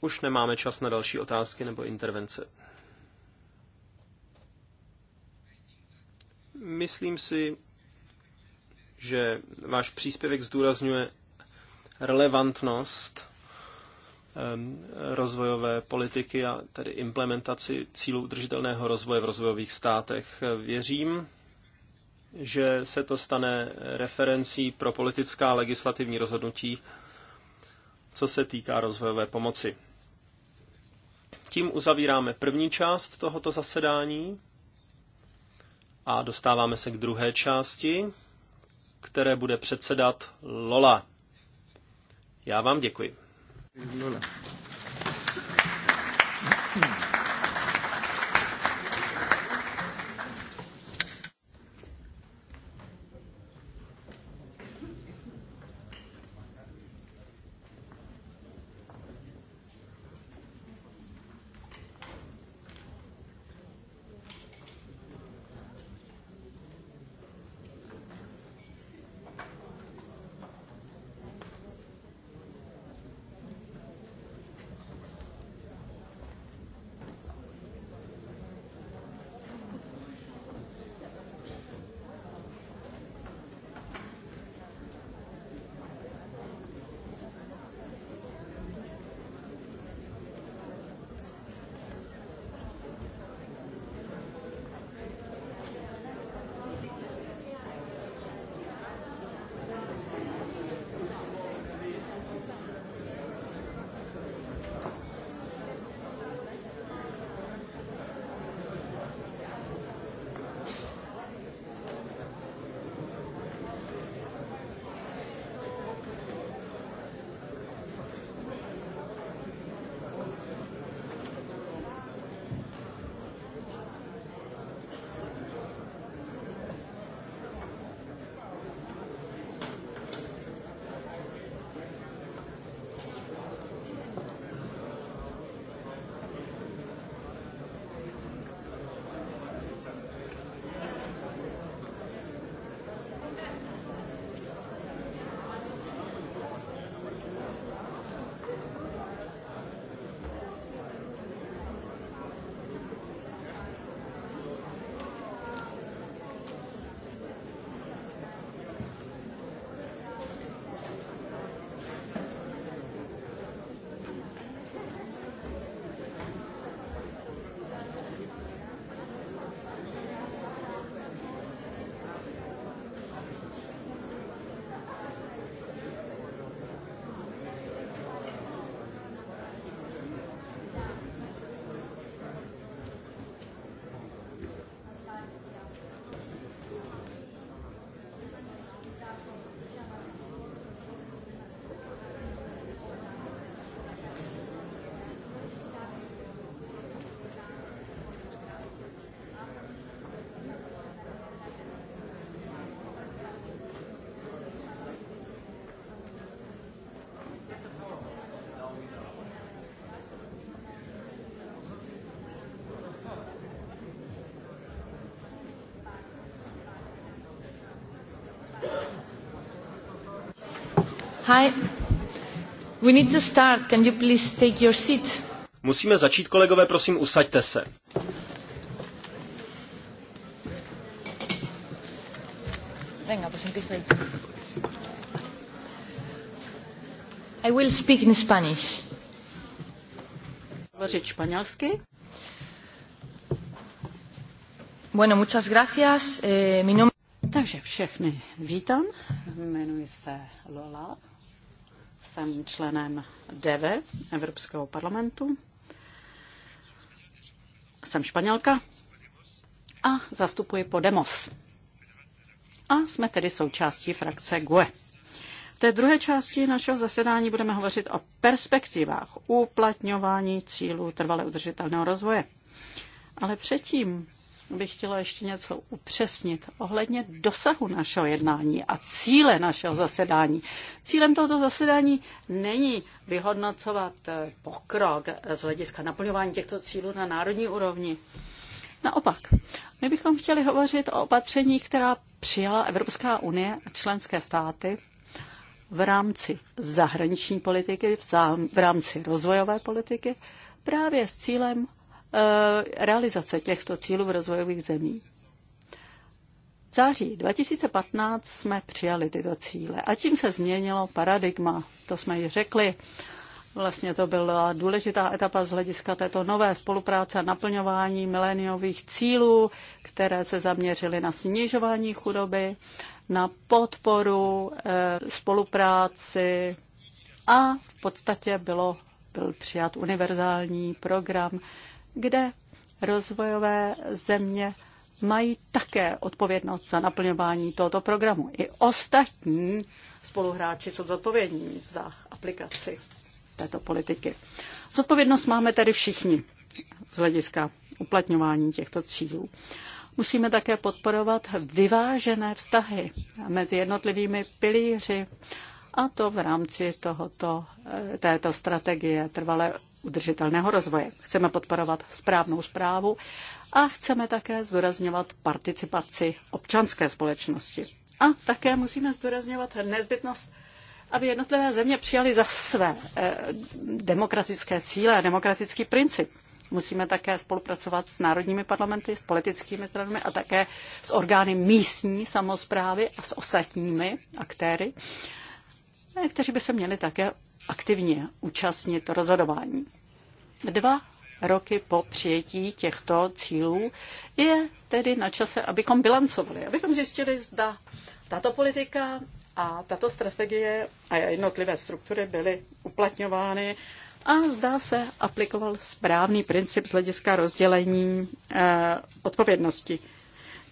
B: Už nemáme čas na další otázky nebo intervence. Myslím si, že váš příspěvek zdůrazňuje relevantnost rozvojové politiky a tedy implementaci cílů udržitelného rozvoje v rozvojových státech. Věřím, že se to stane referencí pro politická legislativní rozhodnutí, co se týká rozvojové pomoci. Tím uzavíráme první část tohoto zasedání a dostáváme se k druhé části, které bude předsedat Lola. Já vám děkuji. Lola.
C: Hi. We need to start. Can you please take your seat?
B: Musíme začít, kolegové, prosím, usaďte se.
C: Venga, pues empiezo I will speak in Spanish. Hovořit španělsky. Bueno, muchas gracias. Eh, mi nombre... Takže všechny vítám. Jmenuji se Lola jsem členem DV Evropského parlamentu. Jsem Španělka a zastupuji Podemos. A jsme tedy součástí frakce GUE. V té druhé části našeho zasedání budeme hovořit o perspektivách uplatňování cílů trvale udržitelného rozvoje. Ale předtím bych chtěla ještě něco upřesnit ohledně dosahu našeho jednání a cíle našeho zasedání. Cílem tohoto zasedání není vyhodnocovat eh, pokrok eh, z hlediska naplňování těchto cílů na národní úrovni. Naopak, my bychom chtěli hovořit o opatřeních, která přijala Evropská unie a členské státy v rámci zahraniční politiky, v rámci rozvojové politiky, právě s cílem Eh, realizace těchto cílů v rozvojových zemích. V září 2015 jsme přijali tyto cíle a tím se změnilo paradigma. To jsme ji řekli. Vlastně to byla důležitá etapa z hlediska této nové spolupráce a naplňování miléniových cílů, které se zaměřily na snižování chudoby, na podporu eh, spolupráci a v podstatě bylo, byl přijat univerzální program, kde rozvojové země mají také odpovědnost za naplňování tohoto programu. I ostatní spoluhráči jsou zodpovědní za aplikaci této politiky. Zodpovědnost máme tedy všichni z hlediska uplatňování těchto cílů. Musíme také podporovat vyvážené vztahy mezi jednotlivými pilíři, a to v rámci tohoto, této strategie trvale udržitelného rozvoje. Chceme podporovat správnou zprávu a chceme také zdůrazňovat participaci občanské společnosti. A také musíme zdůrazňovat nezbytnost, aby jednotlivé země přijaly za své eh, demokratické cíle a demokratický princip. Musíme také spolupracovat s národními parlamenty, s politickými stranami a také s orgány místní samozprávy a s ostatními aktéry, eh, kteří by se měli také aktivně účastnit rozhodování. Dva roky po přijetí těchto cílů je tedy na čase, abychom bilancovali, abychom zjistili, zda tato politika a tato strategie a jednotlivé struktury byly uplatňovány a zdá se aplikoval správný princip z hlediska rozdělení eh, odpovědnosti.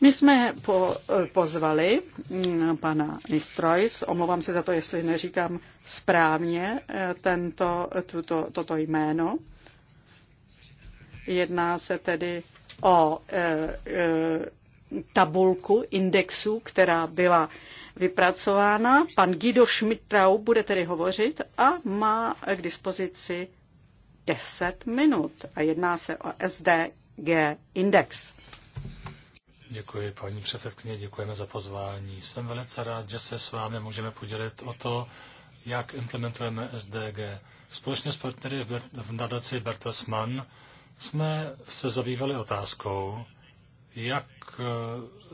C: My jsme po, pozvali mm, pana Nistrojc, omlouvám se za to, jestli neříkám správně eh, tento, tuto, toto jméno. Jedná se tedy o e, e, tabulku indexu, která byla vypracována. Pan Guido Schmidtrau bude tedy hovořit a má k dispozici 10 minut a jedná se o SDG index.
F: Děkuji, paní předsedkyně, děkujeme za pozvání. Jsem velice rád, že se s vámi můžeme podělit o to, jak implementujeme SDG. Společně s partnery v nadaci Bertelsmann jsme se zabývali otázkou, jak eh,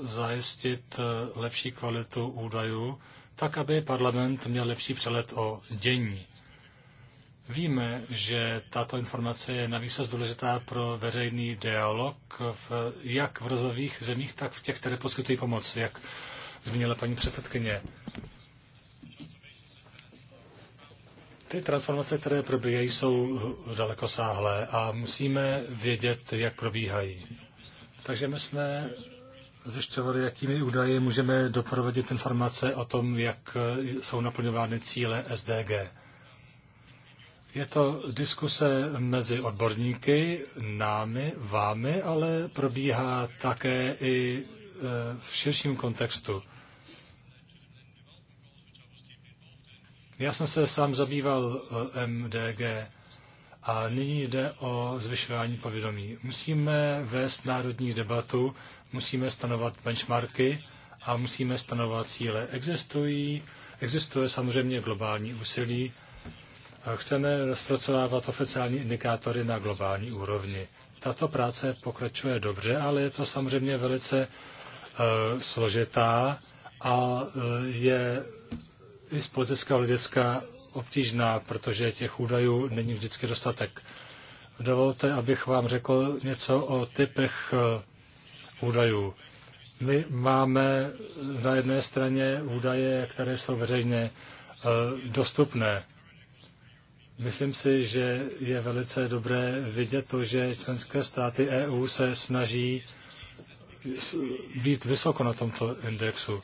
F: zajistit eh, lepší kvalitu údajů, tak aby parlament měl lepší přelet o dění. Víme, že tato informace je navíc důležitá pro veřejný dialog v, jak v rozvojových zemích, tak v těch, které poskytují pomoc, jak zmínila paní předsedkyně. Ty transformace, které probíhají, jsou dalekosáhlé a musíme vědět, jak probíhají. Takže my jsme zjišťovali, jakými údaji můžeme doprovodit informace o tom, jak jsou naplňovány cíle SDG. Je to diskuse mezi odborníky, námi, vámi, ale probíhá také i e, v širším kontextu. Já jsem se sám zabýval e, MDG a nyní jde o zvyšování povědomí. Musíme vést národní debatu, musíme stanovat benchmarky a musíme stanovat cíle. Existují, existuje samozřejmě globální úsilí, Chceme rozpracovávat oficiální indikátory na globální úrovni. Tato práce pokračuje dobře, ale je to samozřejmě velice uh, složitá a uh, je i z politického hlediska obtížná, protože těch údajů není vždycky dostatek. Dovolte, abych vám řekl něco o typech uh, údajů. My máme na jedné straně údaje, které jsou veřejně dostupné. Myslím si, že je velice dobré vidět to, že členské státy EU se snaží být vysoko na tomto indexu.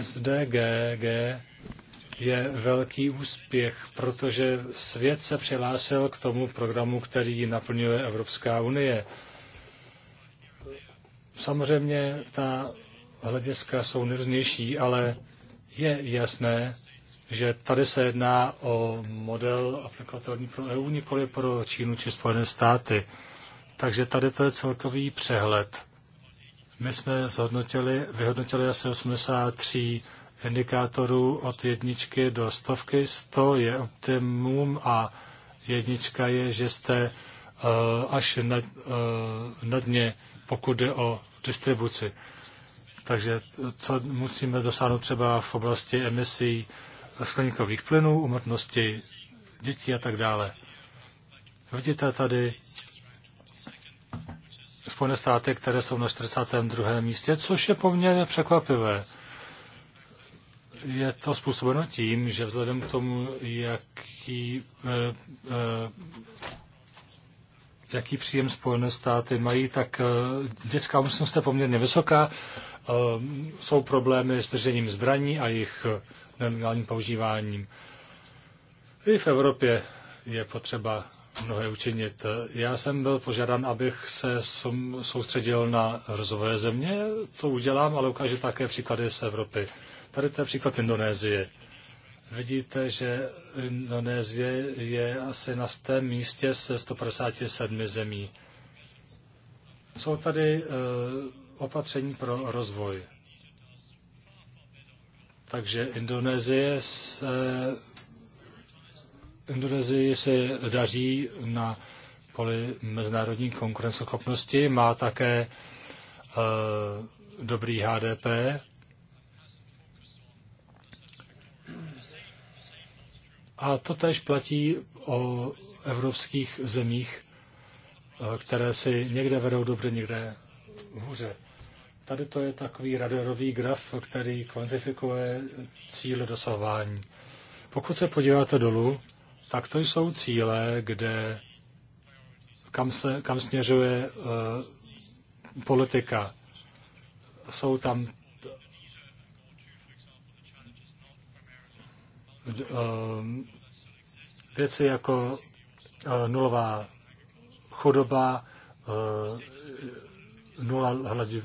F: SDGG je velký úspěch, protože svět se přihlásil k tomu programu, který naplňuje Evropská unie. Samozřejmě ta hlediska jsou nejrůznější, ale je jasné, že tady se jedná o model aplikatorní pro EU, nikoli pro Čínu či Spojené státy. Takže tady to je celkový přehled. My jsme zhodnotili, vyhodnotili asi 83 indikátorů od jedničky do stovky. 100 je optimum a jednička je, že jste uh, až na, uh, eh, na dně, pokud jde o distribuci. Takže co musíme dosáhnout třeba v oblasti emisí skleníkových plynů, umrtnosti dětí a tak dále. Vidíte tady Spojené státy, které jsou na 42. místě, což je poměrně překvapivé. Je to způsobeno tím, že vzhledem k tomu, jaký, eh, eh, jaký příjem Spojené státy mají, tak eh, dětská umrtnost je poměrně vysoká. Eh, Ehm, jsou problémy s držením zbraní a jejich eh, nelegálním používáním. I v Evropě je potřeba mnohé učinit. Já jsem byl požádán, abych se soustředil na rozvojové země. To udělám, ale ukážu také příklady z Evropy. Tady to je příklad Indonésie. Vidíte, že Indonésie je asi na stém místě se 157 zemí. Jsou tady eh, opatření pro rozvoj. Takže Indonésie se, Indonésie se daří na poli mezinárodní konkurenceschopnosti, má také uh, dobrý HDP. A to tež platí o evropských zemích, eh, které si někde vedou dobře, někde hůře. Tady to je takový radarový graf, který kvantifikuje cíle dosahování. Pokud se podíváte dolů, tak to jsou cíle, kde kam, se, kam směřuje uh, politika. Jsou tam uh, věci jako uh, nulová chudoba, uh, nula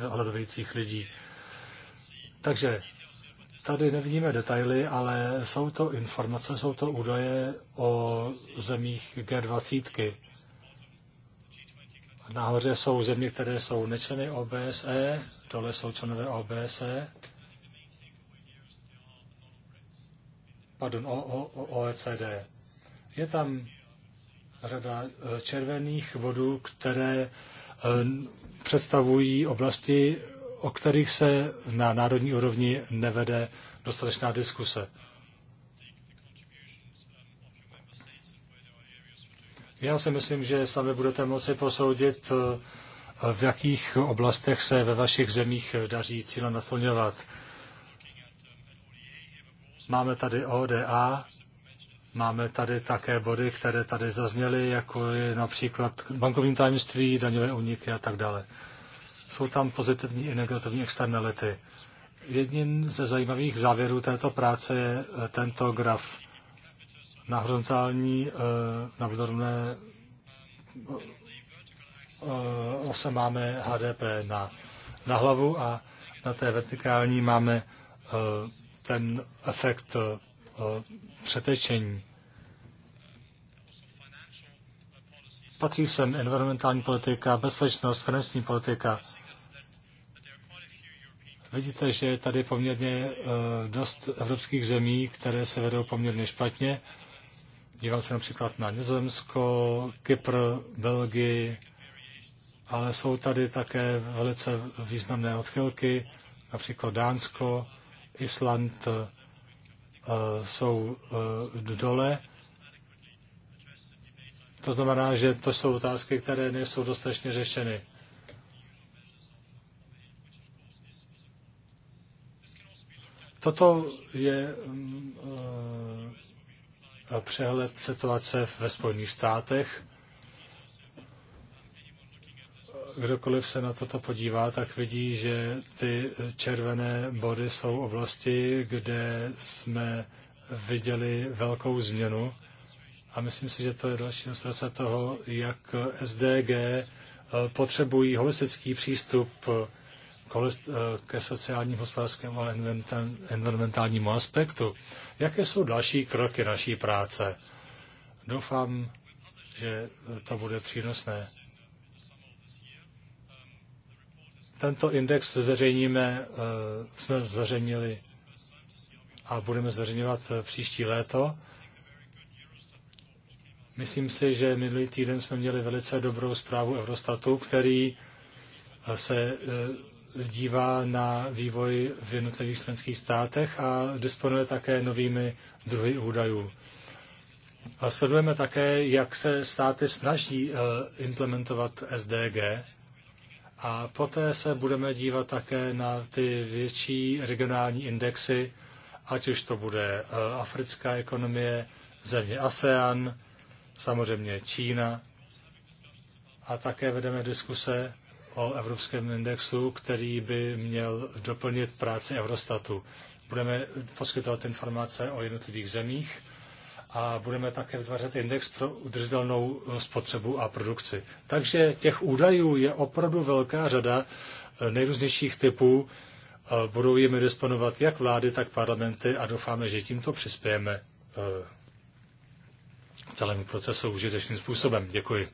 F: hladovějících lidí. Takže tady nevidíme detaily, ale jsou to informace, jsou to údaje o zemích G20. Nahoře jsou země, které jsou nečleny OBSE, dole jsou členové OBSE, pardon, o, o, OECD. Je tam řada eh, červených bodů, které eh, představují oblasti, o kterých se na národní úrovni nevede dostatečná diskuse. Já si myslím, že sami budete moci posoudit, eh, v jakých oblastech se ve vašich zemích daří cíle naplňovat. Máme tady ODA, Máme tady také body, které tady zazněly, jako je například bankovní tajemství, daňové uniky a tak dále. Jsou tam pozitivní i negativní externality. Jedním ze zajímavých závěrů této práce je eh, tento graf na horizontální, eh, na vzorné eh, ose máme HDP na, na hlavu a na té vertikální máme ten efekt přetečení. Patří sem environmentální politika, bezpečnost, finanční politika. Vidíte, že je tady poměrně eh, dost evropských zemí, které se vedou poměrně špatně. Dívám se například na Nizozemsko, Kypr, Belgii, ale jsou tady také velice významné odchylky, například Dánsko, Island eh, jsou eh, dole to znamená, že to jsou otázky, které nejsou dostatečně řešeny. Toto je mm, eh, přehled situace ve Spojených státech. Kdokoliv se na toto podívá, tak vidí, že ty červené body jsou oblasti, kde jsme viděli velkou změnu. A myslím si, že to je další ilustrace toho, jak SDG eh, potřebují holistický přístup eh, eh, ke sociálním, hospodářskému a environmentálnímu aspektu. Jaké jsou další kroky naší práce? Doufám, že to bude přínosné. Tento index zveřejníme, jsme zveřejnili a budeme zveřejňovat příští léto. Myslím si, že minulý týden jsme měli velice dobrou zprávu Eurostatu, který eh, se eh, dívá na vývoj v jednotlivých členských státech a disponuje také novými druhy údajů. A sledujeme také, jak se státy snaží eh, implementovat SDG. A poté se budeme dívat také na ty větší regionální indexy, ať už to bude africká ekonomie, země ASEAN, samozřejmě Čína a také vedeme diskuse o Evropském indexu, který by měl doplnit práci Eurostatu. Budeme poskytovat informace o jednotlivých zemích a budeme také vytvářet index pro udržitelnou spotřebu a produkci. Takže těch údajů je opravdu velká řada eh, nejrůznějších typů. Eh, budou jimi disponovat jak vlády, tak parlamenty a doufáme, že tímto přispějeme eh, celému procesu užitečným způsobem. Děkuji.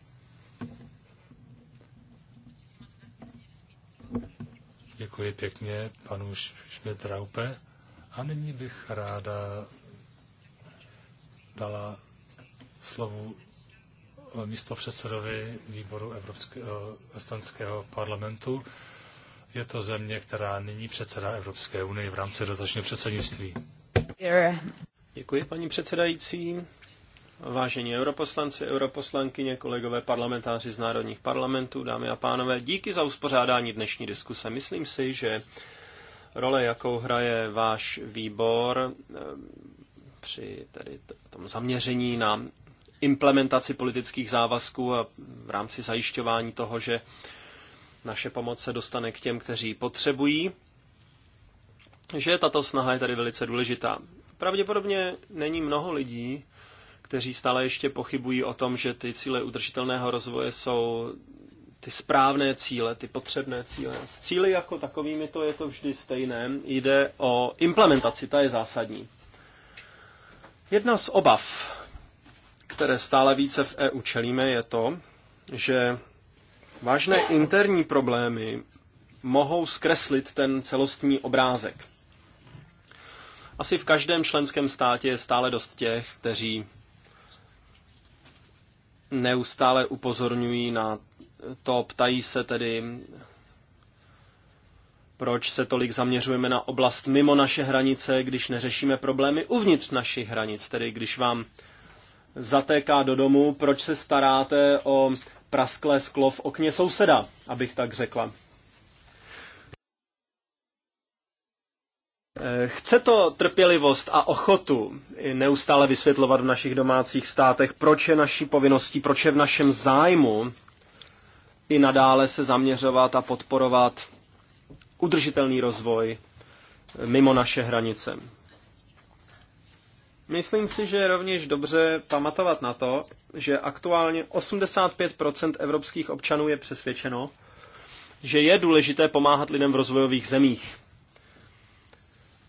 F: Děkuji pěkně panu Schmidt A nyní bych ráda dala slovu eh, místo předsedovi výboru Evropského, eh, estonského parlamentu. Je to země, která nyní předsedá Evropské unii v rámci dotačního předsednictví. Děkuji, paní předsedající. Vážení europoslanci,
B: europoslankyně, kolegové parlamentáři z národních parlamentů, dámy a pánové, díky za uspořádání dnešní diskuse. Myslím si, že role, jakou hraje váš výbor eh, při tedy tom zaměření na implementaci politických závazků a v rámci zajišťování toho, že naše pomoc se dostane k těm, kteří ji potřebují, že tato snaha je tady velice důležitá. Pravděpodobně není mnoho lidí, kteří stále ještě pochybují o tom, že ty cíle udržitelného rozvoje jsou ty správné cíle, ty potřebné cíle. S cíly jako takovými to je to vždy stejné. Jde o implementaci, ta je zásadní. Jedna z obav, které stále více v EU čelíme, je to, že vážné interní problémy mohou zkreslit ten celostní obrázek. Asi v každém členském státě je stále dost těch, kteří neustále upozorňují na to, ptají se tedy, proč se tolik zaměřujeme na oblast mimo naše hranice, když neřešíme problémy uvnitř našich hranic, tedy když vám zatéká do domu, proč se staráte o prasklé sklo v okně souseda, abych tak řekla. Eh, chce to trpělivost a ochotu neustále vysvětlovat v našich domácích státech, proč je naší povinností, proč je v našem zájmu i nadále se zaměřovat a podporovat udržitelný rozvoj mimo naše hranice. Myslím si, že je rovněž dobře pamatovat na to, že aktuálně 85% evropských občanů je přesvědčeno, že je důležité pomáhat lidem v rozvojových zemích.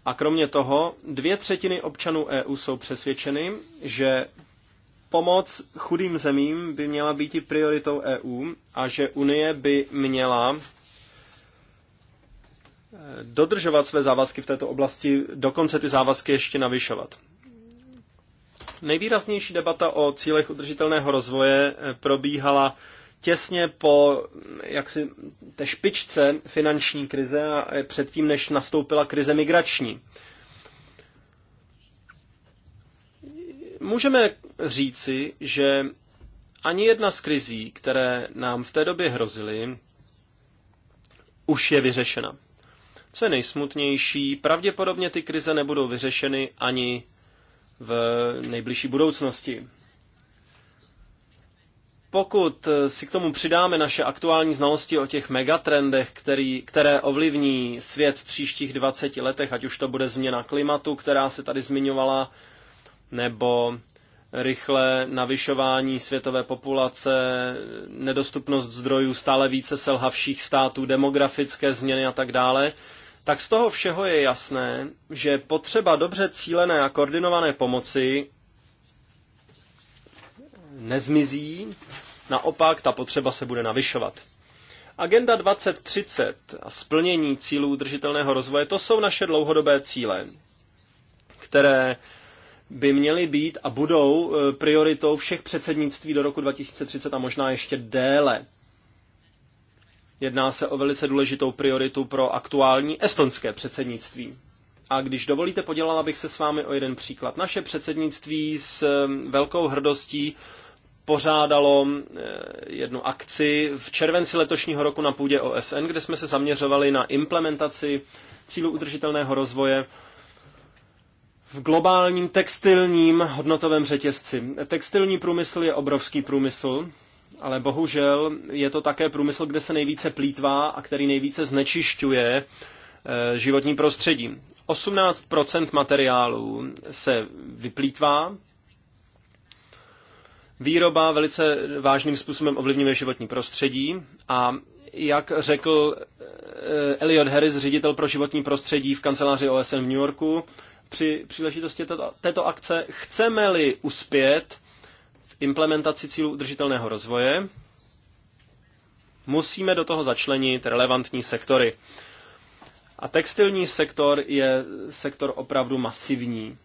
B: A kromě toho, dvě třetiny občanů EU jsou přesvědčeny, že pomoc chudým zemím by měla být i prioritou EU a že Unie by měla eh, dodržovat své závazky v této oblasti, dokonce ty závazky ještě navyšovat. Nejvýraznější debata o cílech udržitelného rozvoje eh, probíhala těsně po jaksi té špičce finanční krize a předtím, než nastoupila krize migrační. Můžeme říci, že ani jedna z krizí, které nám v té době hrozily, už je vyřešena. Co je nejsmutnější, pravděpodobně ty krize nebudou vyřešeny ani v nejbližší budoucnosti. Pokud eh, si k tomu přidáme naše aktuální znalosti o těch megatrendech, který, které ovlivní svět v příštích 20 letech, ať už to bude změna klimatu, která se tady zmiňovala, nebo rychle navyšování světové populace, nedostupnost zdrojů stále více selhavších států, demografické změny a tak dále, tak z toho všeho je jasné, že potřeba dobře cílené a koordinované pomoci nezmizí Naopak, ta potřeba se bude navyšovat. Agenda 2030 a splnění cílů udržitelného rozvoje, to jsou naše dlouhodobé cíle, které by měly být a budou e, prioritou všech předsednictví do roku 2030 a možná ještě déle. Jedná se o velice důležitou prioritu pro aktuální estonské předsednictví. A když dovolíte, podělala bych se s vámi o jeden příklad. Naše předsednictví s e, velkou hrdostí pořádalo eh, jednu akci v červenci letošního roku na půdě OSN, kde jsme se zaměřovali na implementaci cílu udržitelného rozvoje v globálním textilním hodnotovém řetězci. Textilní průmysl je obrovský průmysl, ale bohužel je to také průmysl, kde se nejvíce plítvá a který nejvíce znečišťuje eh, životní prostředí. 18% materiálů se vyplítvá Výroba velice vážným způsobem ovlivňuje životní prostředí a jak řekl eh, Elliot Harris, ředitel pro životní prostředí v kanceláři OSN v New Yorku, při příležitosti této, této akce, chceme-li uspět v implementaci cílů udržitelného rozvoje, musíme do toho začlenit relevantní sektory. A textilní sektor je sektor opravdu masivní.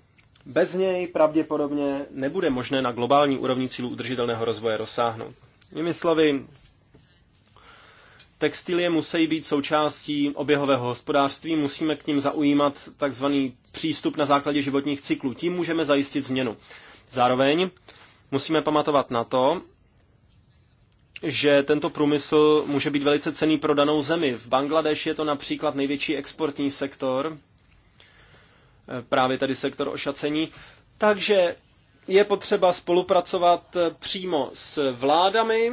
B: Bez něj pravděpodobně nebude možné na globální úrovni cílů udržitelného rozvoje dosáhnout. Jinými slovy, textilie musí být součástí oběhového hospodářství, musíme k ním zaujímat takzvaný přístup na základě životních cyklů. Tím můžeme zajistit změnu. Zároveň musíme pamatovat na to, že tento průmysl může být velice cený pro danou zemi. V Bangladeši je to například největší exportní sektor právě tady sektor ošacení. Takže je potřeba spolupracovat eh, přímo s vládami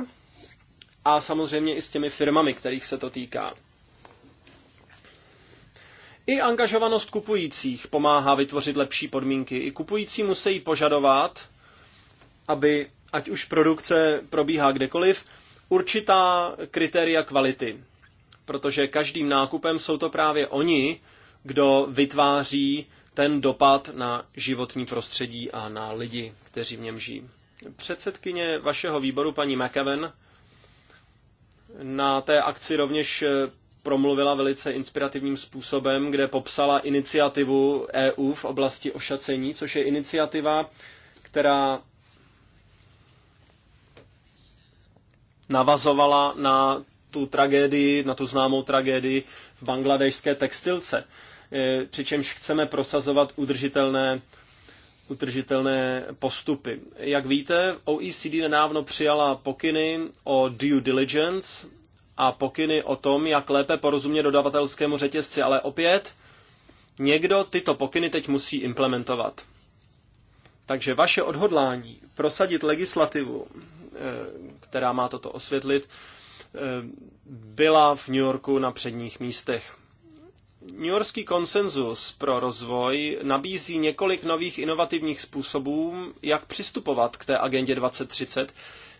B: a samozřejmě i s těmi firmami, kterých se to týká. I angažovanost kupujících pomáhá vytvořit lepší podmínky. I kupující musí požadovat, aby, ať už produkce probíhá kdekoliv, určitá kritéria kvality. Protože každým nákupem jsou to právě oni, kdo vytváří ten dopad na životní prostředí a na lidi, kteří v něm žijí. Předsedkyně vašeho výboru, paní McEwen, na té akci rovněž eh, promluvila velice inspirativním způsobem, kde popsala iniciativu EU v oblasti ošacení, což je iniciativa, která navazovala na tu tragédii, na tu známou tragédii v bangladešské textilce. Eh, přičemž chceme prosazovat udržitelné udržitelné postupy. Jak víte, OECD nedávno přijala pokyny o due diligence a pokyny o tom, jak lépe porozumět dodavatelskému řetězci, ale opět někdo tyto pokyny teď musí implementovat. Takže vaše odhodlání prosadit legislativu, eh, která má toto osvětlit, eh, byla v New Yorku na předních místech. New Yorkský konsenzus pro rozvoj nabízí několik nových inovativních způsobů, jak přistupovat k té agendě 2030,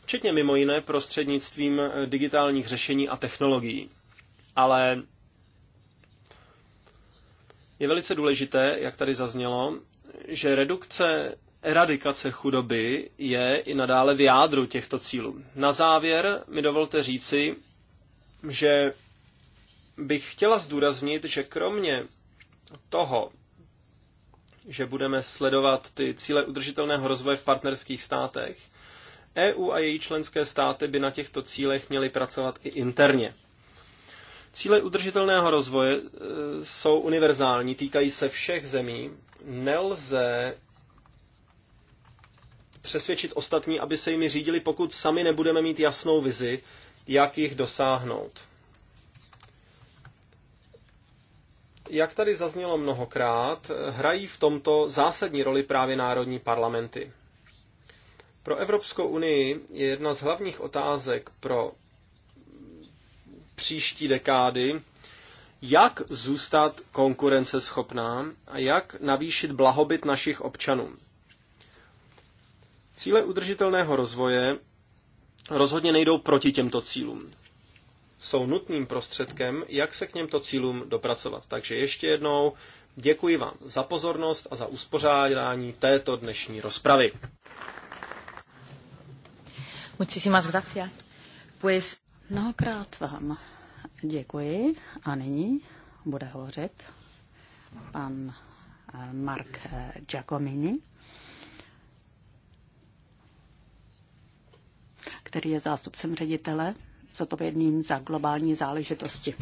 B: včetně mimo jiné prostřednictvím digitálních řešení a technologií. Ale je velice důležité, jak tady zaznělo, že redukce eradikace chudoby je i nadále v jádru těchto cílů. Na závěr mi dovolte říci, že bych chtěla zdůraznit, že kromě toho, že budeme sledovat ty cíle udržitelného rozvoje v partnerských státech, EU a její členské státy by na těchto cílech měly pracovat i interně. Cíle udržitelného rozvoje e, jsou univerzální, týkají se všech zemí. Nelze přesvědčit ostatní, aby se jimi řídili, pokud sami nebudeme mít jasnou vizi, jak jich dosáhnout. Jak tady zaznělo mnohokrát, hrají v tomto zásadní roli právě národní parlamenty. Pro Evropskou unii je jedna z hlavních otázek pro příští dekády, jak zůstat konkurenceschopná a jak navýšit blahobyt našich občanů. Cíle udržitelného rozvoje rozhodně nejdou proti těmto cílům jsou nutným prostředkem, jak se k těmto cílům dopracovat. Takže ještě jednou děkuji vám za pozornost a za uspořádání této dnešní rozpravy.
C: Muchísimas gracias. Pues... Mnohokrát vám děkuji a nyní bude hovořit pan eh, Mark eh, Giacomini, který je zástupcem ředitele zodpovědným za globální záležitosti.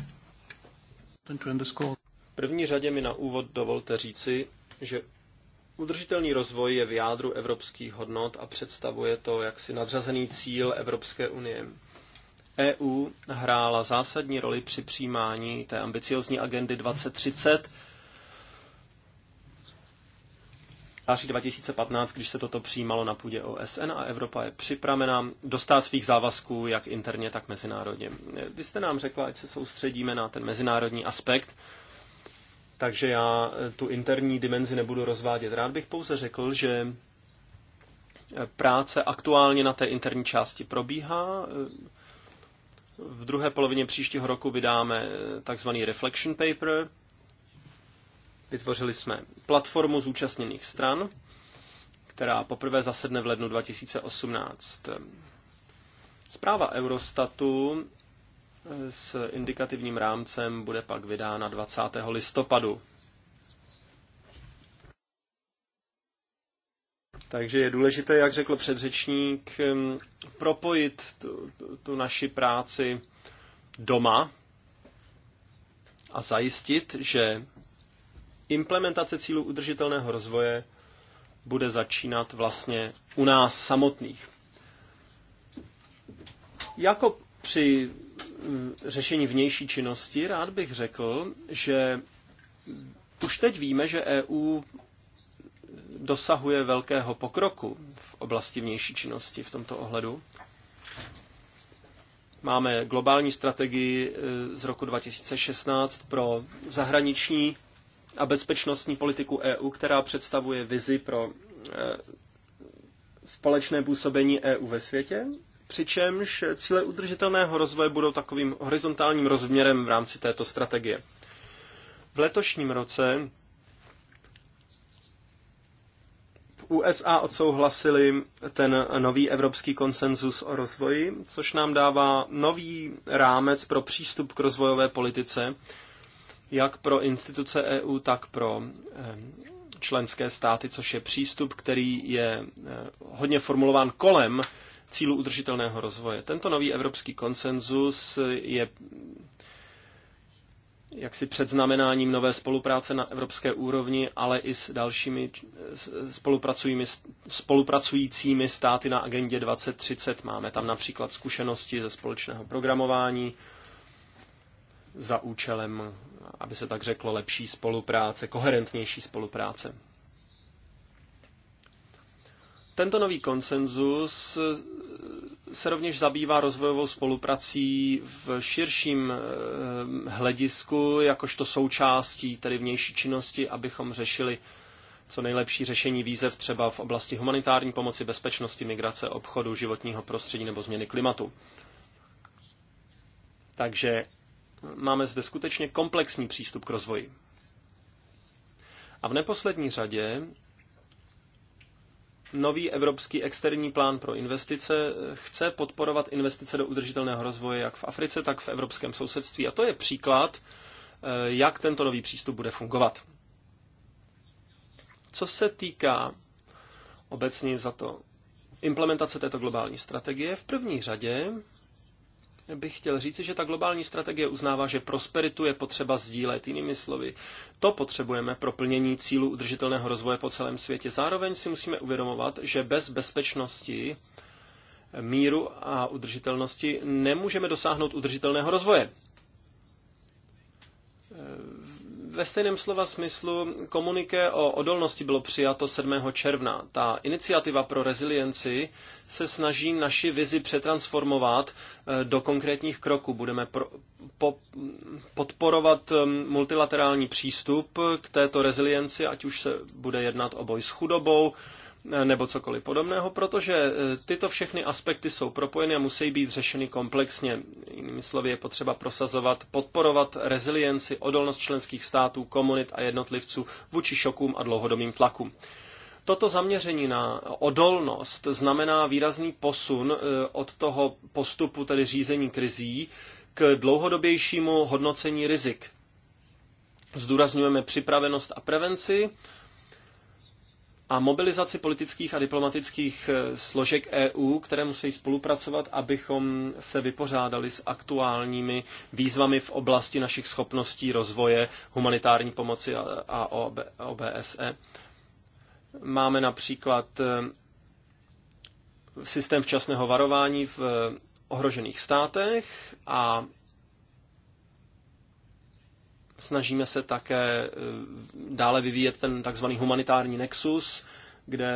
C: V
B: první řadě mi na úvod dovolte říci, že udržitelný rozvoj je v jádru evropských hodnot a představuje to jaksi nadřazený cíl Evropské unie. EU hrála zásadní roli při přijímání té ambiciozní agendy 2030, září 2015, když se toto přijímalo na půdě OSN a Evropa je připravena dostat svých závazků jak interně, tak mezinárodně. Vy jste nám řekla, ať se soustředíme na ten mezinárodní aspekt, takže já eh, tu interní dimenzi nebudu rozvádět. Rád bych pouze řekl, že eh, práce aktuálně na té interní části probíhá. Eh, v druhé polovině příštího roku vydáme takzvaný reflection paper, Vytvořili jsme platformu zúčastněných stran, která poprvé zasedne v lednu 2018. Zpráva Eurostatu eh, s indikativním rámcem bude pak vydána 20. listopadu. Takže je důležité, jak řekl předřečník, eh, propojit tu, tu, tu naši práci doma a zajistit, že implementace cílů udržitelného rozvoje bude začínat vlastně u nás samotných. Jako při mm, řešení vnější činnosti rád bych řekl, že už teď víme, že EU dosahuje velkého pokroku v oblasti vnější činnosti v tomto ohledu. Máme globální strategii e, z roku 2016 pro zahraniční a bezpečnostní politiku EU, která představuje vizi pro eh, společné působení EU ve světě, přičemž cíle udržitelného rozvoje budou takovým horizontálním rozměrem v rámci této strategie. V letošním roce USA odsouhlasili ten nový evropský konsenzus o rozvoji, což nám dává nový rámec pro přístup k rozvojové politice jak pro instituce EU, tak pro eh, členské státy, což je přístup, který je eh, hodně formulován kolem cílu udržitelného rozvoje. Tento nový evropský konsenzus je jaksi předznamenáním nové spolupráce na evropské úrovni, ale i s dalšími spolupracujícími státy na agendě 2030. Máme tam například zkušenosti ze společného programování za účelem aby se tak řeklo, lepší spolupráce, koherentnější spolupráce. Tento nový konsenzus eh, se rovněž zabývá rozvojovou spoluprací v širším eh, hledisku, jakožto součástí tedy vnější činnosti, abychom řešili co nejlepší řešení výzev třeba v oblasti humanitární pomoci, bezpečnosti, migrace, obchodu, životního prostředí nebo změny klimatu. Takže Máme zde skutečně komplexní přístup k rozvoji. A v neposlední řadě nový evropský externí plán pro investice chce podporovat investice do udržitelného rozvoje jak v Africe, tak v evropském sousedství. A to je příklad, eh, jak tento nový přístup bude fungovat. Co se týká obecně za to implementace této globální strategie, v první řadě bych chtěl říci, že ta globální strategie uznává, že prosperitu je potřeba sdílet. Jinými slovy, to potřebujeme pro plnění cílu udržitelného rozvoje po celém světě. Zároveň si musíme uvědomovat, že bez bezpečnosti, míru a udržitelnosti nemůžeme dosáhnout udržitelného rozvoje. Ve stejném slova smyslu komuniké o odolnosti bylo přijato 7. června. Ta iniciativa pro rezilienci se snaží naši vizi přetransformovat eh, do konkrétních kroků. Budeme pro, po, podporovat eh, multilaterální přístup k této rezilienci, ať už se bude jednat o boj s chudobou, nebo cokoliv podobného, protože e, tyto všechny aspekty jsou propojeny a musí být řešeny komplexně. Jinými slovy je potřeba prosazovat, podporovat rezilienci, odolnost členských států, komunit a jednotlivců vůči šokům a dlouhodobým tlakům. Toto zaměření na odolnost znamená výrazný posun e, od toho postupu, tedy řízení krizí, k dlouhodobějšímu hodnocení rizik. Zdůrazňujeme připravenost a prevenci a mobilizaci politických a diplomatických eh, složek EU, které musí spolupracovat, abychom se vypořádali s aktuálními výzvami v oblasti našich schopností rozvoje, humanitární pomoci a OBSE. Máme například eh, systém včasného varování v eh, ohrožených státech a Snažíme se také eh, dále vyvíjet ten takzvaný humanitární nexus, kde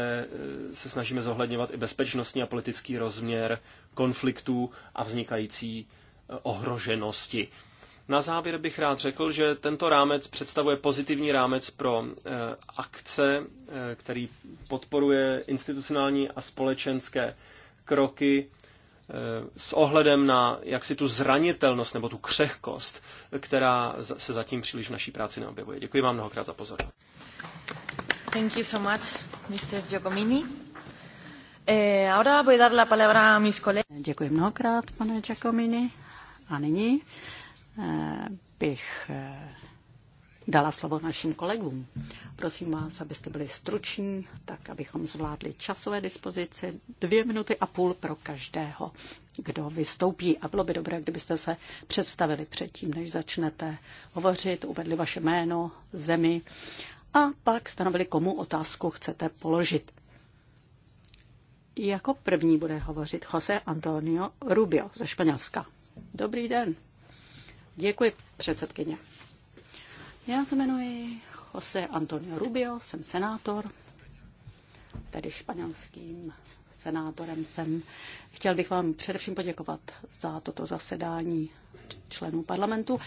B: eh, se snažíme zohledňovat i bezpečnostní a politický rozměr konfliktů a vznikající eh, ohroženosti. Na závěr bych rád řekl, že tento rámec představuje pozitivní rámec pro akce, který podporuje institucionální a společenské kroky Eh, s ohledem na jaksi tu zranitelnost nebo tu křehkost, která se zatím příliš v naší práci neobjevuje. Děkuji vám mnohokrát za pozornost.
C: Thank you so much, Mr. Giacomini. Eh, ahora voy a dar la palabra a mis colegas. Děkuji mnohokrát, pane Giacomini. A nyní eh, bych eh, dala slovo našim kolegům. Prosím vás, abyste byli struční, tak abychom zvládli časové dispozici. Dvě minuty a půl pro každého, kdo vystoupí. A bylo by dobré, kdybyste se představili předtím, než začnete hovořit, uvedli vaše jméno, zemi a pak stanovili, komu otázku chcete položit. Jako první bude hovořit Jose Antonio Rubio ze Španělska. Dobrý den. Děkuji, předsedkyně. Já se jmenuji Jose Antonio Rubio, jsem senátor, tedy španělským senátorem jsem. Chtěl bych vám především poděkovat za toto zasedání členů parlamentu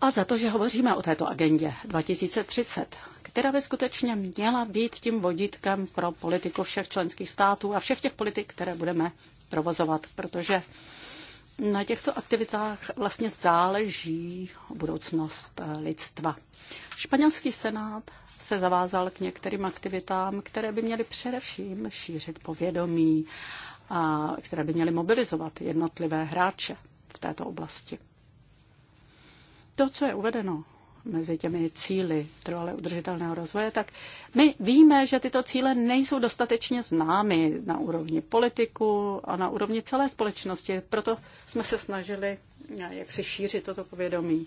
C: a za to, že hovoříme o této agendě 2030, která by skutečně měla být tím vodítkem pro politiku všech členských států a všech těch politik, které budeme provozovat, protože na těchto aktivitách vlastně záleží budoucnost eh, lidstva. Španělský senát se zavázal k některým aktivitám, které by měly především šířit povědomí a které by měly mobilizovat jednotlivé hráče v této oblasti. To, co je uvedeno mezi těmi cíly trvale udržitelného rozvoje, tak my víme, že tyto cíle nejsou dostatečně známy na úrovni politiku a na úrovni celé společnosti. Proto jsme se snažili eh, jak si šířit toto povědomí.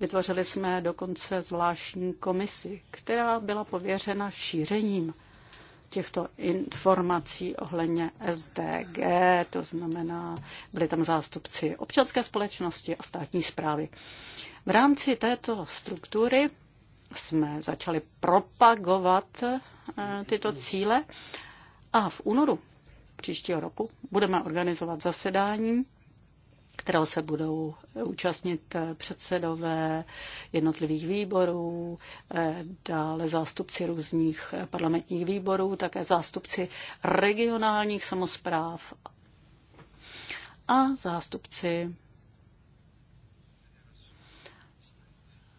C: Vytvořili jsme dokonce zvláštní komisi, která byla pověřena šířením těchto informací ohledně SDG, to znamená, byli tam zástupci občanské společnosti a státní zprávy. V rámci této struktury jsme začali propagovat e, tyto cíle a v únoru příštího roku budeme organizovat zasedání, kterého se budou účastnit e, předsedové jednotlivých výborů, e, dále zástupci různých parlamentních výborů, také zástupci regionálních samozpráv a zástupci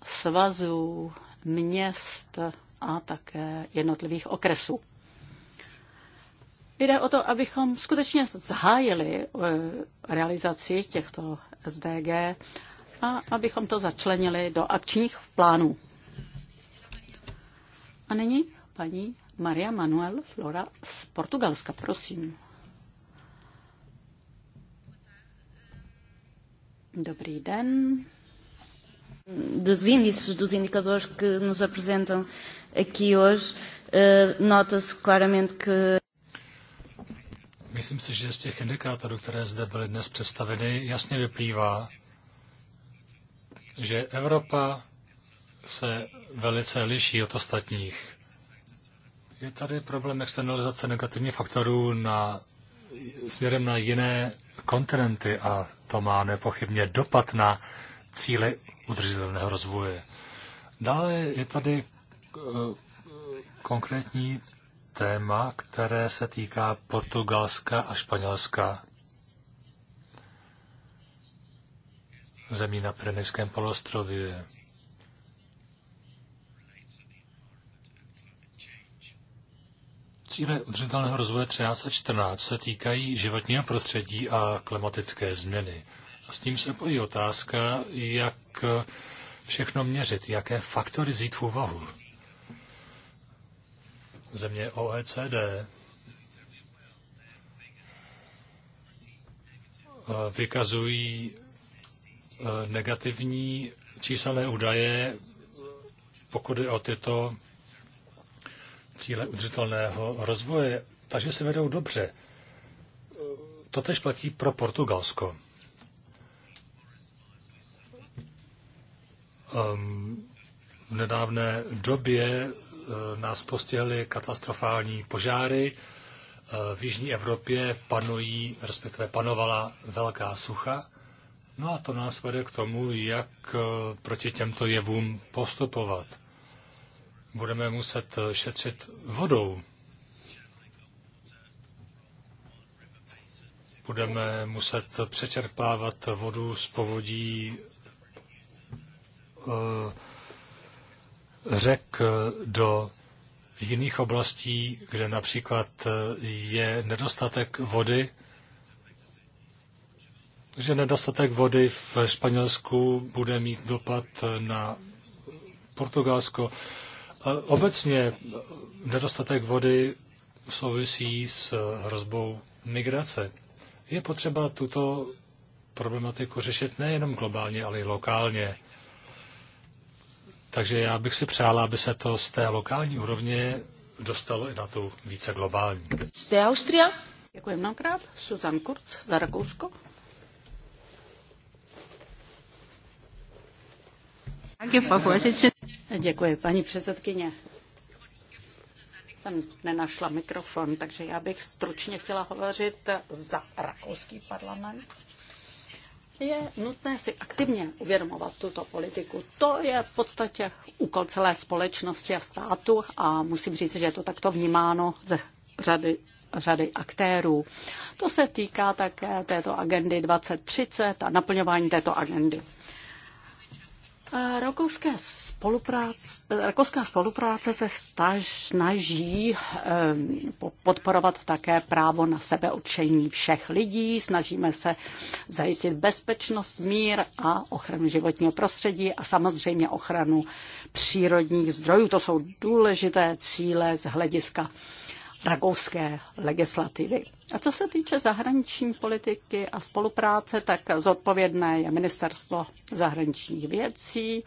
C: svazů, měst a také jednotlivých okresů. Jde o to, abychom skutečně zahájili eh, realizaci těchto SDG a abychom to začlenili do akčních plánů. A nyní paní Maria Manuel Flora z Portugalska, prosím. Dobrý den, dos índices, dos indicadores que nos apresentam aqui hoje, eh, nota-se claramente que
F: Myslím si, že z těch indikátorů, které zde byly dnes představeny, jasně vyplývá, že Evropa se velice liší od ostatních. Je tady problém externalizace negativních faktorů na, směrem na jiné kontinenty a to má nepochybně dopad na cíle udržitelného rozvoje. Dále je tady eh, konkrétní téma, které se týká Portugalska a Španělska. Zemí na Pyrenejském polostrově. Cíle udržitelného rozvoje 13 a 14 se týkají životního prostředí a klimatické změny. A s tím se pojí otázka, jak všechno měřit, jaké faktory vzít v úvahu. Země OECD vykazují eh, negativní číselné údaje, pokud je o tyto cíle udržitelného rozvoje, takže se vedou dobře. Totež platí pro Portugalsko. Ehm, v nedávné době eh, nás postihly katastrofální požáry. Eh, v jižní Evropě panují, respektive panovala velká sucha. No a to nás vede k tomu, jak eh, proti těmto jevům postupovat. Budeme muset šetřit vodou. Budeme muset přečerpávat vodu z povodí Eh, řek eh, do jiných oblastí, kde například eh, je nedostatek vody, že nedostatek vody v Španělsku bude mít dopad na Portugalsko. Obecně nedostatek vody souvisí s hrozbou migrace. Je potřeba tuto problematiku řešit nejenom globálně, ale i lokálně. Takže já bych si přála, aby se to z té lokální úrovně dostalo i na tu více globální.
C: Jste Austria? Děkuji mnohokrát. Susan Kurz za Rakousko. Děkuji, paní předsedkyně. Jsem nenašla mikrofon, takže já bych stručně chtěla hovořit za rakouský parlament je nutné si aktivně uvědomovat tuto politiku. To je v podstatě úkol celé společnosti a státu a musím říct, že je to takto vnímáno ze řady řady aktérů. To se týká také této agendy 2030 a naplňování této agendy. Rakouské spolupráce, rakouská spolupráce se snaží ehm, podporovat také právo na sebeurčení všech lidí, snažíme se zajistit bezpečnost, mír a ochranu životního prostředí a samozřejmě ochranu přírodních zdrojů. To jsou důležité cíle z hlediska rakouské legislativy. A co se týče zahraniční politiky a spolupráce, tak zodpovědné je Ministerstvo zahraničních věcí,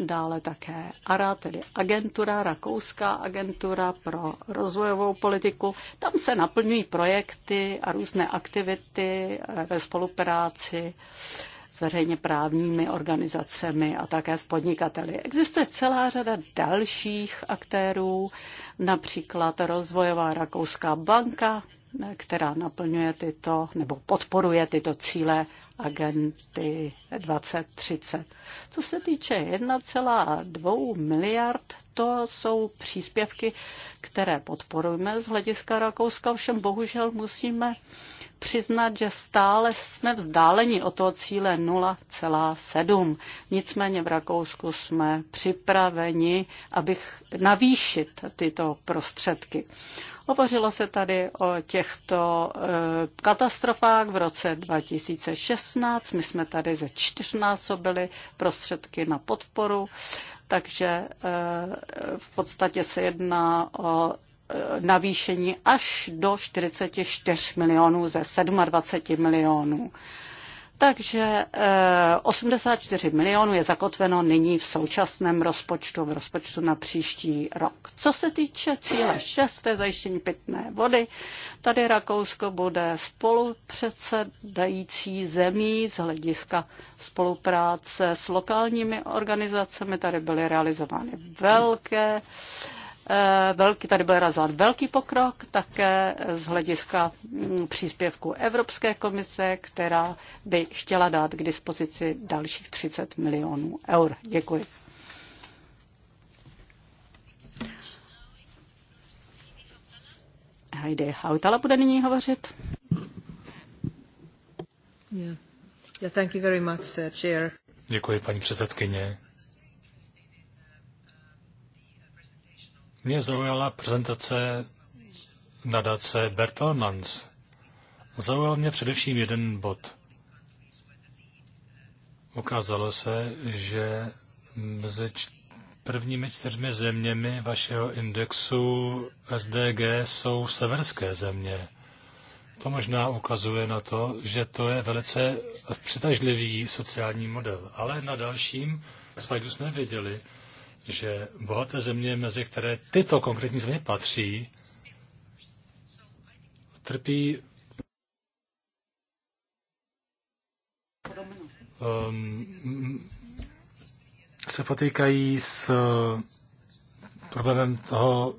C: dále také ARA, tedy agentura, rakouská agentura pro rozvojovou politiku. Tam se naplňují projekty a různé aktivity eh, ve spolupráci s veřejně právními organizacemi a také s podnikateli. Existuje celá řada dalších aktérů, například rozvojová rakouská banka, která naplňuje tyto nebo podporuje tyto cíle agenty 2030. Co se týče 1,2 miliard, to jsou příspěvky, které podporujeme z hlediska Rakouska, ovšem bohužel musíme přiznat, že stále jsme vzdáleni od toho cíle 0,7. Nicméně v Rakousku jsme připraveni, abych navýšit tyto prostředky. Hovořilo se tady o těchto eh, katastrofách v roce 2016. My jsme tady ze čtyřnásobili prostředky na podporu takže eh, v podstatě se jedná o navýšení až do 44 milionů ze 27 milionů. Takže 84 eh, milionů je zakotveno nyní v současném rozpočtu, v rozpočtu na příští rok. Co se týče cíle 6, to je zajištění pitné vody, tady Rakousko bude spolupředsedající zemí z hlediska spolupráce s lokálními organizacemi. Tady byly realizovány velké Eh, velký, tady byl razovat velký pokrok také z hlediska mm, příspěvku Evropské komise, která by chtěla dát k dispozici dalších 30 milionů eur. Děkuji. Heidi Hautala bude nyní hovořit.
E: Yeah. Yeah, thank you very much, uh, chair.
F: Děkuji, paní předsedkyně. Mě zaujala prezentace nadace Bertelmans. Zaujal mě především jeden bod. Ukázalo se, že mezi prvními čtyřmi zeměmi vašeho indexu SDG jsou severské země. To možná ukazuje na to, že to je velice přitažlivý sociální model. Ale na dalším slajdu jsme věděli, že bohaté země, mezi které tyto konkrétní země patří, trpí um, se potýkají s uh, problémem toho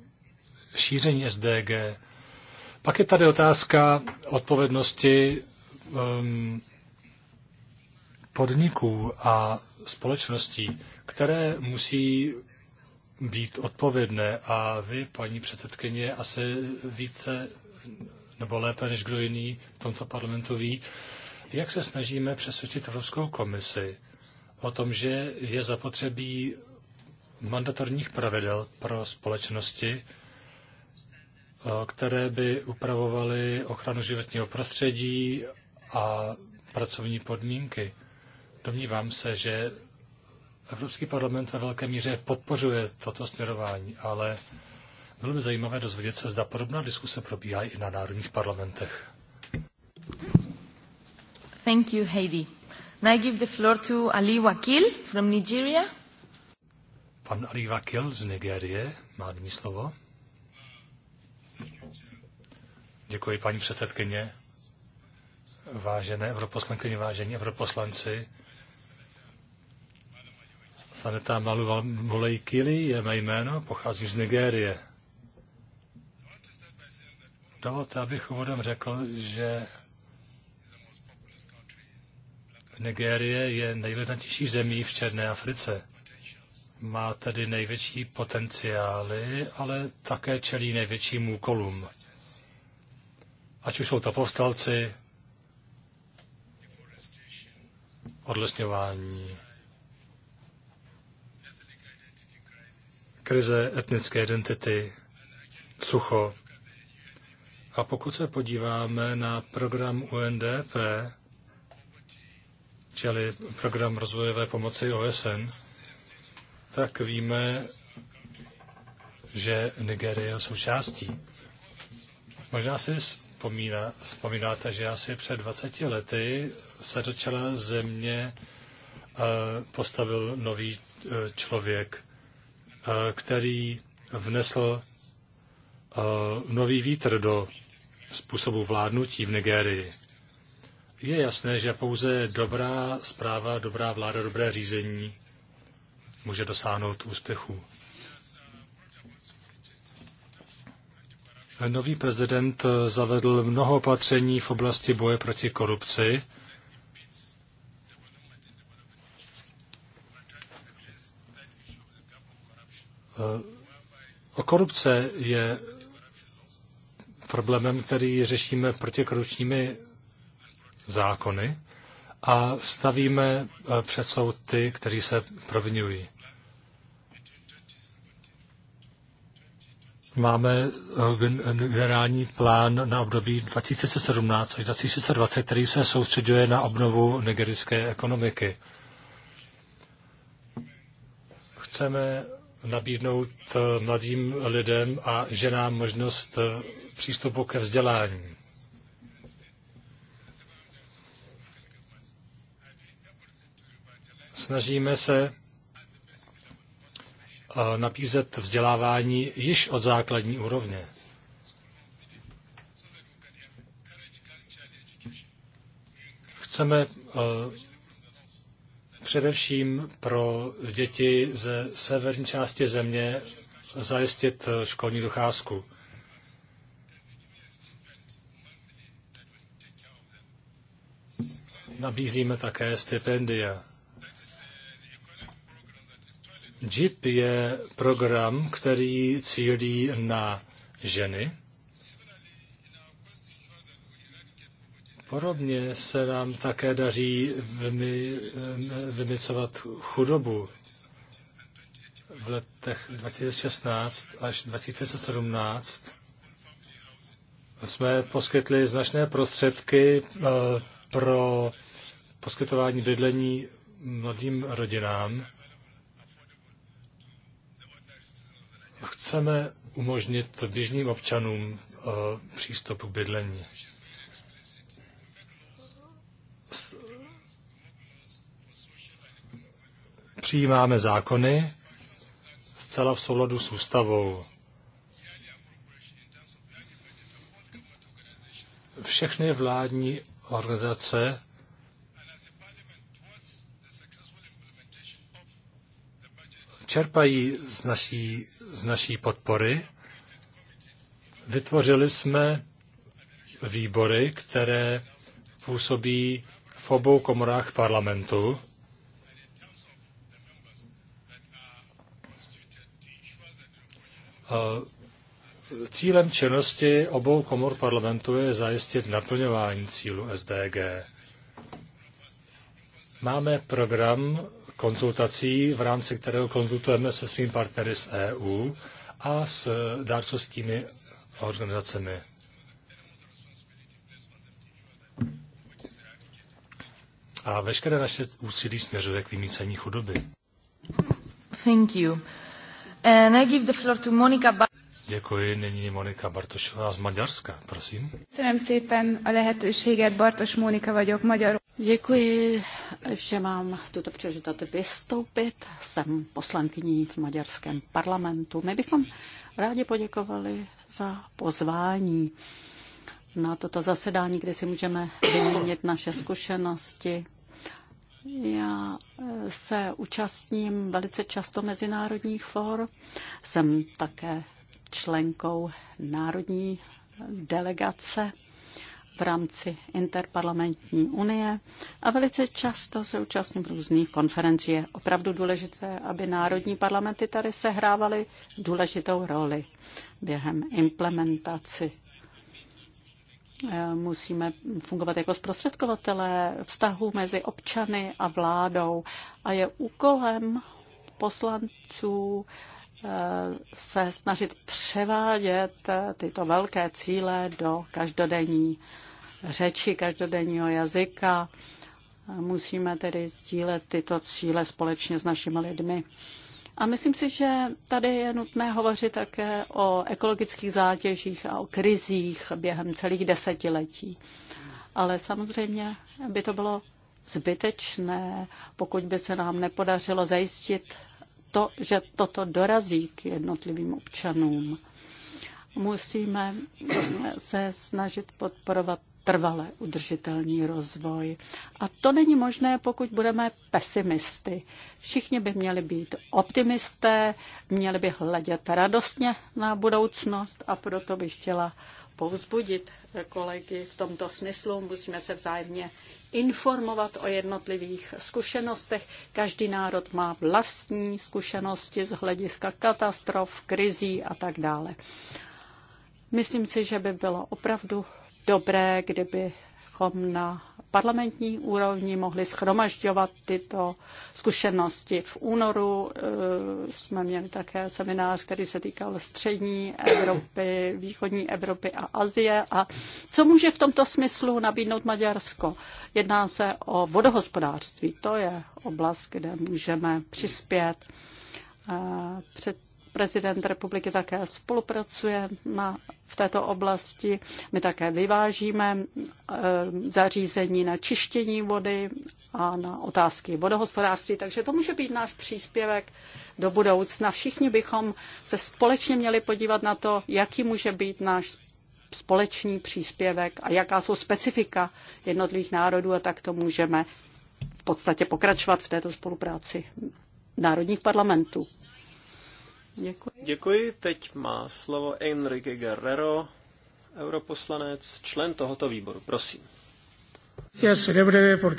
F: šíření SDG. Pak je tady otázka odpovědnosti um, podniků a společností které musí být odpovědné a vy, paní předsedkyně, asi více nebo lépe než kdo jiný v tomto parlamentu ví, jak se snažíme přesvědčit Evropskou komisi o tom, že je zapotřebí mandatorních pravidel pro společnosti, které by upravovaly ochranu životního prostředí a pracovní podmínky. Domnívám se, že Evropský parlament ve velké míře podpořuje toto směrování, ale bylo by zajímavé dozvědět se, zda podobná diskuse probíhá i na národních parlamentech.
C: Thank you, Heidi. Now I give the floor to Ali Wakil from Nigeria.
F: Pan Ali Wakil z Nigérie má nyní slovo. Děkuji, paní předsedkyně. Vážené europoslankyně, vážení europoslanci, Saneta Maluval Mulejkili je mé jméno, pocházím z Nigérie. Dovolte, abych úvodem řekl, že Nigérie je nejlidnatější zemí v Černé Africe. Má tedy největší potenciály, ale také čelí největším úkolům. Ať už jsou to povstalci, odlesňování, krize etnické identity, sucho. A pokud se podíváme na program UNDP, čili program rozvojové pomoci OSN, tak víme, že Nigerie je součástí. Možná si vzpomíná, vzpomínáte, že asi před 20 lety se do čela země eh, postavil nový eh, člověk. Eh, který vnesl eh, nový vítr do způsobu vládnutí v Nigérii. Je jasné, že pouze dobrá zpráva, dobrá vláda, dobré řízení může dosáhnout úspěchu. Nový prezident zavedl mnoho opatření v oblasti boje proti korupci Eh, korupce je problémem, který řešíme protikorupčními zákony a stavíme eh, před soud ty, kteří se provinují. Máme eh, generální plán na období 2017 až 2020, který se soustředuje na obnovu nigerijské ekonomiky. Chceme nabídnout eh, mladým lidem a ženám možnost eh, přístupu ke vzdělání. Snažíme se eh, nabízet vzdělávání již od základní úrovně. Chceme především pro děti ze severní části země zajistit školní docházku. Nabízíme také stipendia. JIP je program, který cílí na ženy, Podobně se nám také daří vymy, vymycovat chudobu. V letech 2016 až 2017 jsme poskytli značné prostředky eh, pro poskytování bydlení mladým rodinám. Chceme umožnit běžným občanům eh, přístup k bydlení. přijímáme zákony zcela v souladu s ústavou. Všechny vládní organizace čerpají z naší, z naší podpory. Vytvořili jsme výbory, které působí v obou komorách parlamentu. Eh, cílem činnosti obou komor parlamentu je zajistit naplňování cílu SDG. Máme program konzultací, v rámci kterého konzultujeme se svými partnery z EU a s dárcovskými organizacemi. A veškeré naše úsilí směřuje k vymícení chudoby.
C: Thank you. And I give the floor to Monika ba-
F: Děkuji, nyní Monika Bartošová z Maďarska, prosím.
C: Köszönöm szépen a lehetőséget, Bartos Monika vagyok, Magyar. Děkuji, že mám tuto příležitost vystoupit. Jsem poslankyní v maďarském parlamentu. My bychom rádi poděkovali za pozvání na toto zasedání, kde si můžeme vyměnit naše zkušenosti já eh, se účastním velice často mezinárodních for. Jsem také členkou národní delegace v rámci Interparlamentní unie a velice často se účastním různých konferencí. Je opravdu důležité, aby národní parlamenty tady sehrávaly důležitou roli během implementaci Eh, musíme fungovat jako zprostředkovatele vztahu mezi občany a vládou a je úkolem poslanců eh, se snažit převádět eh, tyto velké cíle do každodenní řeči, každodenního jazyka. Musíme tedy sdílet tyto cíle společně s našimi lidmi. A myslím si, že tady je nutné hovořit také o ekologických zátěžích a o krizích během celých desetiletí. Ale samozřejmě by to bylo zbytečné, pokud by se nám nepodařilo zajistit to, že toto dorazí k jednotlivým občanům. Musíme se snažit podporovat trvale udržitelný rozvoj. A to není možné, pokud budeme pesimisty. Všichni by měli být optimisté, měli by hledět radostně na budoucnost a proto bych chtěla povzbudit kolegy v tomto smyslu. Musíme se vzájemně informovat o jednotlivých zkušenostech. Každý národ má vlastní zkušenosti z hlediska katastrof, krizí a tak dále. Myslím si, že by bylo opravdu dobré, kdybychom na parlamentní úrovni mohli schromažďovat tyto zkušenosti. V únoru eh, jsme měli také seminář, který se týkal střední Evropy, východní Evropy a Azie. A co může v tomto smyslu nabídnout Maďarsko? Jedná se o vodohospodářství. To je oblast, kde můžeme přispět. Eh, před prezident republiky také spolupracuje na, v této oblasti. My také vyvážíme eh, zařízení na čištění vody a na otázky vodohospodářství, takže to může být náš příspěvek do budoucna. Všichni bychom se společně měli podívat na to, jaký může být náš společný příspěvek a jaká jsou specifika jednotlivých národů a tak to můžeme v podstatě pokračovat v této spolupráci národních parlamentů.
B: Děkuji. Děkuji. Teď má slovo Enrique Guerrero, europoslanec, člen tohoto výboru. Prosím.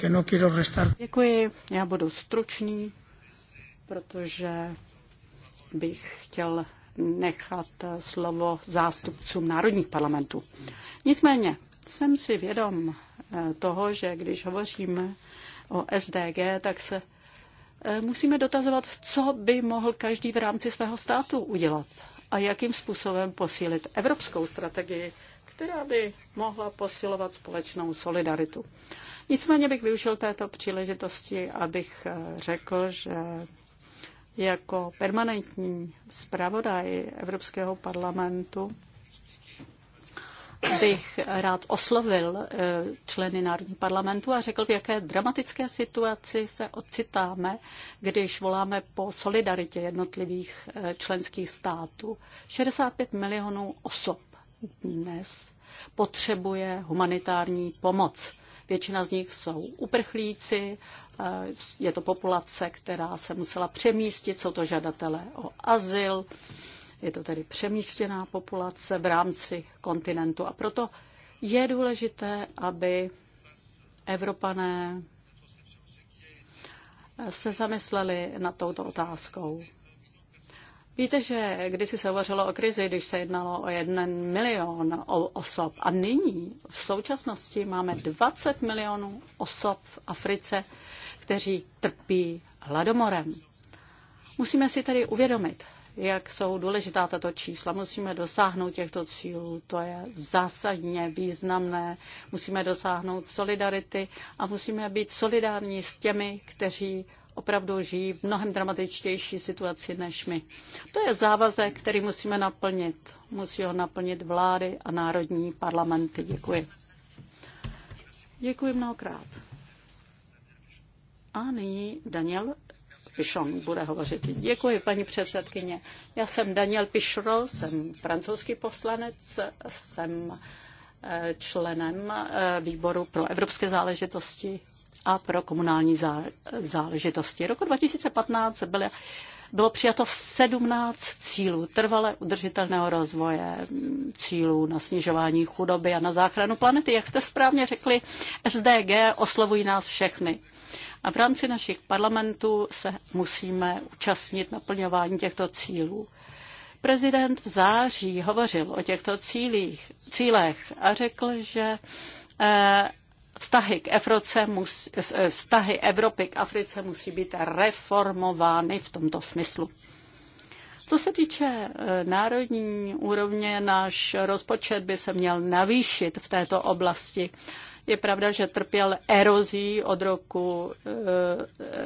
C: No Děkuji, já budu stručný, protože bych chtěl nechat slovo zástupcům národních parlamentů. Nicméně jsem si vědom eh, toho, že když hovořím o SDG, tak se Eh, musíme dotazovat, co by mohl každý v rámci svého státu udělat a jakým způsobem posílit evropskou strategii, která by mohla posilovat společnou solidaritu. Nicméně bych využil této příležitosti, abych eh, řekl, že jako permanentní zpravodaj Evropského parlamentu bych rád oslovil eh, členy Národní parlamentu a řekl, v jaké dramatické situaci se ocitáme, když voláme po solidaritě jednotlivých eh, členských států. 65 milionů osob dnes potřebuje humanitární pomoc. Většina z nich jsou uprchlíci, eh, je to populace, která se musela přemístit, jsou to žadatelé o azyl, je to tedy přemístěná populace v rámci kontinentu a proto je důležité, aby Evropané se zamysleli nad touto otázkou. Víte, že když se hovořilo o krizi, když se jednalo o jeden milion osob a nyní v současnosti máme 20 milionů osob v Africe, kteří trpí hladomorem. Musíme si tedy uvědomit, jak jsou důležitá tato čísla. Musíme dosáhnout těchto cílů, to je zásadně významné. Musíme dosáhnout solidarity a musíme být solidární s těmi, kteří opravdu žijí v mnohem dramatičtější situaci než my. To je závazek, který musíme naplnit. Musí ho naplnit vlády a národní parlamenty. Děkuji. Děkuji mnohokrát. A nyní Daniel Pichon bude hovořit. Děkuji, paní předsedkyně. Já jsem Daniel Pichro, jsem francouzský poslanec, jsem eh, členem eh, výboru pro evropské záležitosti a pro komunální záležitosti. Roku 2015 byly bylo přijato 17 cílů trvale udržitelného rozvoje, cílů na snižování chudoby a na záchranu planety. Jak jste správně řekli, SDG oslovují nás všechny. A v rámci našich parlamentů se musíme účastnit naplňování těchto cílů. Prezident v září hovořil o těchto cílích, cílech a řekl, že eh, vztahy k Evroce eh, vztahy Evropy k Africe musí být reformovány v tomto smyslu. Co se týče eh, národní úrovně, náš rozpočet by se měl navýšit v této oblasti je pravda, že trpěl erozí od roku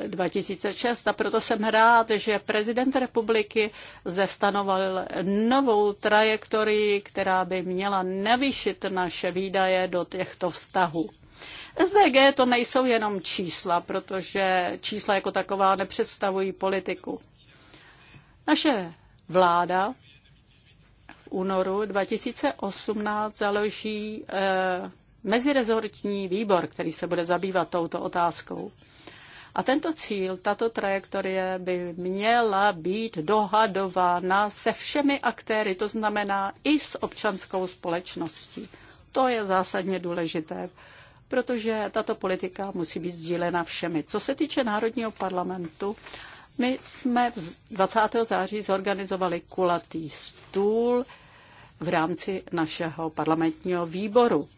C: 2006 eh, a proto jsem rád, že prezident republiky zde stanovil novou trajektorii, která by měla navýšit naše výdaje do těchto vztahů. SDG to nejsou jenom čísla, protože čísla jako taková nepředstavují politiku. Naše vláda v únoru 2018 založí eh, mezirezortní výbor, který se bude zabývat touto otázkou. A tento cíl, tato trajektorie by měla být dohadována se všemi aktéry, to znamená i s občanskou společností. To je zásadně důležité, protože tato politika musí být sdílena všemi. Co se týče Národního parlamentu, my jsme 20. září zorganizovali kulatý stůl v rámci našeho parlamentního výboru.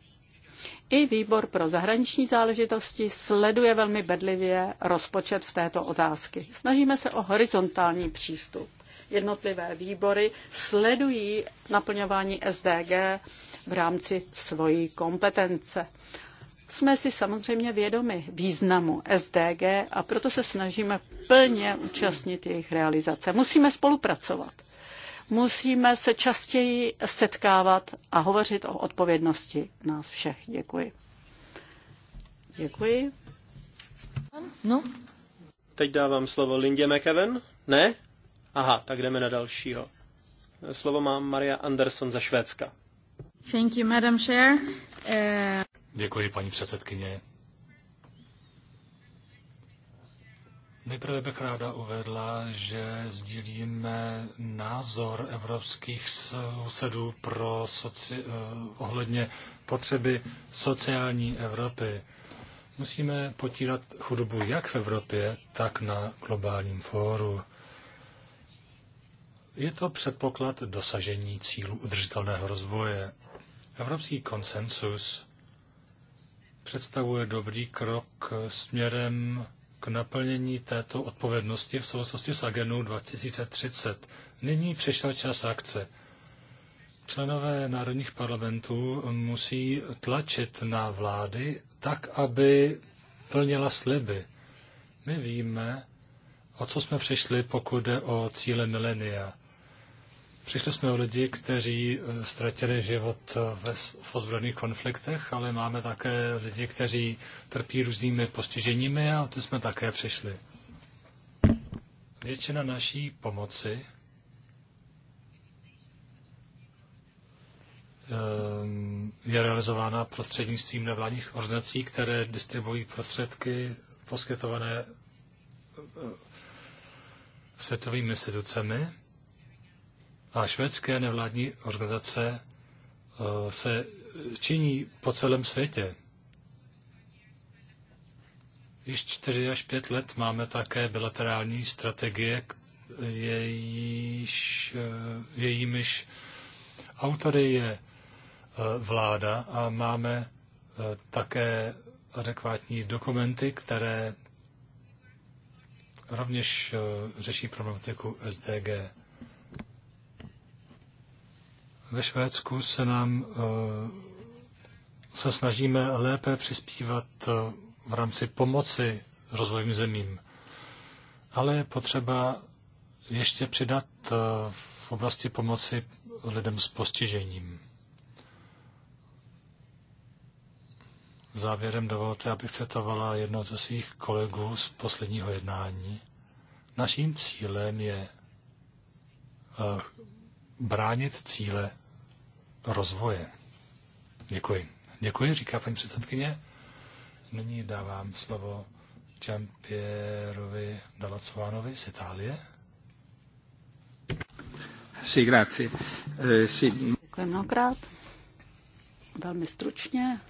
C: I výbor pro zahraniční záležitosti sleduje velmi bedlivě rozpočet v této otázky. Snažíme se o horizontální přístup. Jednotlivé výbory sledují naplňování SDG v rámci svojí kompetence. Jsme si samozřejmě vědomi významu SDG a proto se snažíme plně účastnit jejich realizace. Musíme spolupracovat. Musíme se častěji setkávat a hovořit o odpovědnosti nás všech. Děkuji. Děkuji.
B: No. Teď dávám slovo Lindě McEwen. Ne? Aha, tak jdeme na dalšího. Slovo má Maria Anderson ze Švédska.
C: Thank you, Madam Chair. Uh...
F: Děkuji, paní předsedkyně. Nejprve bych ráda uvedla, že sdílíme názor evropských sousedů pro soci- eh, ohledně potřeby sociální Evropy. Musíme potírat chudobu jak v Evropě, tak na globálním fóru. Je to předpoklad dosažení cílu udržitelného rozvoje. Evropský konsensus představuje dobrý krok směrem k naplnění této odpovědnosti v souvislosti s agendou 2030. Nyní přišel čas akce. Členové národních parlamentů musí tlačit na vlády tak, aby plnila sliby. My víme, o co jsme přišli, pokud jde o cíle milenia. Přišli jsme o lidi, kteří eh, ztratili život eh, ve, v ozbrojených konfliktech, ale máme také lidi, kteří trpí různými postiženími a ty jsme také přišli. Většina naší pomoci eh, je realizována prostřednictvím nevládních organizací, které distribuují prostředky poskytované světovými institucemi a švédské nevládní organizace eh, se činí po celém světě. Již čtyři až pět let máme také bilaterální strategie, jejíž, eh, jejímiž autory je eh, vláda a máme také adekvátní dokumenty, které rovněž řeší problematiku SDG. Ve Švédsku se nám eh, se snažíme lépe přispívat eh, v rámci pomoci rozvojovým zemím. Ale je potřeba ještě přidat eh, v oblasti pomoci lidem s postižením. Závěrem dovolte, abych citovala jedno ze svých kolegů z posledního jednání. Naším cílem je bránit cíle rozvoje. Děkuji. Děkuji, říká paní předsedkyně. Nyní dávám slovo Čampierovi Dalacovánovi z Itálie.
C: Sí, grazie. Eh, sí. Děkuji mnohokrát. Velmi stručně.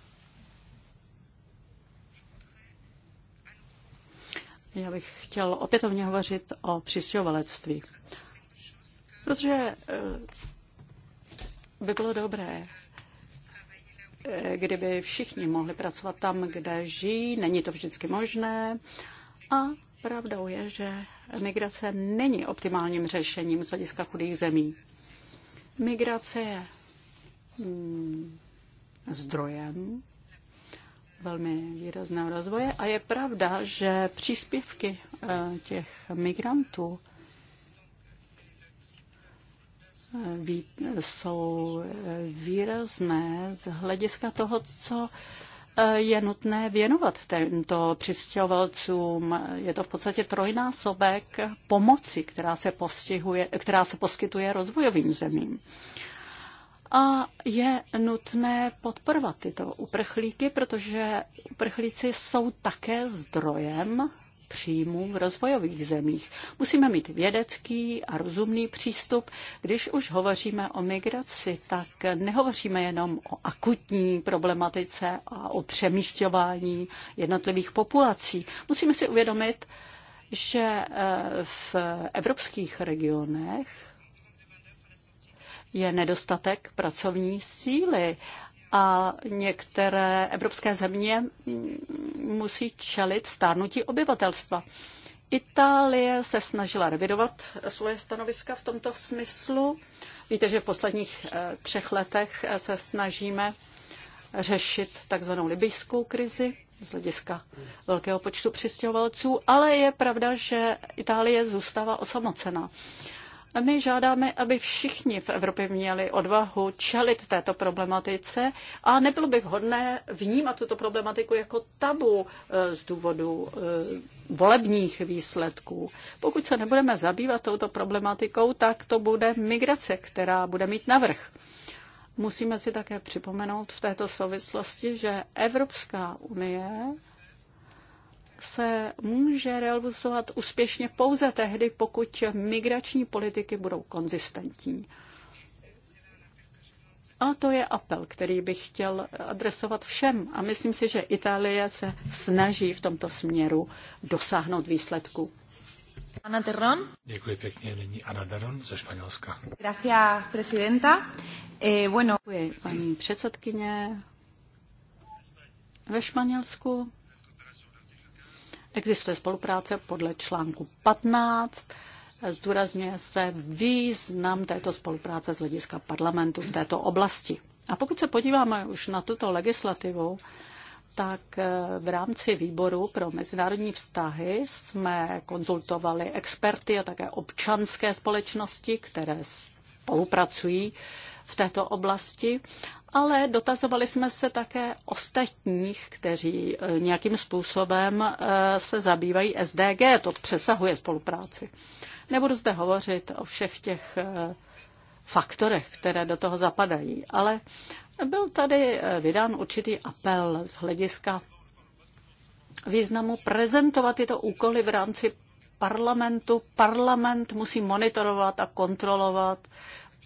C: Já bych chtěl opětovně hovořit o přistěhovalectví protože eh, by bylo dobré, eh, kdyby všichni mohli pracovat tam, kde žijí. Není to vždycky možné. A pravdou je, že migrace není optimálním řešením z hlediska chudých zemí. Migrace je hmm, zdrojem velmi výrazného rozvoje a je pravda, že příspěvky eh, těch migrantů jsou eh, výrazné z hlediska toho, co eh, je nutné věnovat těmto přistěhovalcům. Je to v podstatě trojnásobek pomoci, která se, postihuje, která se poskytuje rozvojovým zemím. A je nutné podporovat tyto uprchlíky, protože uprchlíci jsou také zdrojem příjmů v rozvojových zemích. Musíme mít vědecký a rozumný přístup. Když už hovoříme o migraci, tak nehovoříme jenom o akutní problematice a o přemístování jednotlivých populací. Musíme si uvědomit, že eh, v evropských regionech je nedostatek pracovní síly a některé evropské země musí čelit stárnutí obyvatelstva. Itálie se snažila revidovat svoje stanoviska v tomto smyslu. Víte, že v posledních eh, třech letech eh, se snažíme řešit takzvanou libijskou krizi z hlediska velkého počtu přistěhovalců, ale je pravda, že Itálie zůstává osamocená. A my žádáme, aby všichni v Evropě měli odvahu čelit této problematice a nebylo by vhodné vnímat tuto problematiku jako tabu eh, z důvodu eh, volebních výsledků. Pokud se nebudeme zabývat touto problematikou, tak to bude migrace, která bude mít navrh. Musíme si také připomenout v této souvislosti, že Evropská unie se může realizovat úspěšně pouze tehdy, pokud migrační politiky budou konzistentní. A to je apel, který bych chtěl adresovat všem. A myslím si, že Itálie se snaží v tomto směru dosáhnout výsledku. Ana Terron.
F: Děkuji pěkně, nyní Ana Terron ze Španělska.
C: Gracias, presidenta. Eh, bueno. Děkuji, paní předsedkyně. Ve Španělsku Existuje spolupráce podle článku 15. Zdůrazňuje se význam této spolupráce z hlediska parlamentu v této oblasti. A pokud se podíváme už na tuto legislativu, tak eh, v rámci výboru pro mezinárodní vztahy jsme konzultovali experty a také občanské společnosti, které spolupracují v této oblasti ale dotazovali jsme se také ostatních, kteří eh, nějakým způsobem eh, se zabývají SDG, to přesahuje spolupráci. Nebudu zde hovořit o všech těch eh, faktorech, které do toho zapadají, ale byl tady vydán určitý apel z hlediska významu prezentovat tyto úkoly v rámci parlamentu. Parlament musí monitorovat a kontrolovat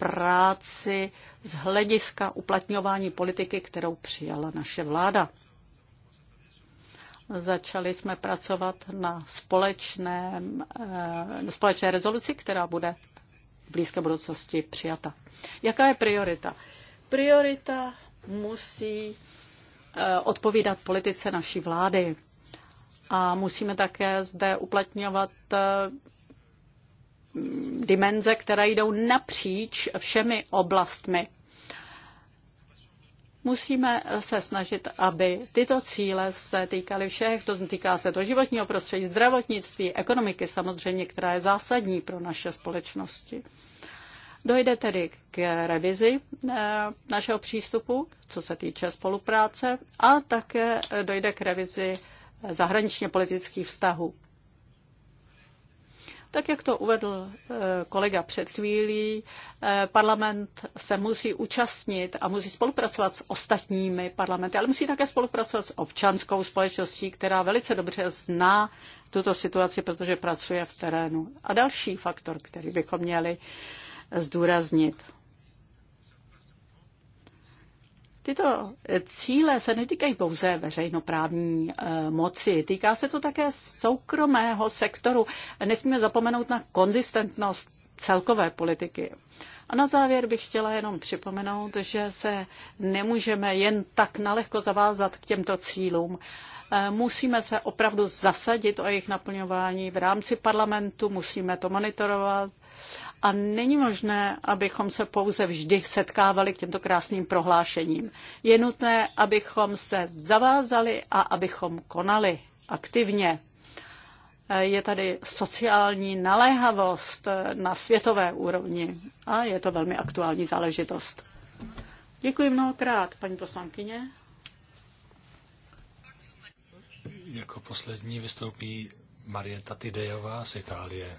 C: práci z hlediska uplatňování politiky, kterou přijala naše vláda. Začali jsme pracovat na společném, eh, společné rezoluci, která bude v blízké budoucnosti přijata. Jaká je priorita? Priorita musí eh, odpovídat politice naší vlády. A musíme také zde uplatňovat eh, dimenze, které jdou napříč všemi oblastmi. Musíme se snažit, aby tyto cíle se týkaly všech, to týká se to životního prostředí, zdravotnictví, ekonomiky samozřejmě, která je zásadní pro naše společnosti. Dojde tedy k revizi eh, našeho přístupu, co se týče spolupráce, a také dojde k revizi zahraničně politických vztahů. Tak jak to uvedl eh, kolega před chvílí, eh, parlament se musí účastnit a musí spolupracovat s ostatními parlamenty, ale musí také spolupracovat s občanskou společností, která velice dobře zná tuto situaci, protože pracuje v terénu. A další faktor, který bychom měli zdůraznit. Tyto eh, cíle se netýkají pouze veřejnoprávní eh, moci, týká se to také soukromého sektoru. Nesmíme zapomenout na konzistentnost celkové politiky. A na závěr bych chtěla jenom připomenout, že se nemůžeme jen tak nalehko zavázat k těmto cílům. Eh, musíme se opravdu zasadit o jejich naplňování v rámci parlamentu, musíme to monitorovat a není možné, abychom se pouze vždy setkávali k těmto krásným prohlášením. Je nutné, abychom se zavázali a abychom konali aktivně. Je tady sociální naléhavost na světové úrovni a je to velmi aktuální záležitost. Děkuji mnohokrát, paní poslankyně.
F: Jako poslední vystoupí Marieta Tidejová z Itálie.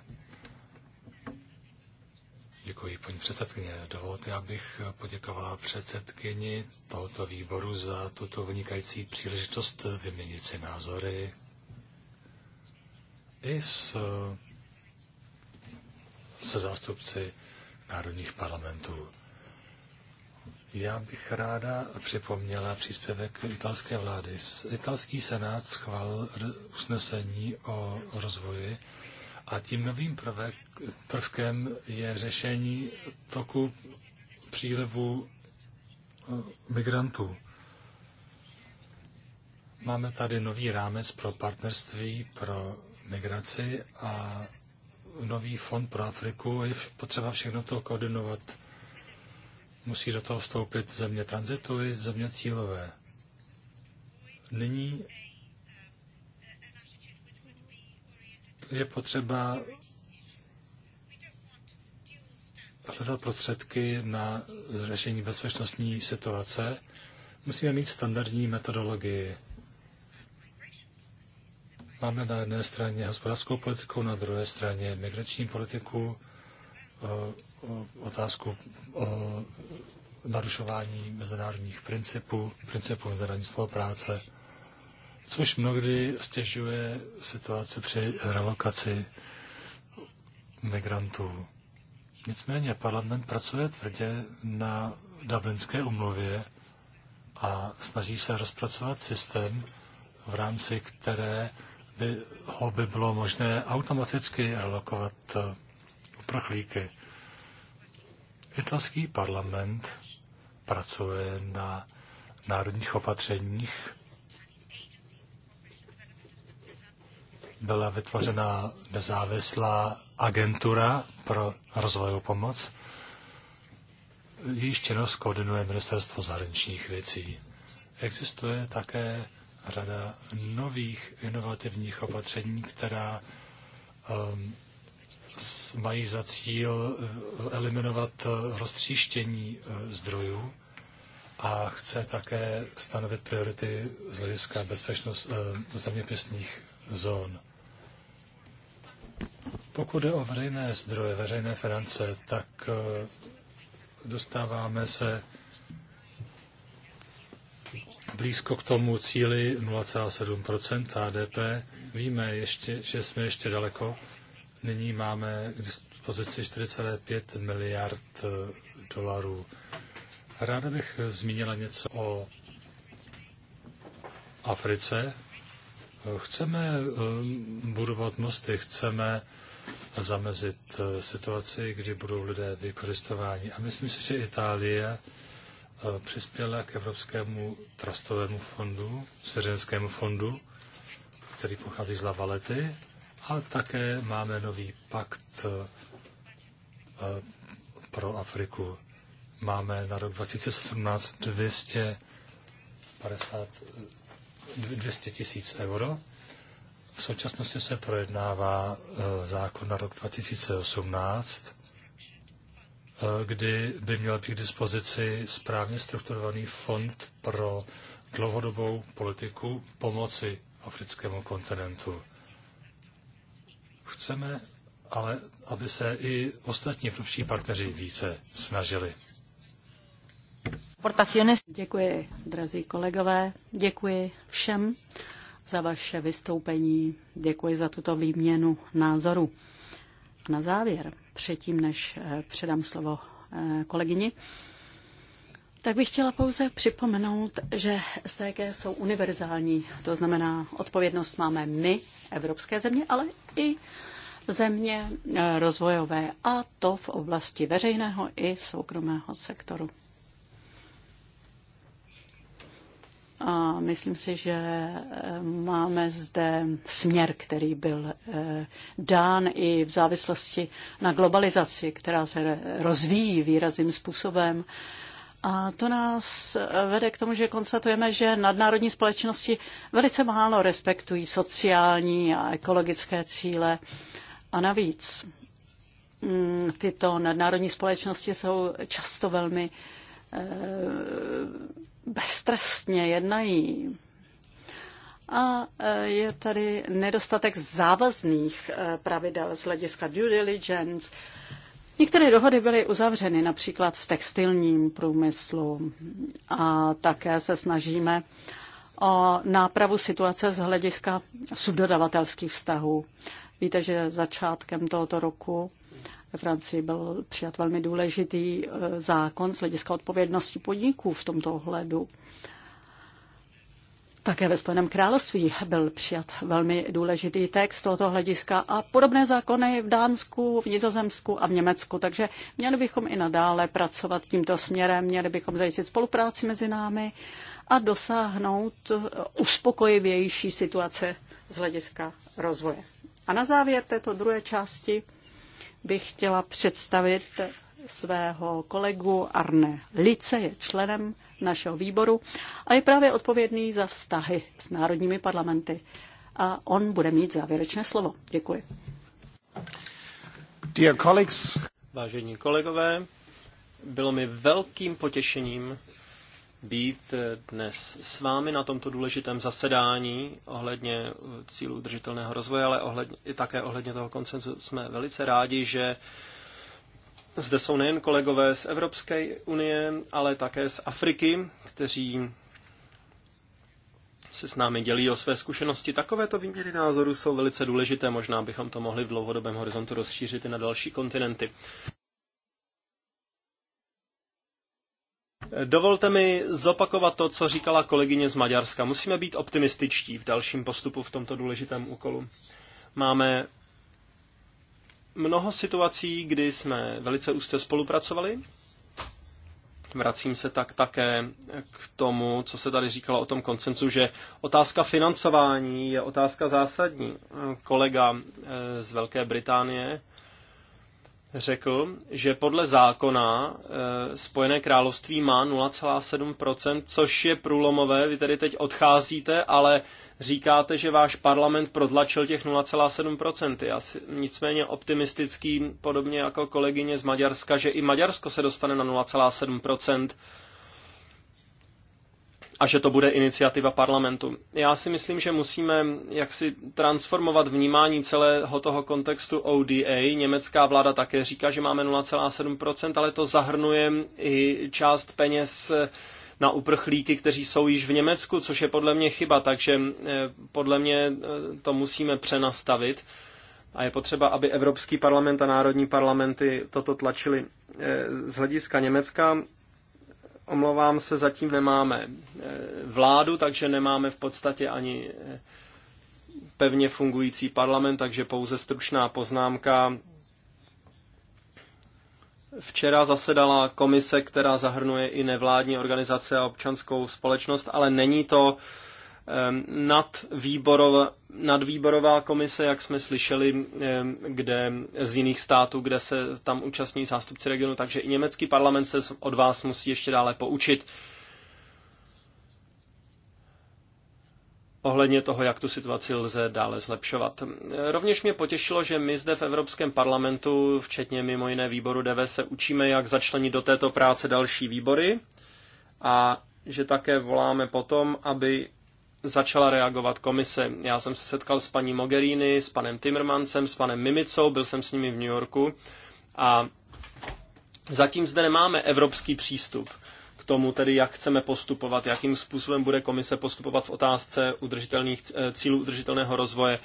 F: Děkuji, paní předsedkyně. Dovolte, abych poděkovala předsedkyni tohoto výboru za tuto vynikající příležitost vyměnit si názory i s, se zástupci národních parlamentů. Já bych ráda připomněla příspěvek italské vlády. Italský senát schválil usnesení o rozvoji a tím novým prvek prvkem je řešení toku přílevu eh, migrantů. Máme tady nový rámec pro partnerství, pro migraci a nový fond pro Afriku. Je potřeba všechno to koordinovat. Musí do toho vstoupit země tranzitu i země cílové. Nyní je potřeba hledat prostředky na řešení bezpečnostní situace, musíme mít standardní metodologii. Máme na jedné straně hospodářskou politiku, na druhé straně migrační politiku, otázku narušování mezinárodních principů, principů mezinárodní spolupráce, což mnohdy stěžuje situaci při relokaci migrantů. Nicméně parlament pracuje tvrdě na Dublinské umluvě a snaží se rozpracovat systém, v rámci které by ho by bylo možné automaticky alokovat eh, uprchlíky. Italský parlament pracuje na národních opatřeních. Byla vytvořena nezávislá agentura pro rozvojovou pomoc. Jejíž činnost koordinuje Ministerstvo zahraničních věcí. Existuje také řada nových inovativních opatření, která um, mají za cíl uh, eliminovat uh, roztříštění uh, zdrojů a chce také stanovit priority z hlediska bezpečnost zeměpisných zón. Pokud jde o veřejné zdroje, veřejné finance, tak eh, dostáváme se blízko k tomu cíli 0,7 HDP. Víme, ještě, že jsme ještě daleko. Nyní máme k dispozici 4,5 miliard eh, dolarů. Ráda bych zmínila něco o Africe. Chceme eh, budovat mosty, chceme zamezit eh, situaci, kdy budou lidé vykořistováni. A myslím si, že Itálie eh, přispěla k Evropskému trastovému fondu, Svěřenskému fondu, který pochází z Lavalety. A také máme nový pakt pro Afriku. Máme na rok 2017 250 200 tisíc euro. V současnosti se projednává eh, zákon na rok 2018, eh, kdy by měl být k dispozici správně strukturovaný fond pro dlouhodobou politiku pomoci africkému kontinentu. Chceme ale, aby se i ostatní evropští partneři více snažili.
C: Děkuji, drazí kolegové, děkuji všem za vaše vystoupení, děkuji za tuto výměnu názoru. Na závěr, předtím než eh, předám slovo eh, kolegyni, tak bych chtěla pouze připomenout, že STK jsou univerzální, to znamená, odpovědnost máme my, evropské země, ale i země eh, rozvojové, a to v oblasti veřejného i soukromého sektoru. A myslím si, že eh, máme zde směr, který byl eh, dán i v závislosti na globalizaci, která se rozvíjí výrazným způsobem. A to nás eh, vede k tomu, že konstatujeme, že nadnárodní společnosti velice málo respektují sociální a ekologické cíle. A navíc mm, tyto nadnárodní společnosti jsou často velmi beztrestně jednají. A e, je tady nedostatek závazných e, pravidel z hlediska due diligence. Některé dohody byly uzavřeny například v textilním průmyslu a také se snažíme o nápravu situace z hlediska subdodavatelských vztahů. Víte, že začátkem tohoto roku ve Francii byl přijat velmi důležitý eh, zákon z hlediska odpovědnosti podniků v tomto ohledu. Také ve Spojeném království byl přijat velmi důležitý text tohoto hlediska a podobné zákony v Dánsku, v Nizozemsku a v Německu. Takže měli bychom i nadále pracovat tímto směrem, měli bychom zajistit spolupráci mezi námi a dosáhnout eh, uspokojivější situace z hlediska rozvoje. A na závěr této druhé části bych chtěla představit svého kolegu Arne Lice, je členem našeho výboru a je právě odpovědný za vztahy s národními parlamenty. A on bude mít závěrečné slovo. Děkuji.
E: Dear colleagues.
B: Vážení kolegové, bylo mi velkým potěšením být dnes s vámi na tomto důležitém zasedání ohledně cílů udržitelného rozvoje, ale ohledně, i také ohledně toho koncenzu jsme velice rádi, že zde jsou nejen kolegové z Evropské unie, ale také z Afriky, kteří se s námi dělí o své zkušenosti. Takovéto výměry názorů jsou velice důležité, možná bychom to mohli v dlouhodobém horizontu rozšířit i na další kontinenty. Dovolte mi zopakovat to, co říkala kolegyně z Maďarska. Musíme být optimističtí v dalším postupu v tomto důležitém úkolu. Máme mnoho situací, kdy jsme velice úzce spolupracovali. Vracím se tak také k tomu, co se tady říkalo o tom koncensu, že otázka financování je otázka zásadní. Kolega eh, z Velké Británie řekl, že podle zákona eh, Spojené království má 0,7%, což je průlomové. Vy tedy teď odcházíte, ale říkáte, že váš parlament protlačil těch 0,7%. Já si nicméně optimistický, podobně jako kolegyně z Maďarska, že i Maďarsko se dostane na 0,7%, a že to bude iniciativa parlamentu. Já si myslím, že musíme jaksi transformovat vnímání celého toho kontextu ODA. Německá vláda také říká, že máme 0,7%, ale to zahrnuje i část peněz na uprchlíky, kteří jsou již v Německu, což je podle mě chyba, takže eh, podle mě eh, to musíme přenastavit. A je potřeba, aby Evropský parlament a národní parlamenty toto tlačili. Eh, z hlediska Německa Omlouvám se, zatím nemáme eh, vládu, takže nemáme v podstatě ani eh, pevně fungující parlament, takže pouze stručná poznámka. Včera zasedala komise, která zahrnuje i nevládní organizace a občanskou společnost, ale není to uh, Ehm, nadvýborová, výborová komise, jak jsme slyšeli, ehm, kde z jiných států, kde se tam účastní zástupci regionu, takže i německý parlament se od vás musí ještě dále poučit ohledně toho, jak tu situaci lze dále zlepšovat. Rovněž mě potěšilo, že my zde v Evropském parlamentu, včetně mimo jiné výboru DV, se učíme, jak začlenit do této práce další výbory a že také voláme potom, aby začala reagovat komise. Já jsem se setkal s paní Mogherini, s panem Timmermansem, s panem Mimicou, byl jsem s nimi v New Yorku a zatím zde nemáme evropský přístup k tomu tedy, jak chceme postupovat, jakým způsobem bude komise postupovat v otázce udržitelných eh, cílů udržitelného rozvoje,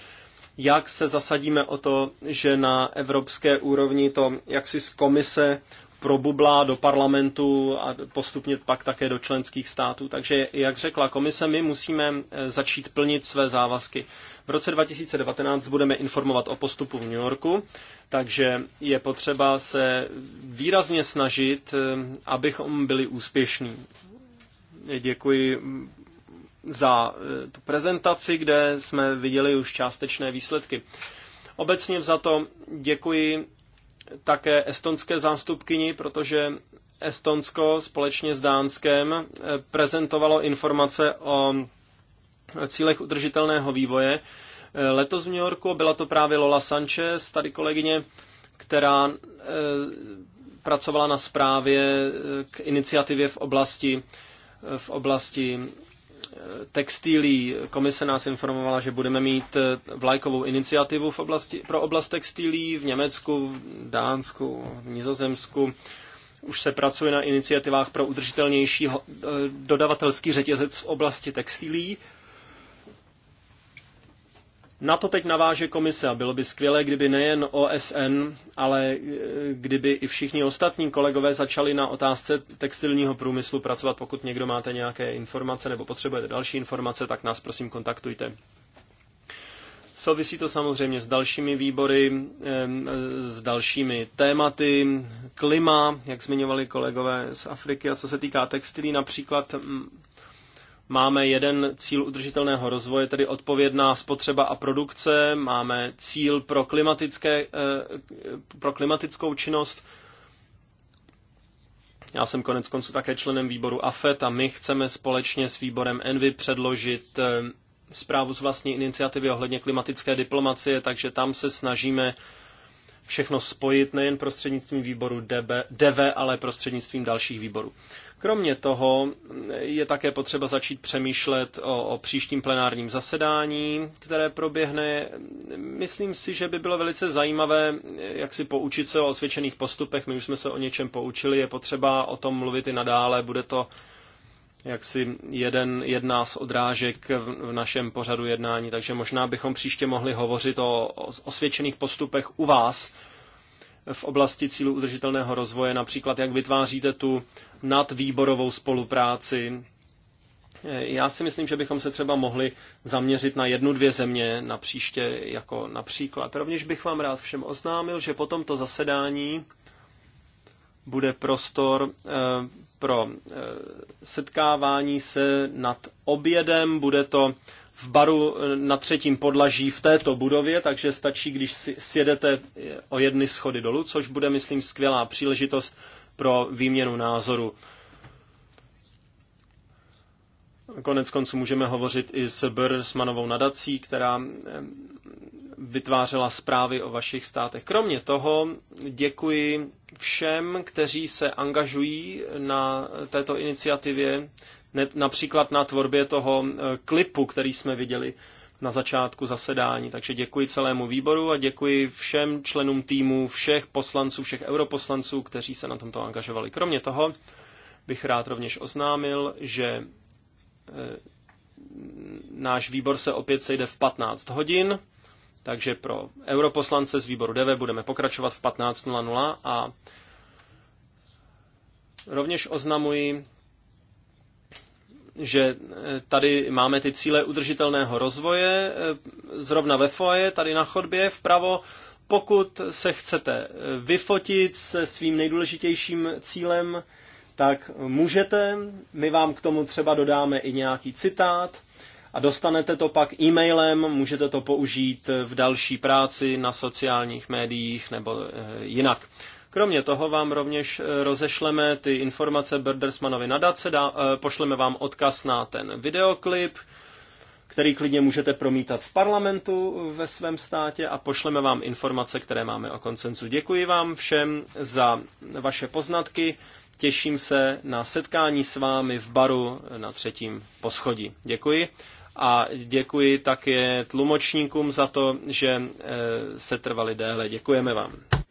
B: jak se zasadíme o to, že na evropské úrovni to jaksi z komise probublá do parlamentu a postupně pak také do členských států. Takže, jak řekla komise, my musíme eh, začít plnit své závazky. V roce 2019 budeme informovat o postupu v New Yorku, takže je potřeba se výrazně snažit, eh, abychom byli úspěšní. Děkuji mm, za eh, tu prezentaci, kde jsme viděli už částečné výsledky. Obecně to děkuji také estonské zástupkyni, protože Estonsko společně s Dánskem eh, prezentovalo informace o cílech udržitelného vývoje. Eh, letos v New Yorku byla to právě Lola Sanchez, tady kolegyně, která eh, pracovala na zprávě k iniciativě v oblasti, v oblasti textilí. Komise nás informovala, že budeme mít eh, vlajkovou iniciativu v oblasti, pro oblast textilí v Německu, v Dánsku, v Nizozemsku. Už se pracuje na iniciativách pro udržitelnější eh, dodavatelský řetězec v oblasti textilí. Na to teď naváže komise a bylo by skvělé, kdyby nejen OSN, ale e, kdyby i všichni ostatní kolegové začali na otázce textilního průmyslu pracovat. Pokud někdo máte nějaké informace nebo potřebujete další informace, tak nás prosím kontaktujte. Souvisí to samozřejmě s dalšími výbory, e, s dalšími tématy, klima, jak zmiňovali kolegové z Afriky. A co se týká textilí, například Máme jeden cíl udržitelného rozvoje, tedy odpovědná spotřeba a produkce, máme cíl pro, klimatické, eh, pro klimatickou činnost. Já jsem konec konců také členem výboru AFET a my chceme společně s výborem ENVY předložit eh, zprávu z vlastní iniciativy ohledně klimatické diplomacie, takže tam se snažíme všechno spojit nejen prostřednictvím výboru DB, DV, ale prostřednictvím dalších výborů. Kromě toho je také potřeba začít přemýšlet o, o příštím plenárním zasedání, které proběhne. Myslím si, že by bylo velice zajímavé, jak si poučit se o osvědčených postupech. My už jsme se o něčem poučili, je potřeba o tom mluvit i nadále. Bude to jaksi jeden, jedna z odrážek v, v našem pořadu jednání, takže možná bychom příště mohli hovořit o, o osvědčených postupech u vás v oblasti cílu udržitelného rozvoje, například jak vytváříte tu nadvýborovou spolupráci. Já si myslím, že bychom se třeba mohli zaměřit na jednu, dvě země na příště jako například. Rovněž bych vám rád všem oznámil, že po tomto zasedání bude prostor eh, pro eh, setkávání se nad obědem. Bude to v baru eh, na třetím podlaží v této budově, takže stačí, když si sjedete eh, o jedny schody dolů, což bude, myslím, skvělá příležitost pro výměnu názoru. Konec konců můžeme hovořit i s Bersmanovou nadací, která eh, vytvářela zprávy o vašich státech. Kromě toho děkuji všem, kteří se angažují na této iniciativě, například na tvorbě toho e, klipu, který jsme viděli na začátku zasedání. Takže děkuji celému výboru a děkuji všem členům týmu, všech poslanců, všech europoslanců, kteří se na tomto angažovali. Kromě toho bych rád rovněž oznámil, že e, náš výbor se opět sejde v 15 hodin, takže pro europoslance z výboru DV budeme pokračovat v 15.00 a rovněž oznamuji, že eh, tady máme ty cíle udržitelného rozvoje, eh, zrovna ve foaje, tady na chodbě vpravo. Pokud se chcete eh, vyfotit se svým nejdůležitějším cílem, tak můžete. My vám k tomu třeba dodáme i nějaký citát a dostanete to pak e-mailem, můžete to použít v další práci na sociálních médiích nebo jinak. Kromě toho vám rovněž eh, rozešleme ty informace Birdersmanovi nadace, dá, eh, pošleme vám odkaz na ten videoklip, který klidně můžete promítat v parlamentu eh, ve svém státě a pošleme vám informace, které máme o koncenzu. Děkuji vám všem za vaše poznatky. Těším se na setkání s vámi v baru na třetím poschodí. Děkuji. A děkuji také tlumočníkům za to, že se trvali déle. Děkujeme vám.